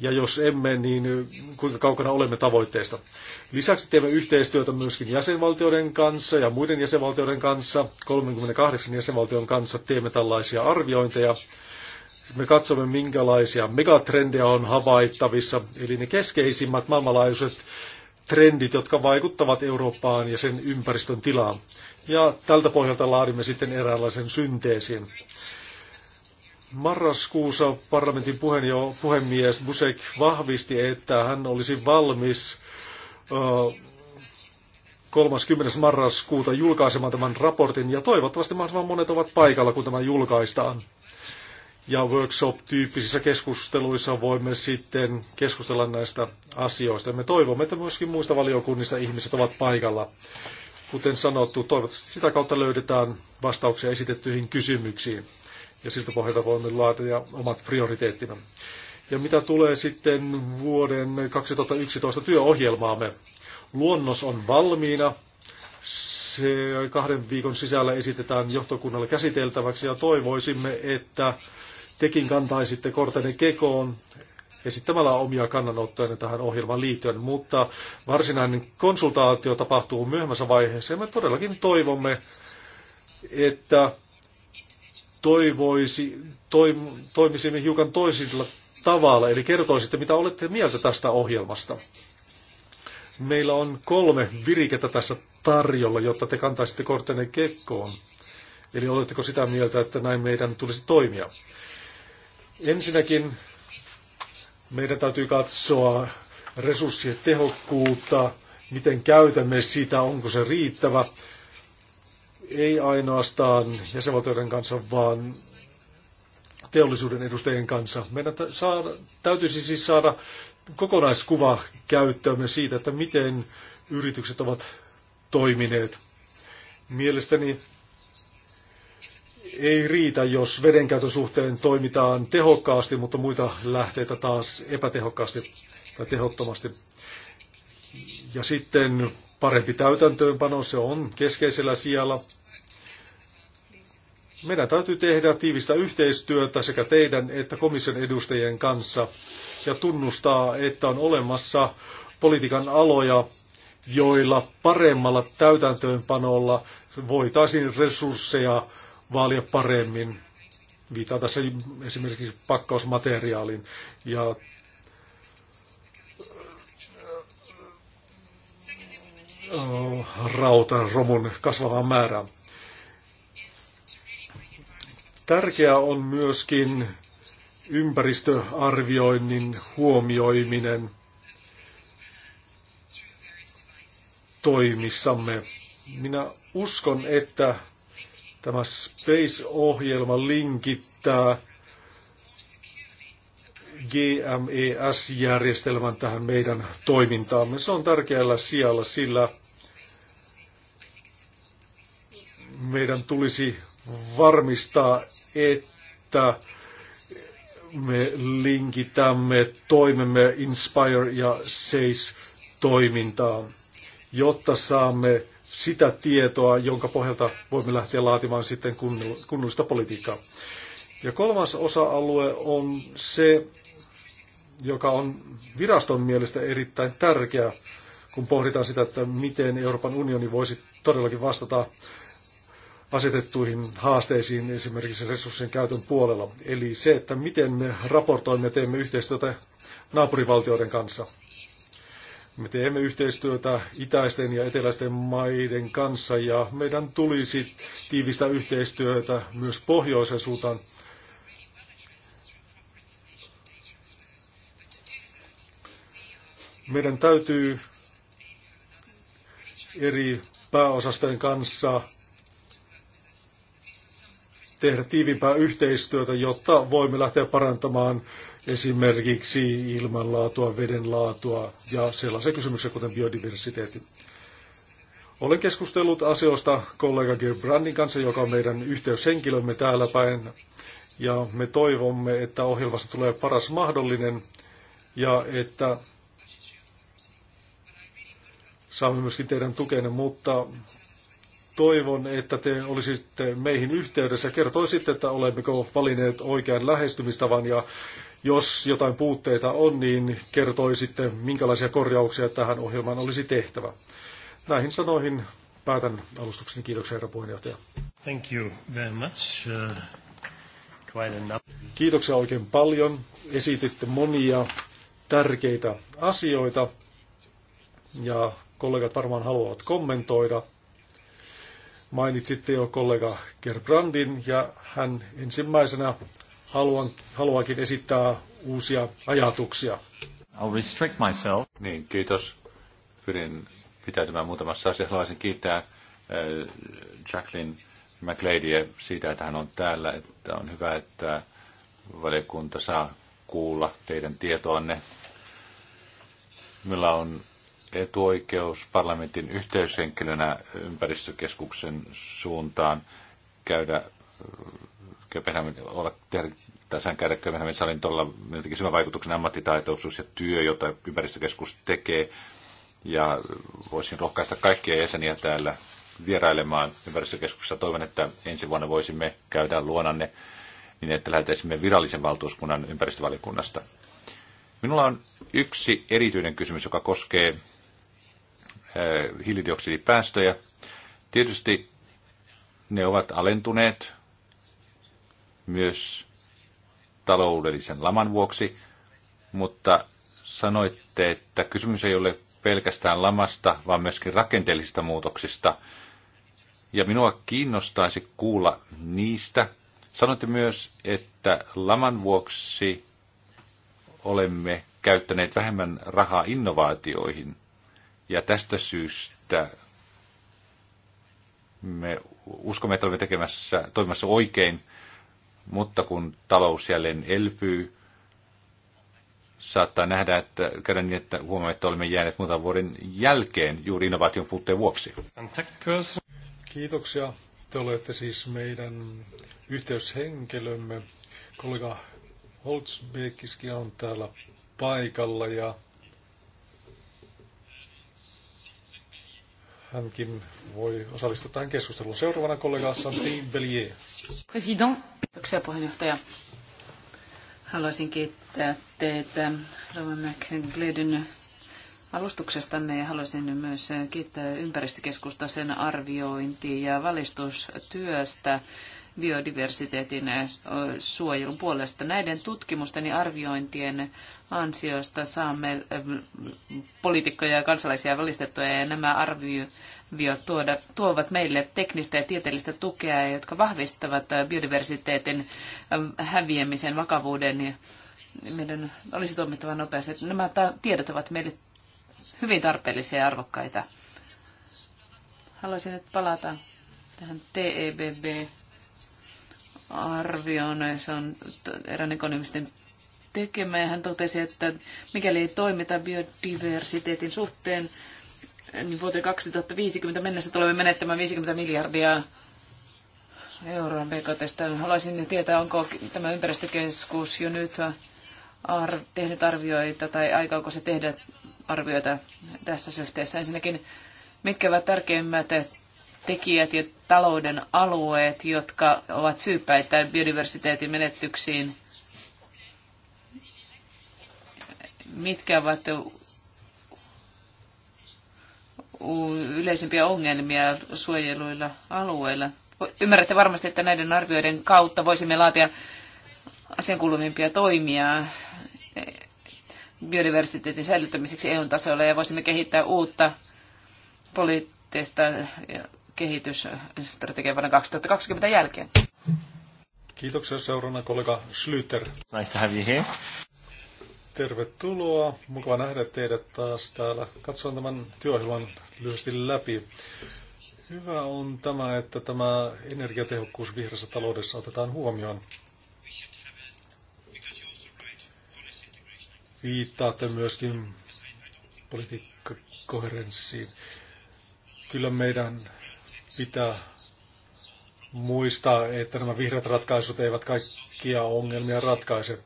ja jos emme, niin kuinka kaukana olemme tavoitteesta. Lisäksi teemme yhteistyötä myöskin jäsenvaltioiden kanssa ja muiden jäsenvaltioiden kanssa. 38 jäsenvaltion kanssa teemme tällaisia arviointeja me katsomme, minkälaisia megatrendejä on havaittavissa, eli ne keskeisimmät maailmanlaajuiset trendit, jotka vaikuttavat Eurooppaan ja sen ympäristön tilaan. Ja tältä pohjalta laadimme sitten eräänlaisen synteesin. Marraskuussa parlamentin puheenjo- puhemies Busek vahvisti, että hän olisi valmis 30. marraskuuta julkaisemaan tämän raportin, ja toivottavasti mahdollisimman monet ovat paikalla, kun tämä julkaistaan ja workshop-tyyppisissä keskusteluissa voimme sitten keskustella näistä asioista. Me toivomme, että myöskin muista valiokunnista ihmiset ovat paikalla. Kuten sanottu, toivottavasti sitä kautta löydetään vastauksia esitettyihin kysymyksiin. Ja siltä pohjalta voimme laatia omat prioriteettimme. Ja mitä tulee sitten vuoden 2011 työohjelmaamme? Luonnos on valmiina. Se kahden viikon sisällä esitetään johtokunnalle käsiteltäväksi ja toivoisimme, että tekin kantaisitte kortenne kekoon esittämällä omia kannanottoja tähän ohjelman liittyen, mutta varsinainen konsultaatio tapahtuu myöhemmässä vaiheessa ja me todellakin toivomme, että toivoisi, toim, toimisimme hiukan toisilla tavalla, eli kertoisitte, mitä olette mieltä tästä ohjelmasta. Meillä on kolme virikettä tässä tarjolla, jotta te kantaisitte kortenne kekkoon. Eli oletteko sitä mieltä, että näin meidän tulisi toimia? Ensinnäkin meidän täytyy katsoa resurssien tehokkuutta, miten käytämme sitä, onko se riittävä. Ei ainoastaan jäsenvaltioiden kanssa, vaan teollisuuden edustajien kanssa. Meidän saada, täytyisi siis saada kokonaiskuva käyttöömme siitä, että miten yritykset ovat toimineet. Mielestäni ei riitä, jos vedenkäytön suhteen toimitaan tehokkaasti, mutta muita lähteitä taas epätehokkaasti tai tehottomasti. Ja sitten parempi täytäntöönpano, se on keskeisellä sijalla. Meidän täytyy tehdä tiivistä yhteistyötä sekä teidän että komission edustajien kanssa ja tunnustaa, että on olemassa politiikan aloja, joilla paremmalla täytäntöönpanolla voitaisiin resursseja vaalia paremmin. Viitaan tässä esimerkiksi pakkausmateriaaliin. Ja äh, rauta-romun kasvavaan määrään. Tärkeää on myöskin ympäristöarvioinnin huomioiminen toimissamme. Minä uskon, että Tämä Space-ohjelma linkittää GMES-järjestelmän tähän meidän toimintaamme. Se on tärkeällä sijalla, sillä meidän tulisi varmistaa, että me linkitämme toimemme Inspire ja Seis toimintaan, jotta saamme sitä tietoa, jonka pohjalta voimme lähteä laatimaan sitten kunnollista politiikkaa. Ja kolmas osa-alue on se, joka on viraston mielestä erittäin tärkeä, kun pohditaan sitä, että miten Euroopan unioni voisi todellakin vastata asetettuihin haasteisiin esimerkiksi resurssien käytön puolella. Eli se, että miten me raportoimme ja teemme yhteistyötä naapurivaltioiden kanssa. Me teemme yhteistyötä itäisten ja eteläisten maiden kanssa ja meidän tulisi tiivistää yhteistyötä myös pohjoisen suuntaan. Meidän täytyy eri pääosastojen kanssa tehdä tiivimpää yhteistyötä, jotta voimme lähteä parantamaan esimerkiksi ilmanlaatua, vedenlaatua ja sellaisia kysymyksiä kuten biodiversiteetti. Olen keskustellut asioista kollega Gerbrandin kanssa, joka on meidän yhteyshenkilömme täällä päin, ja me toivomme, että ohjelmasta tulee paras mahdollinen ja että saamme myöskin teidän tukenne, mutta toivon, että te olisitte meihin yhteydessä ja kertoisitte, että olemmeko valinneet oikean lähestymistavan ja jos jotain puutteita on, niin kertoi sitten, minkälaisia korjauksia tähän ohjelmaan olisi tehtävä. Näihin sanoihin päätän alustukseni. Kiitoksia, herra puheenjohtaja. Thank you very much. Uh, quite enough. Kiitoksia oikein paljon. Esititte monia tärkeitä asioita ja kollegat varmaan haluavat kommentoida. Mainitsitte jo kollega Gerbrandin ja hän ensimmäisenä haluan, haluakin esittää uusia ajatuksia. I'll restrict myself. Niin, kiitos. Pyrin pitäytymään muutamassa asiassa. Haluaisin kiittää äh, Jacqueline McLeodia siitä, että hän on täällä. Että on hyvä, että valiokunta saa kuulla teidän tietoanne. Meillä on etuoikeus parlamentin yhteyshenkilönä ympäristökeskuksen suuntaan käydä Köpenhamin, olla tässä käydä Köpenhamin salin tuolla jotenkin syvän vaikutuksen ammattitaitoisuus ja työ, jota ympäristökeskus tekee. Ja voisin rohkaista kaikkia jäseniä täällä vierailemaan ympäristökeskuksessa. Toivon, että ensi vuonna voisimme käydä luonanne niin, että lähetäisimme virallisen valtuuskunnan ympäristövaliokunnasta. Minulla on yksi erityinen kysymys, joka koskee eh, hiilidioksidipäästöjä. Tietysti ne ovat alentuneet myös taloudellisen laman vuoksi, mutta sanoitte, että kysymys ei ole pelkästään lamasta, vaan myöskin rakenteellisista muutoksista. Ja minua kiinnostaisi kuulla niistä. Sanoitte myös, että laman vuoksi olemme käyttäneet vähemmän rahaa innovaatioihin. Ja tästä syystä me uskomme, että olemme tekemässä, toimimassa oikein – mutta kun talous jälleen elpyy, saattaa nähdä, että käydä niin, että huomaa, että olemme jääneet muutaman vuoden jälkeen juuri innovaation puutteen vuoksi. Kiitoksia. Te olette siis meidän yhteyshenkilömme. Kollega Holzbekiski on täällä paikalla ja hänkin voi osallistua tähän keskusteluun. Seuraavana kollega Santine Bellier. President. Kiitoksia puheenjohtaja. Haluaisin kiittää teitä Rova McGladen alustuksestanne ja haluaisin myös kiittää ympäristökeskusta sen arviointi- ja valistustyöstä biodiversiteetin eh, suojelun puolesta. Näiden tutkimusten ja arviointien ansiosta saamme eh, poliitikkoja ja kansalaisia valistettua ja nämä arviot tuoda, tuovat meille teknistä ja tieteellistä tukea, jotka vahvistavat eh, biodiversiteetin häviämisen vakavuuden ja meidän olisi toimittava nopeasti. Nämä tiedot ovat meille hyvin tarpeellisia ja arvokkaita. Haluaisin nyt palata tähän TEBB arvioon. Se on erään ekonomistin tekemä ja hän totesi, että mikäli ei toimita biodiversiteetin suhteen, niin vuoteen 2050 mennessä tulemme menettämään 50 miljardia euroa BKT. Haluaisin tietää, onko tämä ympäristökeskus jo nyt ar- tehnyt arvioita tai aikaako se tehdä arvioita tässä suhteessa. Ensinnäkin, mitkä ovat tärkeimmät tekijät ja talouden alueet, jotka ovat syypäitä biodiversiteetin menetyksiin. Mitkä ovat yleisimpiä ongelmia suojeluilla alueilla? Ymmärrätte varmasti, että näiden arvioiden kautta voisimme laatia asiankuuluvimpia toimia biodiversiteetin säilyttämiseksi eu tasolla ja voisimme kehittää uutta poliittista kehitysstrategian vuoden 2020 jälkeen. Kiitoksia seurana kollega Slyter. Nice to have you here. Tervetuloa. Mukava nähdä teidät taas täällä. Katsoin tämän työohjelman lyhyesti läpi. Hyvä on tämä, että tämä energiatehokkuus vihreässä taloudessa otetaan huomioon. Viittaatte myöskin politiikkakoherenssiin. Kyllä meidän Pitää muistaa, että nämä vihreät ratkaisut eivät kaikkia ongelmia ratkaise.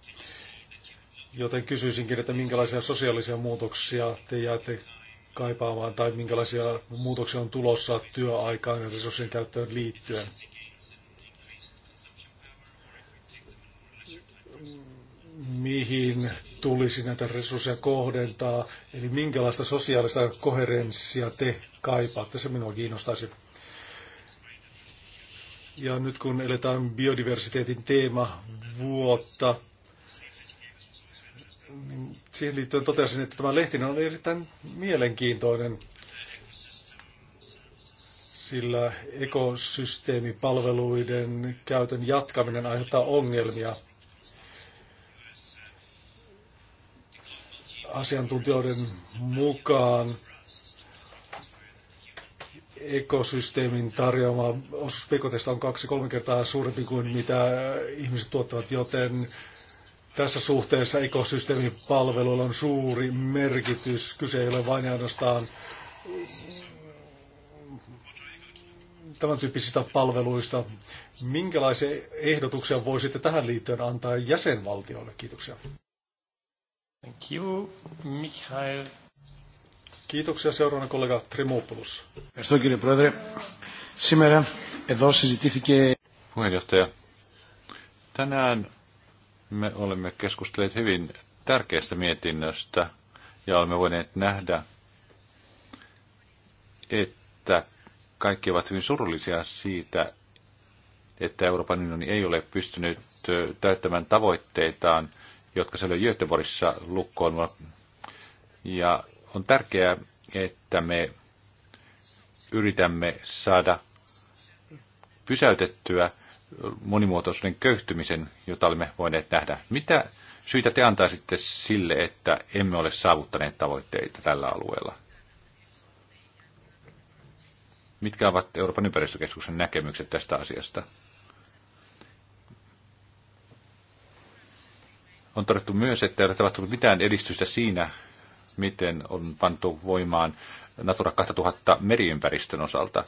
Joten kysyisinkin, että minkälaisia sosiaalisia muutoksia te jäätte kaipaamaan tai minkälaisia muutoksia on tulossa työaikaan ja resurssien käyttöön liittyen. mihin tulisi näitä resursseja kohdentaa, eli minkälaista sosiaalista koherenssia te kaipaatte, se minua kiinnostaisi. Ja nyt kun eletään biodiversiteetin teema vuotta, niin siihen liittyen totesin, että tämä lehtinen on erittäin mielenkiintoinen, sillä ekosysteemipalveluiden käytön jatkaminen aiheuttaa ongelmia. Asiantuntijoiden mukaan ekosysteemin tarjoama osuus pikoteista on kaksi-kolme kertaa suurempi kuin mitä ihmiset tuottavat, joten tässä suhteessa ekosysteemin palveluilla on suuri merkitys. Kyse ei ole vain ainoastaan tämän tyyppisistä palveluista. Minkälaisia ehdotuksia voisitte tähän liittyen antaa jäsenvaltioille? Kiitoksia. Thank you, Michael Kiitoksia seuraavana kollega Trimopoulos. Ευχαριστώ κύριε Πρόεδρε. Σήμερα εδώ συζητήθηκε... Puheenjohtaja, tänään me olemme keskustelleet hyvin tärkeästä mietinnöstä ja olemme voineet nähdä, että kaikki ovat hyvin surullisia siitä, että Euroopan unioni ei ole pystynyt täyttämään tavoitteitaan, jotka se oli Göteborgissa lukkoon. Ja on tärkeää, että me yritämme saada pysäytettyä monimuotoisuuden köyhtymisen, jota olemme voineet nähdä. Mitä syitä te antaisitte sille, että emme ole saavuttaneet tavoitteita tällä alueella? Mitkä ovat Euroopan ympäristökeskuksen näkemykset tästä asiasta? On todettu myös, että ei ole tapahtunut mitään edistystä siinä, miten on pantu voimaan Natura 2000 meriympäristön osalta.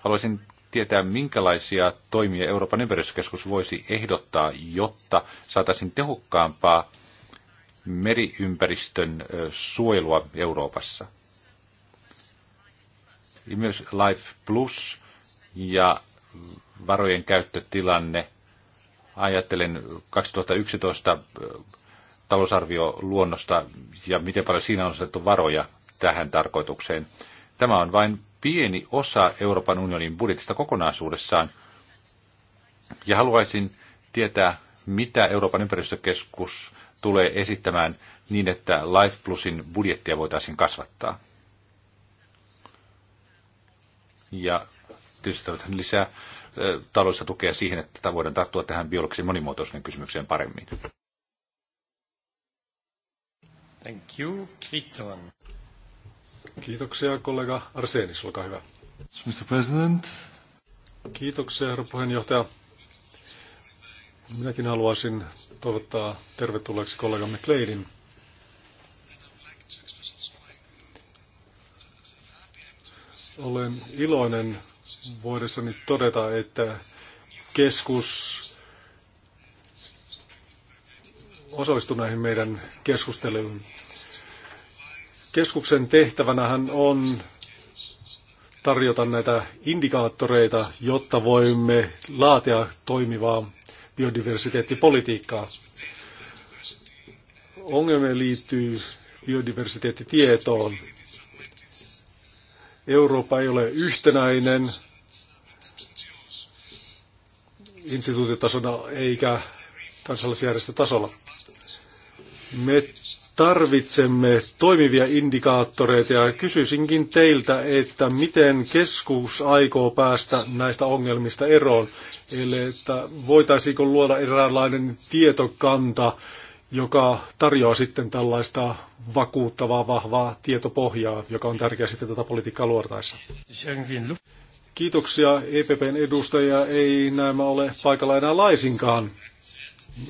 Haluaisin tietää, minkälaisia toimia Euroopan ympäristökeskus voisi ehdottaa, jotta saataisiin tehokkaampaa meriympäristön suojelua Euroopassa. Ja myös Life Plus ja varojen käyttötilanne. Ajattelen 2011 talousarvioluonnosta ja miten paljon siinä on osoitettu varoja tähän tarkoitukseen. Tämä on vain pieni osa Euroopan unionin budjetista kokonaisuudessaan. Ja haluaisin tietää, mitä Euroopan ympäristökeskus tulee esittämään niin, että Life Plusin budjettia voitaisiin kasvattaa. Ja tietysti lisää taloudellista tukea siihen, että voidaan tarttua tähän biologisen monimuotoisuuden kysymykseen paremmin. Thank you, Kiitoksia, kollega Arsenis, olkaa hyvä. Mr. President. Kiitoksia, herra puheenjohtaja. Minäkin haluaisin toivottaa tervetulleeksi kollega McLeodin. Olen iloinen voidessani todeta, että keskus näihin meidän keskusteluun. Keskuksen tehtävänähän on tarjota näitä indikaattoreita, jotta voimme laatia toimivaa biodiversiteettipolitiikkaa. Ongelme liittyy biodiversiteettitietoon. Eurooppa ei ole yhtenäinen instituutiotasona eikä kansallisjärjestötasolla. Me tarvitsemme toimivia indikaattoreita ja kysyisinkin teiltä, että miten keskus aikoo päästä näistä ongelmista eroon. Eli että voitaisiinko luoda eräänlainen tietokanta, joka tarjoaa sitten tällaista vakuuttavaa, vahvaa tietopohjaa, joka on tärkeä sitten tätä politiikkaa luortaessa. Kiitoksia EPPn edustajia. Ei näemä ole paikalla enää laisinkaan.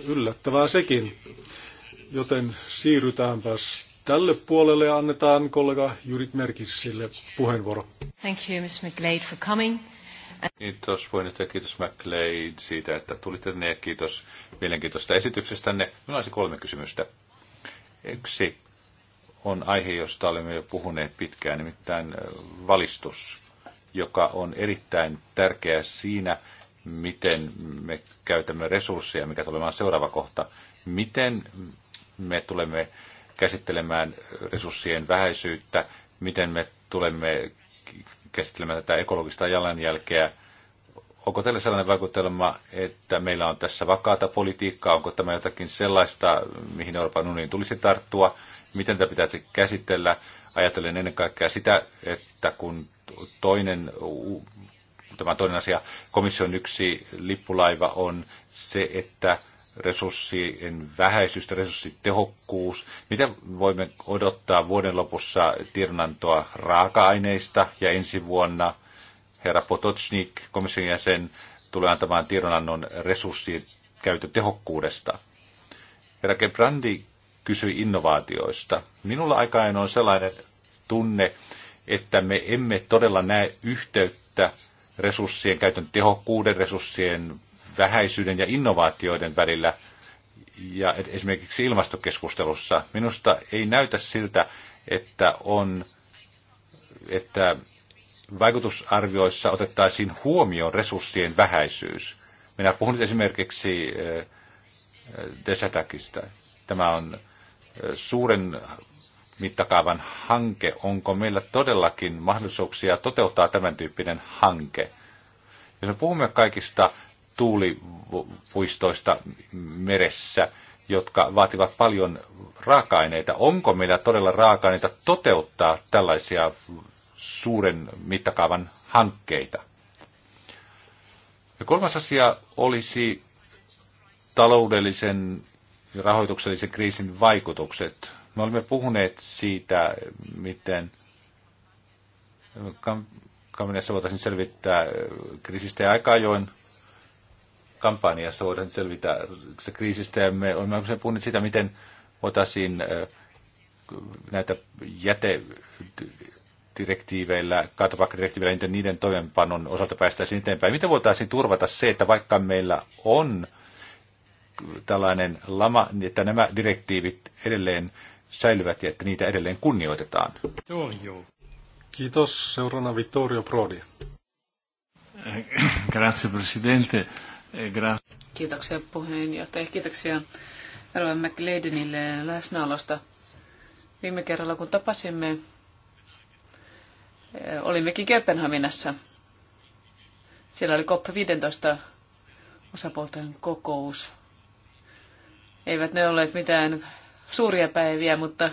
Yllättävää sekin joten siirrytäänpäs tälle puolelle ja annetaan kollega Jurit Merkissille puheenvuoro. Thank you, Ms. McLeod, for coming. Kiitos puheenjohtaja, kiitos McLeod siitä, että tulitte tänne ja kiitos mielenkiintoista esityksestänne. Minulla olisi kolme kysymystä. Yksi on aihe, josta olemme jo puhuneet pitkään, nimittäin valistus, joka on erittäin tärkeä siinä, miten me käytämme resursseja, mikä tulee olemaan seuraava kohta. Miten me tulemme käsittelemään resurssien vähäisyyttä, miten me tulemme käsittelemään tätä ekologista jalanjälkeä. Onko teillä sellainen vaikutelma, että meillä on tässä vakaata politiikkaa? Onko tämä jotakin sellaista, mihin Euroopan unionin tulisi tarttua? Miten tämä pitäisi käsitellä? Ajattelen ennen kaikkea sitä, että kun toinen, tämä toinen asia, komission yksi lippulaiva on se, että resurssien vähäisyys resurssitehokkuus. Mitä voimme odottaa vuoden lopussa tiedonantoa raaka-aineista ja ensi vuonna herra Potocnik, komission jäsen, tulee antamaan tiedonannon resurssien käytötehokkuudesta. Herra Gebrandi kysyi innovaatioista. Minulla aika on sellainen tunne, että me emme todella näe yhteyttä resurssien käytön tehokkuuden, resurssien vähäisyyden ja innovaatioiden välillä. Ja esimerkiksi ilmastokeskustelussa minusta ei näytä siltä, että on, että vaikutusarvioissa otettaisiin huomioon resurssien vähäisyys. Minä puhun nyt esimerkiksi eh, eh, Desatakista. Tämä on eh, suuren mittakaavan hanke. Onko meillä todellakin mahdollisuuksia toteuttaa tämän tyyppinen hanke? Jos me puhumme kaikista tuulipuistoista meressä, jotka vaativat paljon raaka-aineita. Onko meillä todella raaka-aineita toteuttaa tällaisia suuren mittakaavan hankkeita? Ja kolmas asia olisi taloudellisen ja rahoituksellisen kriisin vaikutukset. Me olemme puhuneet siitä, miten Kamenessa voitaisiin selvittää kriisistä ja aika ajoin kampanjassa voidaan selvitä kriisistä ja me olemme puhuneet sitä, miten voitaisiin näitä jätedirektiiveillä, kaatopakkadirektiiveillä, niiden, niiden toimenpanon osalta päästäisiin eteenpäin. Miten voitaisiin turvata se, että vaikka meillä on tällainen lama, niin että nämä direktiivit edelleen säilyvät ja että niitä edelleen kunnioitetaan? Joo, joo. Kiitos. Seuraavana Vittorio Prodi. Eh, grazie Presidente. Kiitoksia puheenjohtaja. Kiitoksia Rowan McLeodinille läsnäolosta. Viime kerralla kun tapasimme, eh, olimmekin Kööpenhaminassa. Siellä oli COP15 osapuolten kokous. Eivät ne olleet mitään suuria päiviä, mutta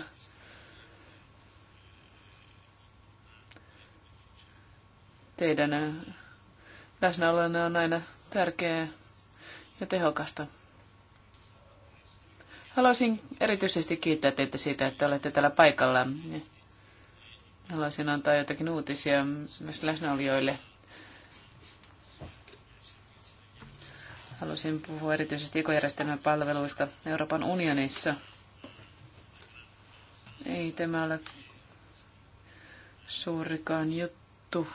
teidän eh, läsnäolonne on aina tärkeää ja tehokasta. Haluaisin erityisesti kiittää teitä siitä, että olette täällä paikalla. Haluaisin antaa jotakin uutisia myös läsnäolijoille. Haluaisin puhua erityisesti ekojärjestelmän palveluista Euroopan unionissa. Ei tämä ole suurikaan juttu.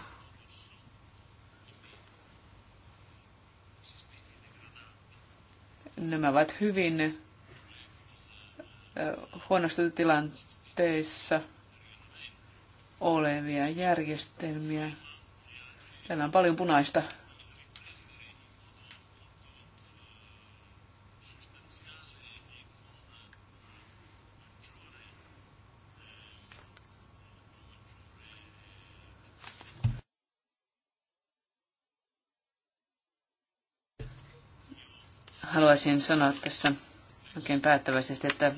Nämä ovat hyvin huonosta tilanteissa olevia järjestelmiä. Täällä on paljon punaista haluaisin sanoa tässä oikein päättäväisesti, että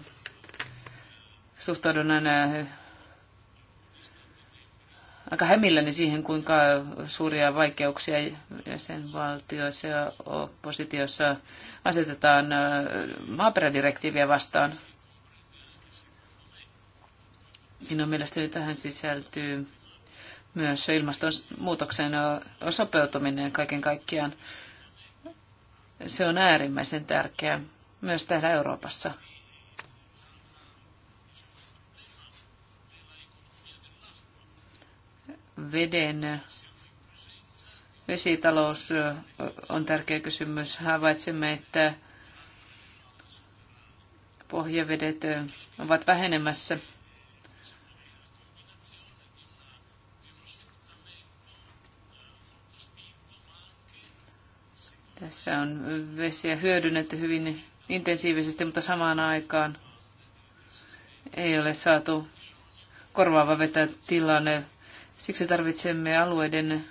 suhtaudun aina eh, aika hämilläni siihen, kuinka suuria vaikeuksia jäsenvaltioissa ja oppositiossa asetetaan eh, maaperädirektiiviä vastaan. Minun mielestäni tähän sisältyy myös ilmastonmuutoksen eh, sopeutuminen kaiken kaikkiaan. Se on äärimmäisen tärkeää myös täällä Euroopassa. Veden vesitalous on tärkeä kysymys. Havaitsemme, että pohjavedet ovat vähenemässä. Tässä on vesiä hyödynnetty hyvin intensiivisesti, mutta samaan aikaan ei ole saatu korvaava vetää tilanne. Siksi tarvitsemme alueiden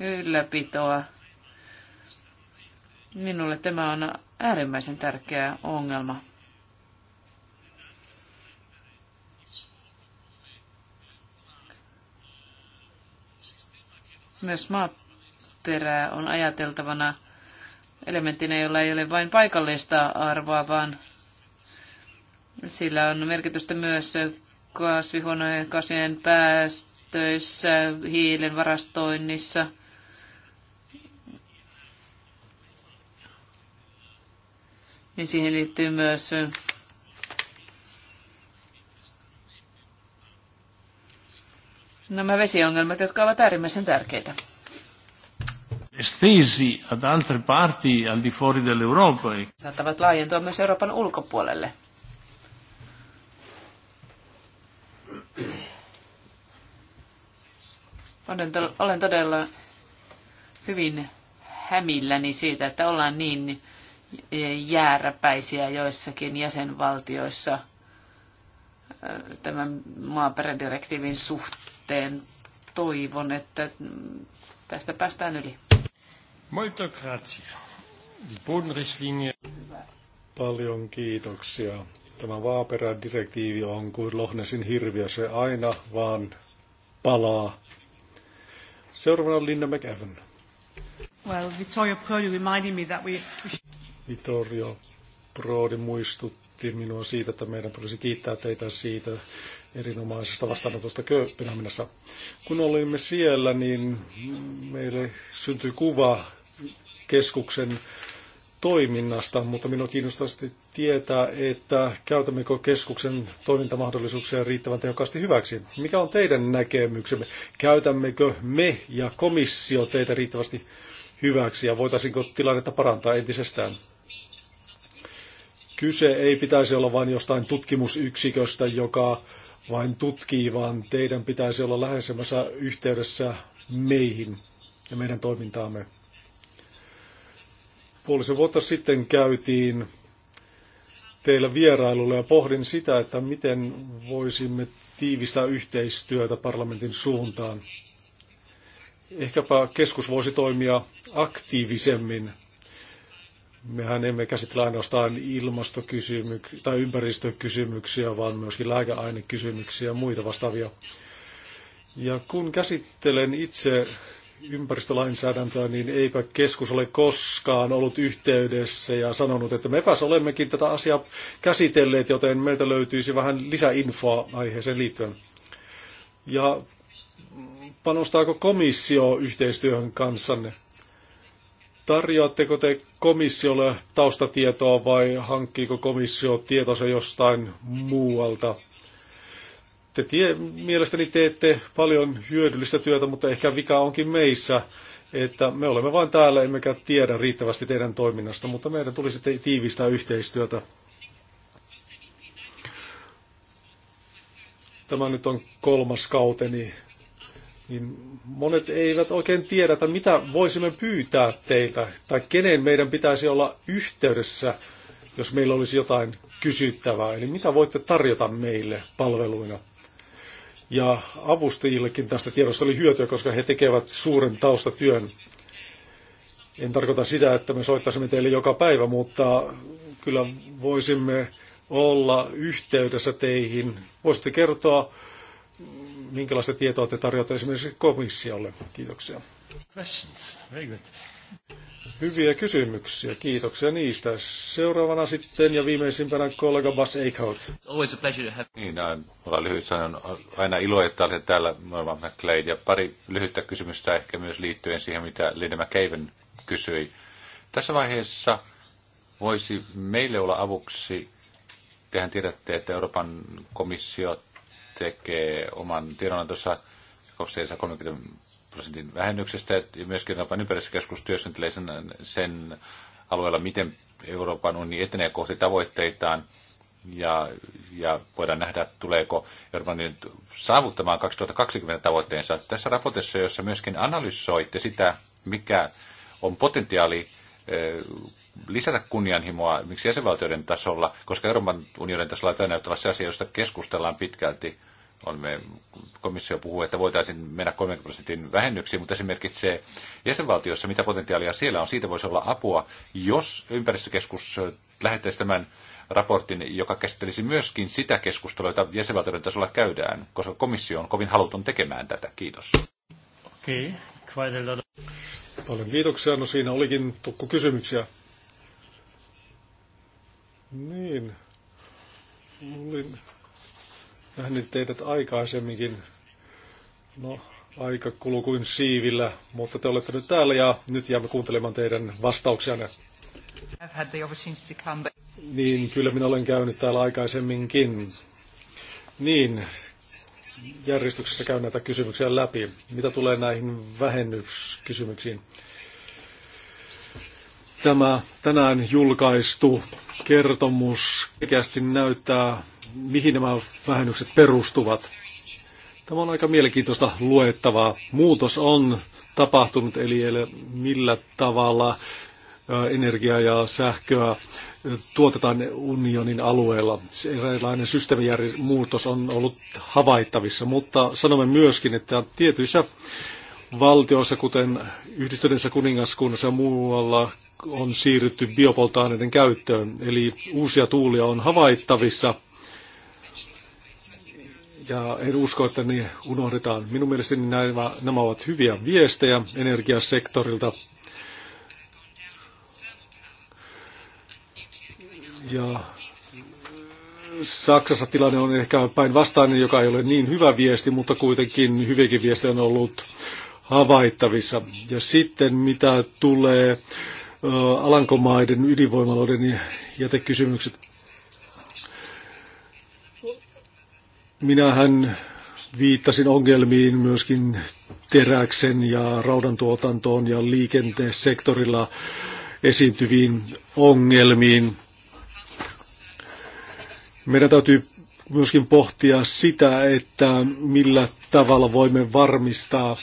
ylläpitoa. Minulle tämä on äärimmäisen tärkeä ongelma. Myös maaperää on ajateltavana elementtinä, jolla ei ole vain paikallista arvoa, vaan sillä on merkitystä myös kasvihuonekasien päästöissä, hiilen varastoinnissa. Niin siihen liittyy myös nämä vesiongelmat, jotka ovat äärimmäisen tärkeitä estesi ad altre parti al di fuori dell'Europa. E Saattavat laajentua myös Euroopan ulkopuolelle. Olen, to- olen todella hyvin hämilläni siitä, että ollaan niin jääräpäisiä joissakin jäsenvaltioissa äh, tämän maaperädirektiivin suhteen. Toivon, että tästä päästään yli. Molto grazie. Bodenrichtlinie. Paljon kiitoksia. Tämä vaaperädirektiivi on kuin Lohnesin hirviö, se aina vaan palaa. Seuraavana Linda McEvan. Well, Vittorio Prodi reminded me that we... Vittorio Prodi muistutti minua siitä, että meidän tulisi kiittää teitä siitä erinomaisesta vastaanotosta Kööpenhaminassa. Kun olimme siellä, niin meille syntyi kuva keskuksen toiminnasta, mutta minua kiinnostaisi tietää, että käytämmekö keskuksen toimintamahdollisuuksia riittävän tehokkaasti hyväksi. Mikä on teidän näkemyksemme? Käytämmekö me ja komissio teitä riittävästi hyväksi ja voitaisiinko tilannetta parantaa entisestään? Kyse ei pitäisi olla vain jostain tutkimusyksiköstä, joka vain tutkii, vaan teidän pitäisi olla läheisemmässä yhteydessä meihin ja meidän toimintaamme. Puolisen vuotta sitten käytiin teillä vierailulla ja pohdin sitä, että miten voisimme tiivistää yhteistyötä parlamentin suuntaan. Ehkäpä keskus voisi toimia aktiivisemmin. Mehän emme käsittele ainoastaan ilmastokysymyksiä tai ympäristökysymyksiä, vaan myöskin lääkeainekysymyksiä ja muita vastaavia. Ja kun käsittelen itse ympäristölainsäädäntöä, niin eipä keskus ole koskaan ollut yhteydessä ja sanonut, että mepäs olemmekin tätä asiaa käsitelleet, joten meiltä löytyisi vähän lisäinfoa aiheeseen liittyen. Ja panostaako komissio yhteistyöhön kanssanne? Tarjoatteko te komissiolle taustatietoa vai hankkiiko komissio tietoa jostain muualta? Te tie, mielestäni teette paljon hyödyllistä työtä, mutta ehkä vika onkin meissä, että me olemme vain täällä, emmekä tiedä riittävästi teidän toiminnasta, mutta meidän tulisi tiivistää yhteistyötä. Tämä nyt on kolmas kauteni niin monet eivät oikein tiedä, että mitä voisimme pyytää teiltä tai kenen meidän pitäisi olla yhteydessä, jos meillä olisi jotain kysyttävää. Eli mitä voitte tarjota meille palveluina? Ja avustajillekin tästä tiedosta oli hyötyä, koska he tekevät suuren taustatyön. En tarkoita sitä, että me soittaisimme teille joka päivä, mutta kyllä voisimme olla yhteydessä teihin. Voisitte kertoa, minkälaista tietoa te tarjoatte esimerkiksi komissiolle. Kiitoksia. Questions. Very good. Hyviä kysymyksiä. Kiitoksia niistä. Seuraavana sitten ja viimeisimpänä kollega Bas Eichholt. Always a pleasure to have... Niin, mulla lyhyt sanon. Aina ilo, että olet täällä Norman McLeod. Ja pari lyhyttä kysymystä ehkä myös liittyen siihen, mitä Linda McCaven kysyi. Tässä vaiheessa voisi meille olla avuksi, tehän tiedätte, että Euroopan komissio tekee oman tiedonantossa 2030 prosentin vähennyksestä ja myöskin Euroopan ympäristökeskus työskentelee sen, sen alueella, miten Euroopan unioni etenee kohti tavoitteitaan ja, ja voidaan nähdä, tuleeko Euroopan unioni saavuttamaan 2020 tavoitteensa. Tässä raportissa, jossa myöskin analysoitte sitä, mikä on potentiaali lisätä kunnianhimoa miksi jäsenvaltioiden tasolla, koska Euroopan unionin tasolla on se asia, josta keskustellaan pitkälti me, komissio puhuu, että voitaisiin mennä 30 prosentin vähennyksiin, mutta se merkitsee jäsenvaltiossa, mitä potentiaalia siellä on. Siitä voisi olla apua, jos ympäristökeskus lähettäisi tämän raportin, joka käsittelisi myöskin sitä keskustelua, jota jäsenvaltioiden tasolla käydään, koska komissio on kovin haluton tekemään tätä. Kiitos. Okei, okay. Paljon kiitoksia. No siinä olikin tukku kysymyksiä. Niin. Olin nähnyt teidät aikaisemminkin. No, aika kuluu kuin siivillä, mutta te olette nyt täällä ja nyt jäämme kuuntelemaan teidän vastauksianne. Niin, kyllä minä olen käynyt täällä aikaisemminkin. Niin, järjestyksessä käyn näitä kysymyksiä läpi. Mitä tulee näihin vähennyskysymyksiin? Tämä tänään julkaistu kertomus oikeasti näyttää mihin nämä vähennykset perustuvat. Tämä on aika mielenkiintoista luettavaa. Muutos on tapahtunut, eli millä tavalla energiaa ja sähköä tuotetaan unionin alueella. Erilainen muutos on ollut havaittavissa, mutta sanomme myöskin, että tietyissä valtioissa, kuten yhdistyneessä kuningaskunnassa ja muualla, on siirrytty biopolttoaineiden käyttöön. Eli uusia tuulia on havaittavissa, ja en usko, että ne unohdetaan. Minun mielestäni nämä, nämä ovat hyviä viestejä energiasektorilta. Ja Saksassa tilanne on ehkä päinvastainen, joka ei ole niin hyvä viesti, mutta kuitenkin hyviäkin viestejä on ollut havaittavissa. Ja sitten mitä tulee Alankomaiden ydinvoimaloiden jätekysymykset, Minähän viittasin ongelmiin myöskin teräksen ja raudantuotantoon ja liikenteessektorilla esiintyviin ongelmiin. Meidän täytyy myöskin pohtia sitä, että millä tavalla voimme varmistaa,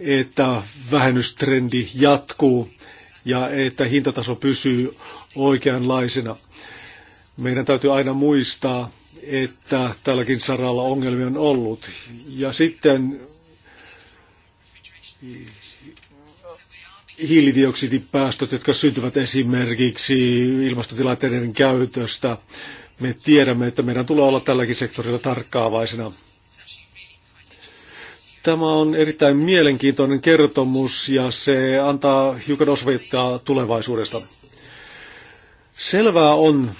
että vähennystrendi jatkuu ja että hintataso pysyy oikeanlaisena. Meidän täytyy aina muistaa, että tälläkin saralla ongelmia on ollut. Ja sitten hiilidioksidipäästöt, jotka syntyvät esimerkiksi ilmastotilanteiden käytöstä. Me tiedämme, että meidän tulee olla tälläkin sektorilla tarkkaavaisena. Tämä on erittäin mielenkiintoinen kertomus ja se antaa hiukan osviittaa tulevaisuudesta. Selvää on,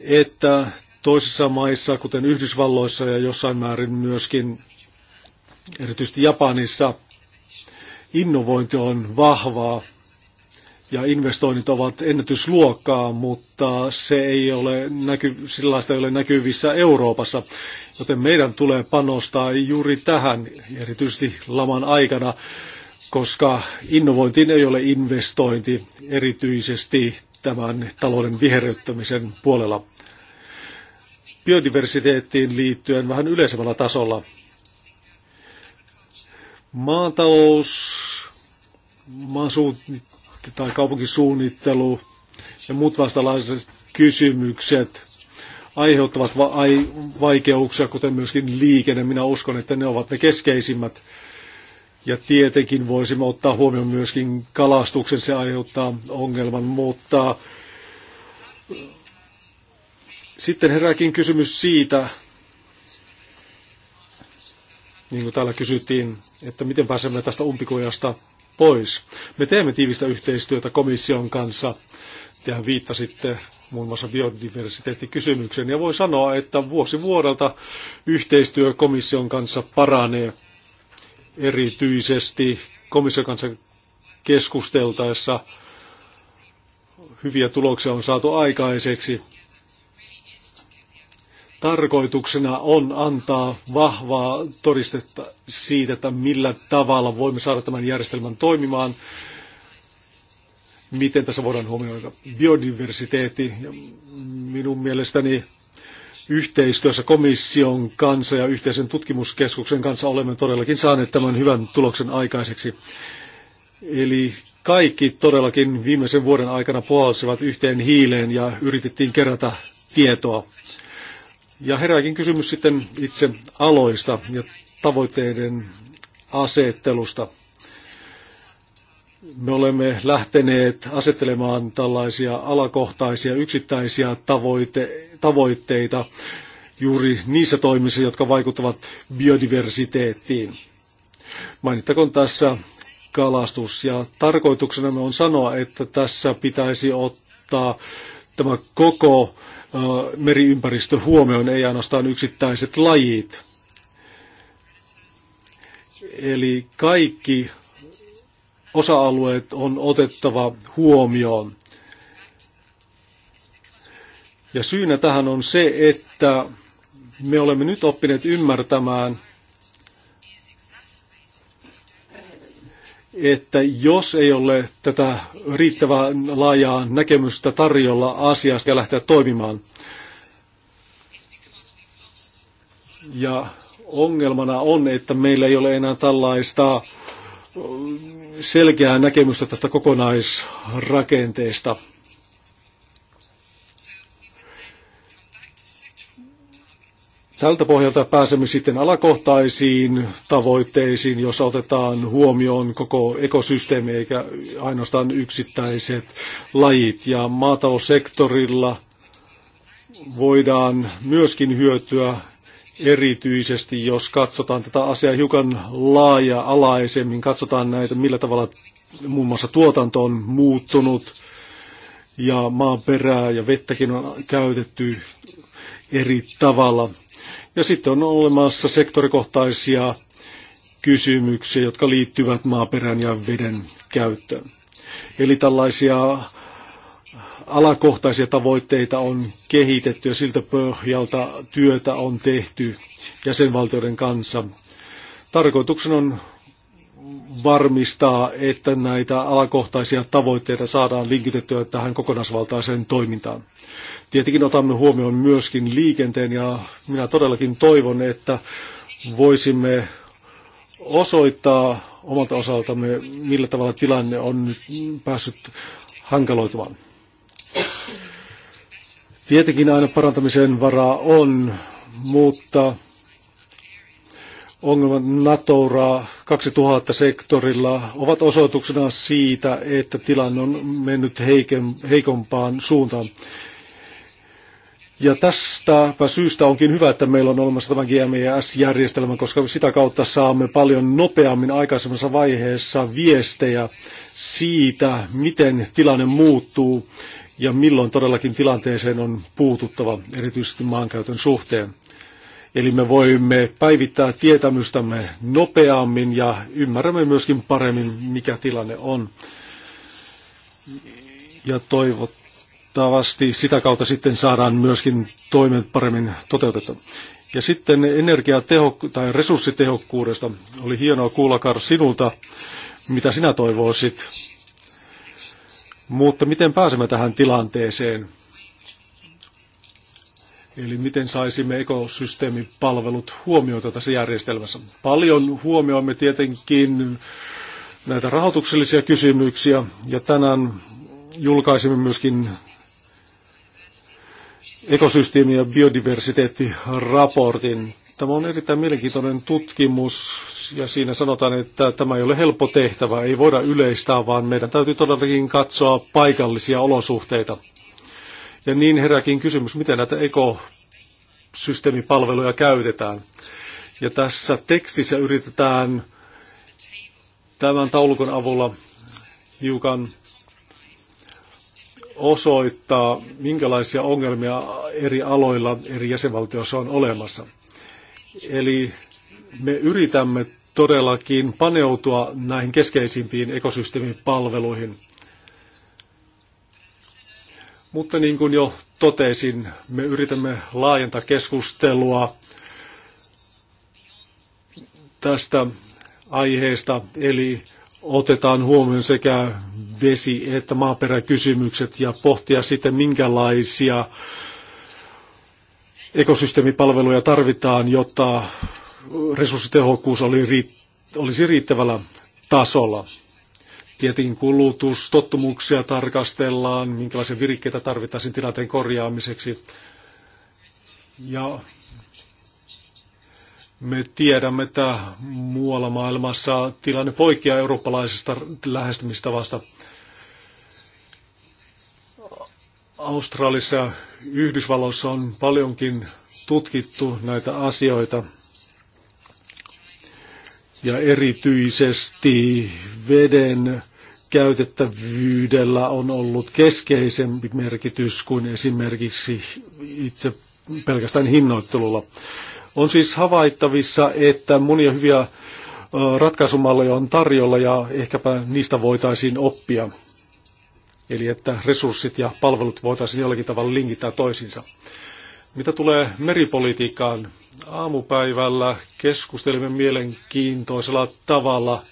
että toisissa maissa, kuten Yhdysvalloissa ja jossain määrin myöskin erityisesti Japanissa, innovointi on vahvaa ja investoinnit ovat ennätysluokkaa, mutta se ei ole näky, sellaista ei ole näkyvissä Euroopassa. Joten meidän tulee panostaa juuri tähän, erityisesti laman aikana, koska innovointiin ei ole investointi erityisesti tämän talouden viherryttämisen puolella biodiversiteettiin liittyen vähän yleisemmällä tasolla. Maatalous, maasuunnittelu tai kaupunkisuunnittelu ja muut vastalaiset kysymykset aiheuttavat va- ai- vaikeuksia, kuten myöskin liikenne. Minä uskon, että ne ovat ne keskeisimmät. Ja tietenkin voisimme ottaa huomioon myöskin kalastuksen, se aiheuttaa ongelman, mutta sitten herääkin kysymys siitä, niin kuin täällä kysyttiin, että miten pääsemme tästä umpikujasta pois. Me teemme tiivistä yhteistyötä komission kanssa. Tehän viittasitte muun muassa biodiversiteettikysymykseen. ja voi sanoa, että vuosi vuodelta yhteistyö komission kanssa paranee erityisesti komission kanssa keskusteltaessa hyviä tuloksia on saatu aikaiseksi tarkoituksena on antaa vahvaa todistetta siitä, että millä tavalla voimme saada tämän järjestelmän toimimaan, miten tässä voidaan huomioida biodiversiteetti. Ja minun mielestäni yhteistyössä komission kanssa ja yhteisen tutkimuskeskuksen kanssa olemme todellakin saaneet tämän hyvän tuloksen aikaiseksi. Eli kaikki todellakin viimeisen vuoden aikana puhalsivat yhteen hiileen ja yritettiin kerätä tietoa. Ja herääkin kysymys sitten itse aloista ja tavoitteiden asettelusta. Me olemme lähteneet asettelemaan tällaisia alakohtaisia yksittäisiä tavoite, tavoitteita juuri niissä toimissa, jotka vaikuttavat biodiversiteettiin. Mainittakoon tässä kalastus. Ja tarkoituksena on sanoa, että tässä pitäisi ottaa tämä koko meriympäristö huomioon, ei ainoastaan yksittäiset lajit. Eli kaikki osa-alueet on otettava huomioon. Ja syynä tähän on se, että me olemme nyt oppineet ymmärtämään, että jos ei ole tätä riittävän laajaa näkemystä tarjolla asiasta ja lähteä toimimaan. Ja ongelmana on, että meillä ei ole enää tällaista selkeää näkemystä tästä kokonaisrakenteesta. Tältä pohjalta pääsemme sitten alakohtaisiin tavoitteisiin, jos otetaan huomioon koko ekosysteemi eikä ainoastaan yksittäiset lajit. Ja maataussektorilla voidaan myöskin hyötyä erityisesti, jos katsotaan tätä asiaa hiukan laaja-alaisemmin, katsotaan näitä, millä tavalla muun muassa tuotanto on muuttunut ja maaperää ja vettäkin on käytetty eri tavalla. Ja sitten on olemassa sektorikohtaisia kysymyksiä, jotka liittyvät maaperän ja veden käyttöön. Eli tällaisia alakohtaisia tavoitteita on kehitetty ja siltä pohjalta työtä on tehty jäsenvaltioiden kanssa. Tarkoituksena on varmistaa, että näitä alakohtaisia tavoitteita saadaan linkitettyä tähän kokonaisvaltaiseen toimintaan. Tietenkin otamme huomioon myöskin liikenteen ja minä todellakin toivon, että voisimme osoittaa omalta osaltamme, millä tavalla tilanne on nyt päässyt hankaloitumaan. Tietenkin aina parantamisen varaa on, mutta ongelmat Natoura 2000-sektorilla ovat osoituksena siitä, että tilanne on mennyt heikompaan suuntaan. Ja tästäpä syystä onkin hyvä, että meillä on olemassa tämä GMES-järjestelmä, koska sitä kautta saamme paljon nopeammin aikaisemmassa vaiheessa viestejä siitä, miten tilanne muuttuu ja milloin todellakin tilanteeseen on puututtava, erityisesti maankäytön suhteen. Eli me voimme päivittää tietämystämme nopeammin ja ymmärrämme myöskin paremmin, mikä tilanne on. Ja toivot, toivottavasti sitä kautta sitten saadaan myöskin toimet paremmin toteutettua. Ja sitten energiateho- tai resurssitehokkuudesta. Oli hienoa kuulla, Kar, sinulta, mitä sinä toivoisit. Mutta miten pääsemme tähän tilanteeseen? Eli miten saisimme ekosysteemipalvelut huomioita tässä järjestelmässä? Paljon huomioimme tietenkin näitä rahoituksellisia kysymyksiä, ja tänään julkaisimme myöskin ekosysteemi- ja biodiversiteettiraportin. Tämä on erittäin mielenkiintoinen tutkimus ja siinä sanotaan, että tämä ei ole helppo tehtävä, ei voida yleistää, vaan meidän täytyy todellakin katsoa paikallisia olosuhteita. Ja niin herääkin kysymys, miten näitä ekosysteemipalveluja käytetään. Ja tässä tekstissä yritetään tämän taulukon avulla hiukan osoittaa, minkälaisia ongelmia eri aloilla eri jäsenvaltioissa on olemassa. Eli me yritämme todellakin paneutua näihin keskeisimpiin ekosysteemipalveluihin. Mutta niin kuin jo totesin, me yritämme laajentaa keskustelua tästä aiheesta, eli otetaan huomioon sekä vesi- että maaperäkysymykset ja pohtia sitten minkälaisia ekosysteemipalveluja tarvitaan, jotta resurssitehokkuus oli, olisi riittävällä tasolla. Tietenkin kulutustottumuksia tarkastellaan, minkälaisia virikkeitä tarvitaan tilanteen korjaamiseksi ja me tiedämme, että muualla maailmassa tilanne poikkeaa eurooppalaisesta lähestymistavasta. Australissa ja Yhdysvalloissa on paljonkin tutkittu näitä asioita. Ja erityisesti veden käytettävyydellä on ollut keskeisempi merkitys kuin esimerkiksi itse pelkästään hinnoittelulla. On siis havaittavissa, että monia hyviä ratkaisumalleja on tarjolla ja ehkäpä niistä voitaisiin oppia. Eli että resurssit ja palvelut voitaisiin jollakin tavalla linkittää toisiinsa. Mitä tulee meripolitiikkaan, aamupäivällä keskustelimme mielenkiintoisella tavalla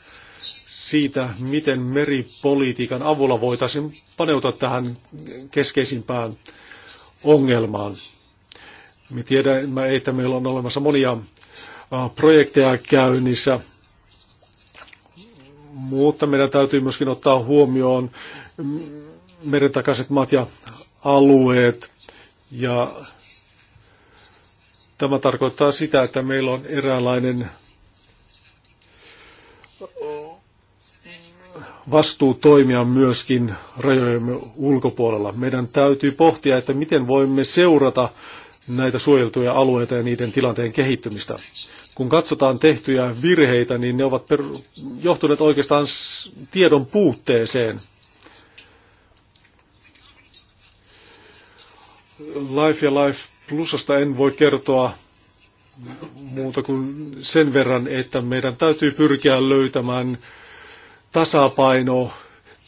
siitä, miten meripolitiikan avulla voitaisiin paneutua tähän keskeisimpään ongelmaan. Me tiedämme, että meillä on olemassa monia projekteja käynnissä, mutta meidän täytyy myöskin ottaa huomioon merentakaiset maat ja alueet. Ja tämä tarkoittaa sitä, että meillä on eräänlainen vastuu toimia myöskin rajojemme ulkopuolella. Meidän täytyy pohtia, että miten voimme seurata näitä suojeltuja alueita ja niiden tilanteen kehittymistä. Kun katsotaan tehtyjä virheitä, niin ne ovat per, johtuneet oikeastaan tiedon puutteeseen. Life ja Life Plusasta en voi kertoa muuta kuin sen verran, että meidän täytyy pyrkiä löytämään tasapaino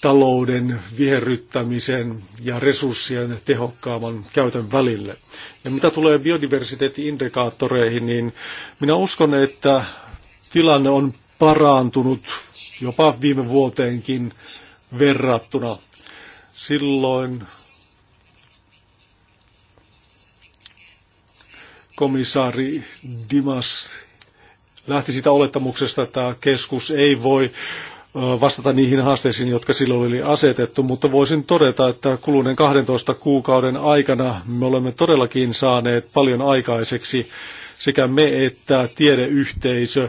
talouden viherryttämisen ja resurssien tehokkaamman käytön välille. Ja mitä tulee biodiversiteettiindikaattoreihin, niin minä uskon, että tilanne on parantunut jopa viime vuoteenkin verrattuna. Silloin komissaari Dimas lähti sitä olettamuksesta, että keskus ei voi vastata niihin haasteisiin, jotka silloin oli asetettu, mutta voisin todeta, että kuluneen 12 kuukauden aikana me olemme todellakin saaneet paljon aikaiseksi sekä me että tiedeyhteisö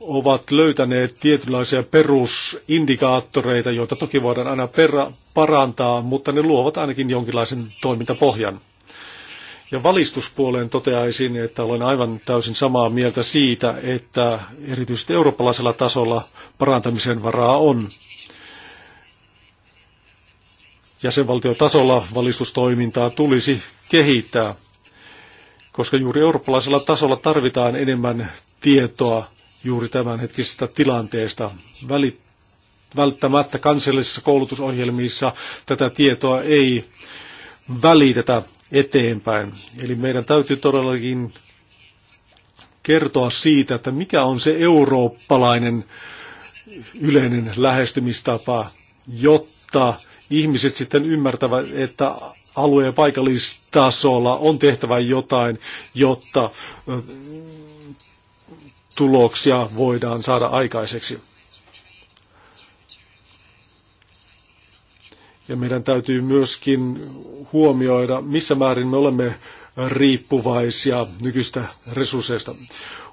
ovat löytäneet tietynlaisia perusindikaattoreita, joita toki voidaan aina perä, parantaa, mutta ne luovat ainakin jonkinlaisen toimintapohjan. Ja valistuspuoleen toteaisin, että olen aivan täysin samaa mieltä siitä, että erityisesti eurooppalaisella tasolla parantamisen varaa on. Jäsenvaltiotasolla valistustoimintaa tulisi kehittää, koska juuri eurooppalaisella tasolla tarvitaan enemmän tietoa juuri tämänhetkisestä tilanteesta. Välit välttämättä kansallisissa koulutusohjelmissa tätä tietoa ei välitetä eteenpäin. Eli meidän täytyy todellakin kertoa siitä, että mikä on se eurooppalainen yleinen lähestymistapa, jotta ihmiset sitten ymmärtävät, että alue- ja paikallistasolla on tehtävä jotain, jotta tuloksia voidaan saada aikaiseksi. Ja meidän täytyy myöskin huomioida, missä määrin me olemme riippuvaisia nykyistä resursseista.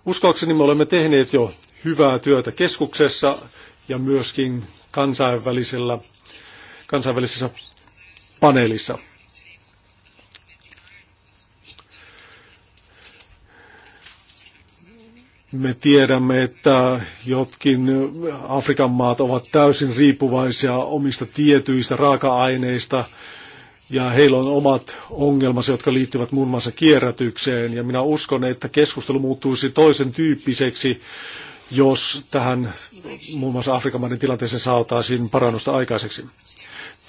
Uskoakseni me olemme tehneet jo hyvää työtä keskuksessa ja myöskin kansainvälisellä, kansainvälisessä paneelissa. Me tiedämme, että jotkin Afrikan maat ovat täysin riippuvaisia omista tietyistä raaka-aineista ja heillä on omat ongelmansa, jotka liittyvät muun muassa kierrätykseen. Ja minä uskon, että keskustelu muuttuisi toisen tyyppiseksi, jos tähän muun muassa Afrikan maiden tilanteeseen saataisiin parannusta aikaiseksi.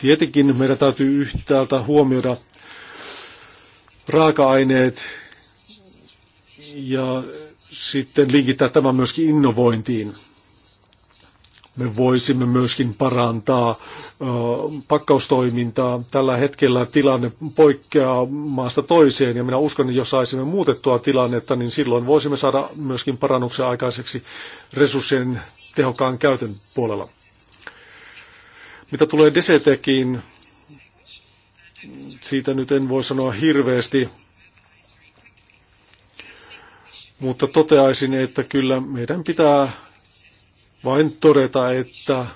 Tietenkin meidän täytyy yhtäältä huomioida raaka-aineet ja sitten linkittää tämä myöskin innovointiin. Me voisimme myöskin parantaa pakkaustoimintaa. Tällä hetkellä tilanne poikkeaa maasta toiseen ja minä uskon, että jos saisimme muutettua tilannetta, niin silloin voisimme saada myöskin parannuksen aikaiseksi resurssien tehokkaan käytön puolella. Mitä tulee DCTkiin, siitä nyt en voi sanoa hirveästi mutta toteaisin, että kyllä meidän pitää vain todeta, että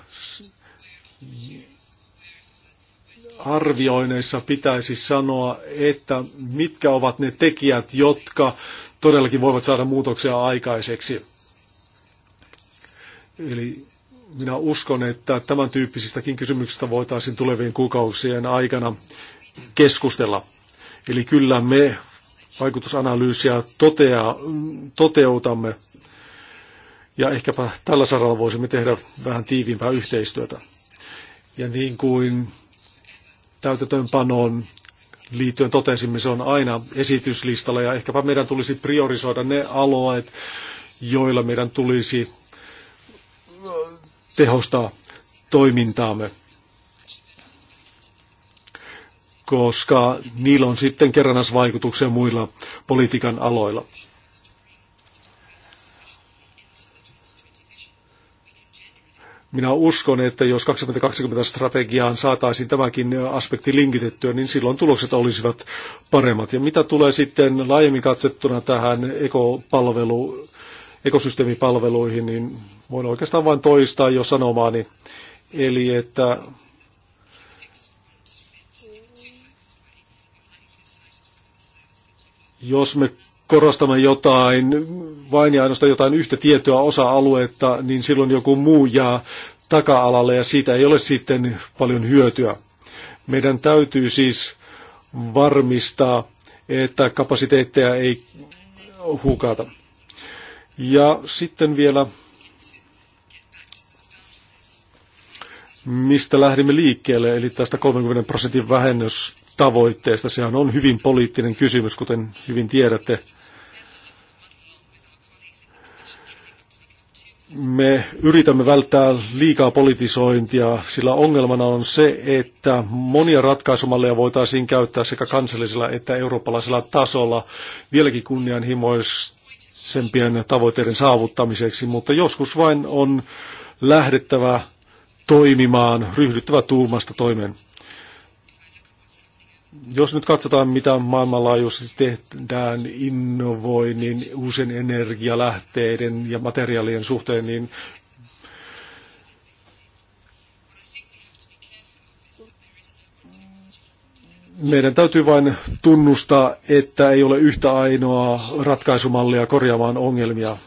arvioineissa pitäisi sanoa, että mitkä ovat ne tekijät, jotka todellakin voivat saada muutoksia aikaiseksi. Eli minä uskon, että tämän tyyppisistäkin kysymyksistä voitaisiin tulevien kuukausien aikana keskustella. Eli kyllä me vaikutusanalyysiä toteaa, toteutamme. Ja ehkäpä tällä saralla voisimme tehdä vähän tiiviimpää yhteistyötä. Ja niin kuin täytetönpanoon liittyen totesimme, se on aina esityslistalla ja ehkäpä meidän tulisi priorisoida ne alueet, joilla meidän tulisi tehostaa toimintaamme. koska niillä on sitten kerrannasvaikutuksia muilla politiikan aloilla. Minä uskon, että jos 2020 strategiaan saataisiin tämäkin aspekti linkitettyä, niin silloin tulokset olisivat paremmat. Ja mitä tulee sitten laajemmin katsettuna tähän ekopalvelu, ekosysteemipalveluihin, niin voin oikeastaan vain toistaa jo sanomaani. Eli että Jos me korostamme jotain, vain ja ainoastaan jotain yhtä tiettyä osa-aluetta, niin silloin joku muu jää taka-alalle ja siitä ei ole sitten paljon hyötyä. Meidän täytyy siis varmistaa, että kapasiteetteja ei hukata. Ja sitten vielä, mistä lähdimme liikkeelle, eli tästä 30 prosentin vähennys tavoitteesta. Sehän on hyvin poliittinen kysymys, kuten hyvin tiedätte. Me yritämme välttää liikaa politisointia, sillä ongelmana on se, että monia ratkaisumalleja voitaisiin käyttää sekä kansallisella että eurooppalaisella tasolla vieläkin kunnianhimoisempien tavoitteiden saavuttamiseksi, mutta joskus vain on lähdettävä toimimaan, ryhdyttävä tuumasta toimeen jos nyt katsotaan, mitä maailmanlaajuisesti tehdään innovoinnin, uusien energialähteiden ja materiaalien suhteen, niin meidän täytyy vain tunnustaa, että ei ole yhtä ainoa ratkaisumallia korjaamaan ongelmia.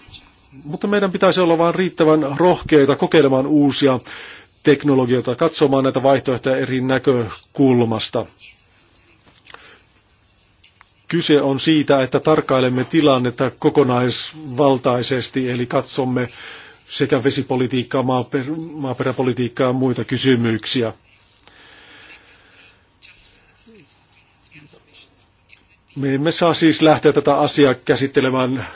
Mutta meidän pitäisi olla vain riittävän rohkeita kokeilemaan uusia teknologioita, katsomaan näitä vaihtoehtoja eri näkökulmasta. Kyse on siitä, että tarkkailemme tilannetta kokonaisvaltaisesti, eli katsomme sekä vesipolitiikkaa, maaper, maaperäpolitiikkaa ja muita kysymyksiä. Me emme saa siis lähteä tätä asiaa käsittelemään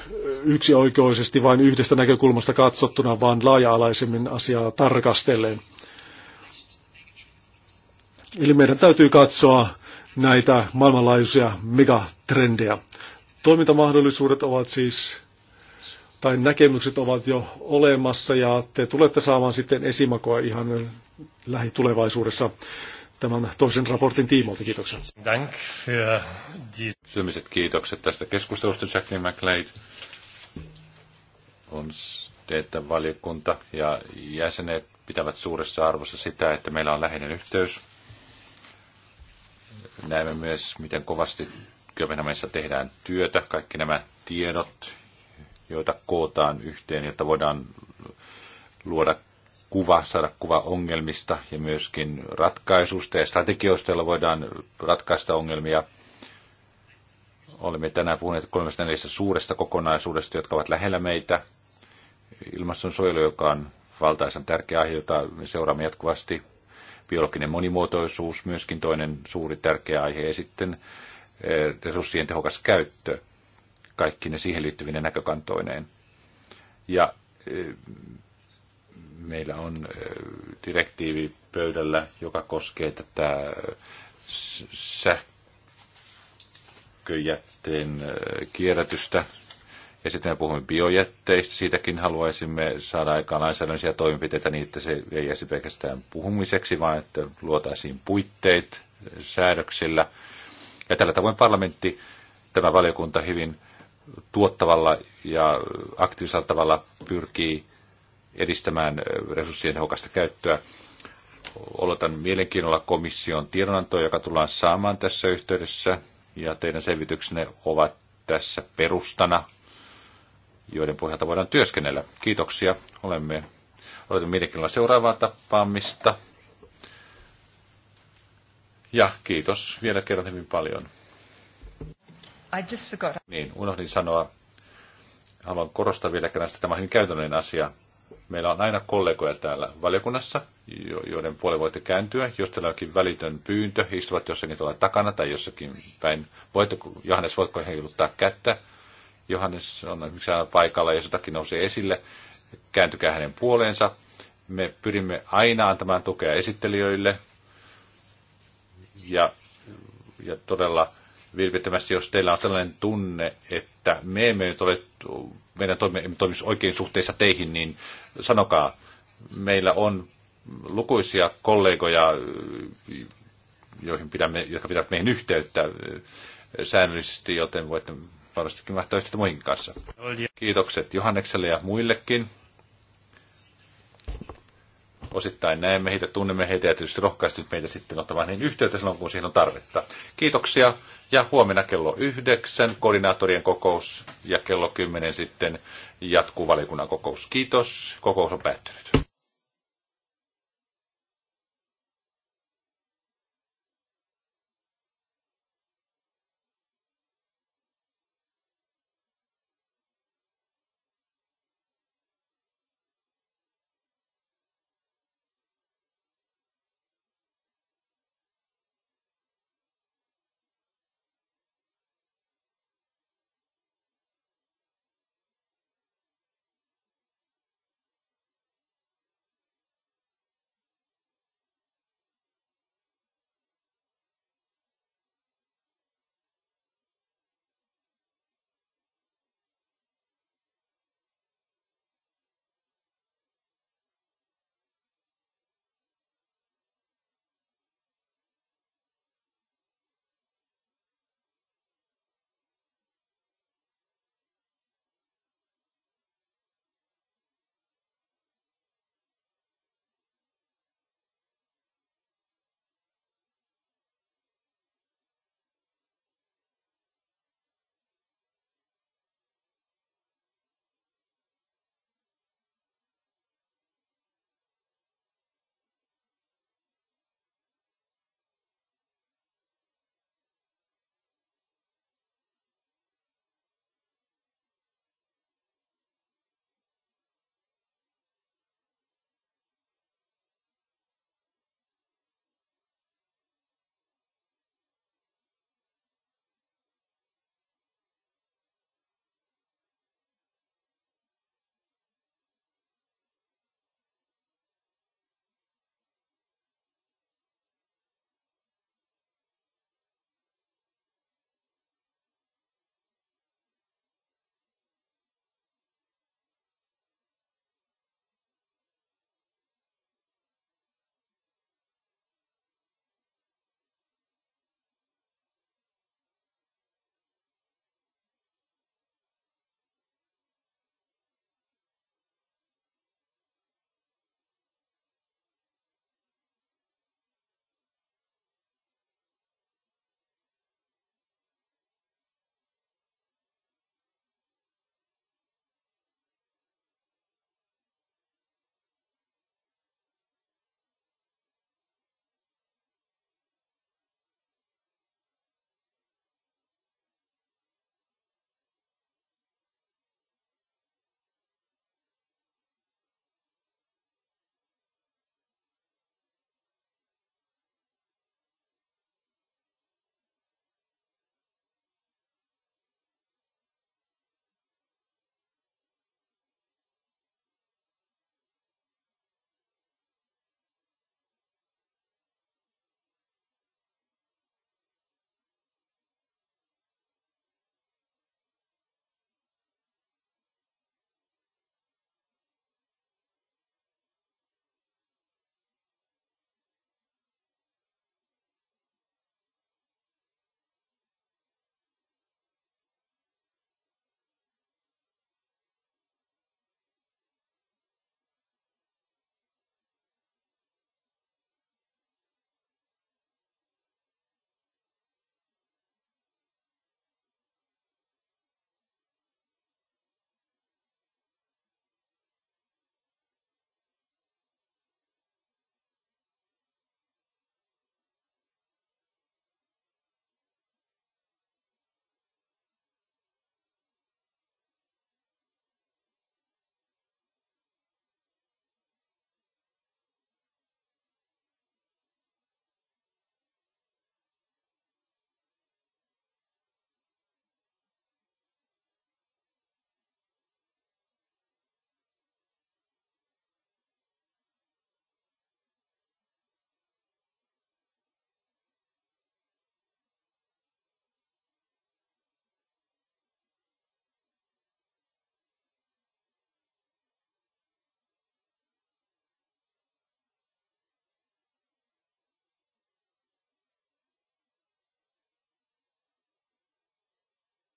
yksioikoisesti vain yhdestä näkökulmasta katsottuna, vaan laaja-alaisemmin asiaa tarkastellen. Eli meidän täytyy katsoa näitä maailmanlaajuisia megatrendejä. Toimintamahdollisuudet ovat siis, tai näkemykset ovat jo olemassa ja te tulette saamaan sitten esimakoa ihan lähitulevaisuudessa tämän toisen raportin tiimoilta. Kiitoksia. Dank für die... Syömiset kiitokset tästä keskustelusta, Jacqueline McLeod. On että valiokunta ja jäsenet pitävät suuressa arvossa sitä, että meillä on läheinen yhteys Näemme myös, miten kovasti Kööpenhaminassa tehdään työtä, kaikki nämä tiedot, joita kootaan yhteen, jotta voidaan luoda kuva, saada kuva ongelmista ja myöskin ratkaisusta ja strategioista, joilla voidaan ratkaista ongelmia. Olemme tänään puhuneet kolmesta neljästä suuresta kokonaisuudesta, jotka ovat lähellä meitä. Ilmastonsuojelu, joka on valtaisan tärkeä aihe, jota me seuraamme jatkuvasti biologinen monimuotoisuus, myöskin toinen suuri tärkeä aihe, ja sitten eh, resurssien tehokas käyttö, kaikki ne siihen liittyvinen näkökantoineen. Ja eh, meillä on eh, direktiivi pöydällä, joka koskee tätä sähköjätteen kierrätystä. Ja sitten me puhumme biojätteistä, siitäkin haluaisimme saada aikaan lainsäädännöllisiä toimenpiteitä niin, että se ei jäisi pelkästään puhumiseksi, vaan että luotaisiin puitteet säädöksillä. Ja tällä tavoin parlamentti, tämä valiokunta hyvin tuottavalla ja aktiivisella tavalla pyrkii edistämään resurssien tehokasta käyttöä. Olotan mielenkiinnolla komission tiedonantoa, joka tullaan saamaan tässä yhteydessä, ja teidän selvityksenne ovat tässä perustana joiden pohjalta voidaan työskennellä. Kiitoksia. Olemme, olemme mielenkiinnolla seuraavaa tapaamista. Ja kiitos vielä kerran hyvin paljon. I just forgot. Niin, unohdin sanoa, haluan korostaa vielä kerran, että tämä on hyvin käytännön asia. Meillä on aina kollegoja täällä valiokunnassa, joiden puoleen voitte kääntyä. Jos teillä onkin välitön pyyntö, istuvat jossakin tuolla takana tai jossakin päin. Voitte, Johannes, voitko heiluttaa kättä? Johannes on paikalla, ja jotakin nousee esille, kääntykää hänen puoleensa. Me pyrimme aina antamaan tukea esittelijöille ja, ja todella vilpittömästi, jos teillä on sellainen tunne, että me emme nyt ole, meidän toimi, toimisi oikein suhteessa teihin, niin sanokaa, meillä on lukuisia kollegoja, joihin pidämme, jotka pitävät meihin yhteyttä äh, säännöllisesti, joten voitte varmastikin vaihtoehtoja muihin kanssa. Kiitokset Johannekselle ja muillekin. Osittain näemme heitä, tunnemme heitä ja tietysti rohkaistut meitä sitten ottamaan niin yhteyttä silloin, kun siihen on tarvetta. Kiitoksia ja huomenna kello yhdeksän koordinaattorien kokous ja kello kymmenen sitten jatkuu valiokunnan kokous. Kiitos, kokous on päättynyt.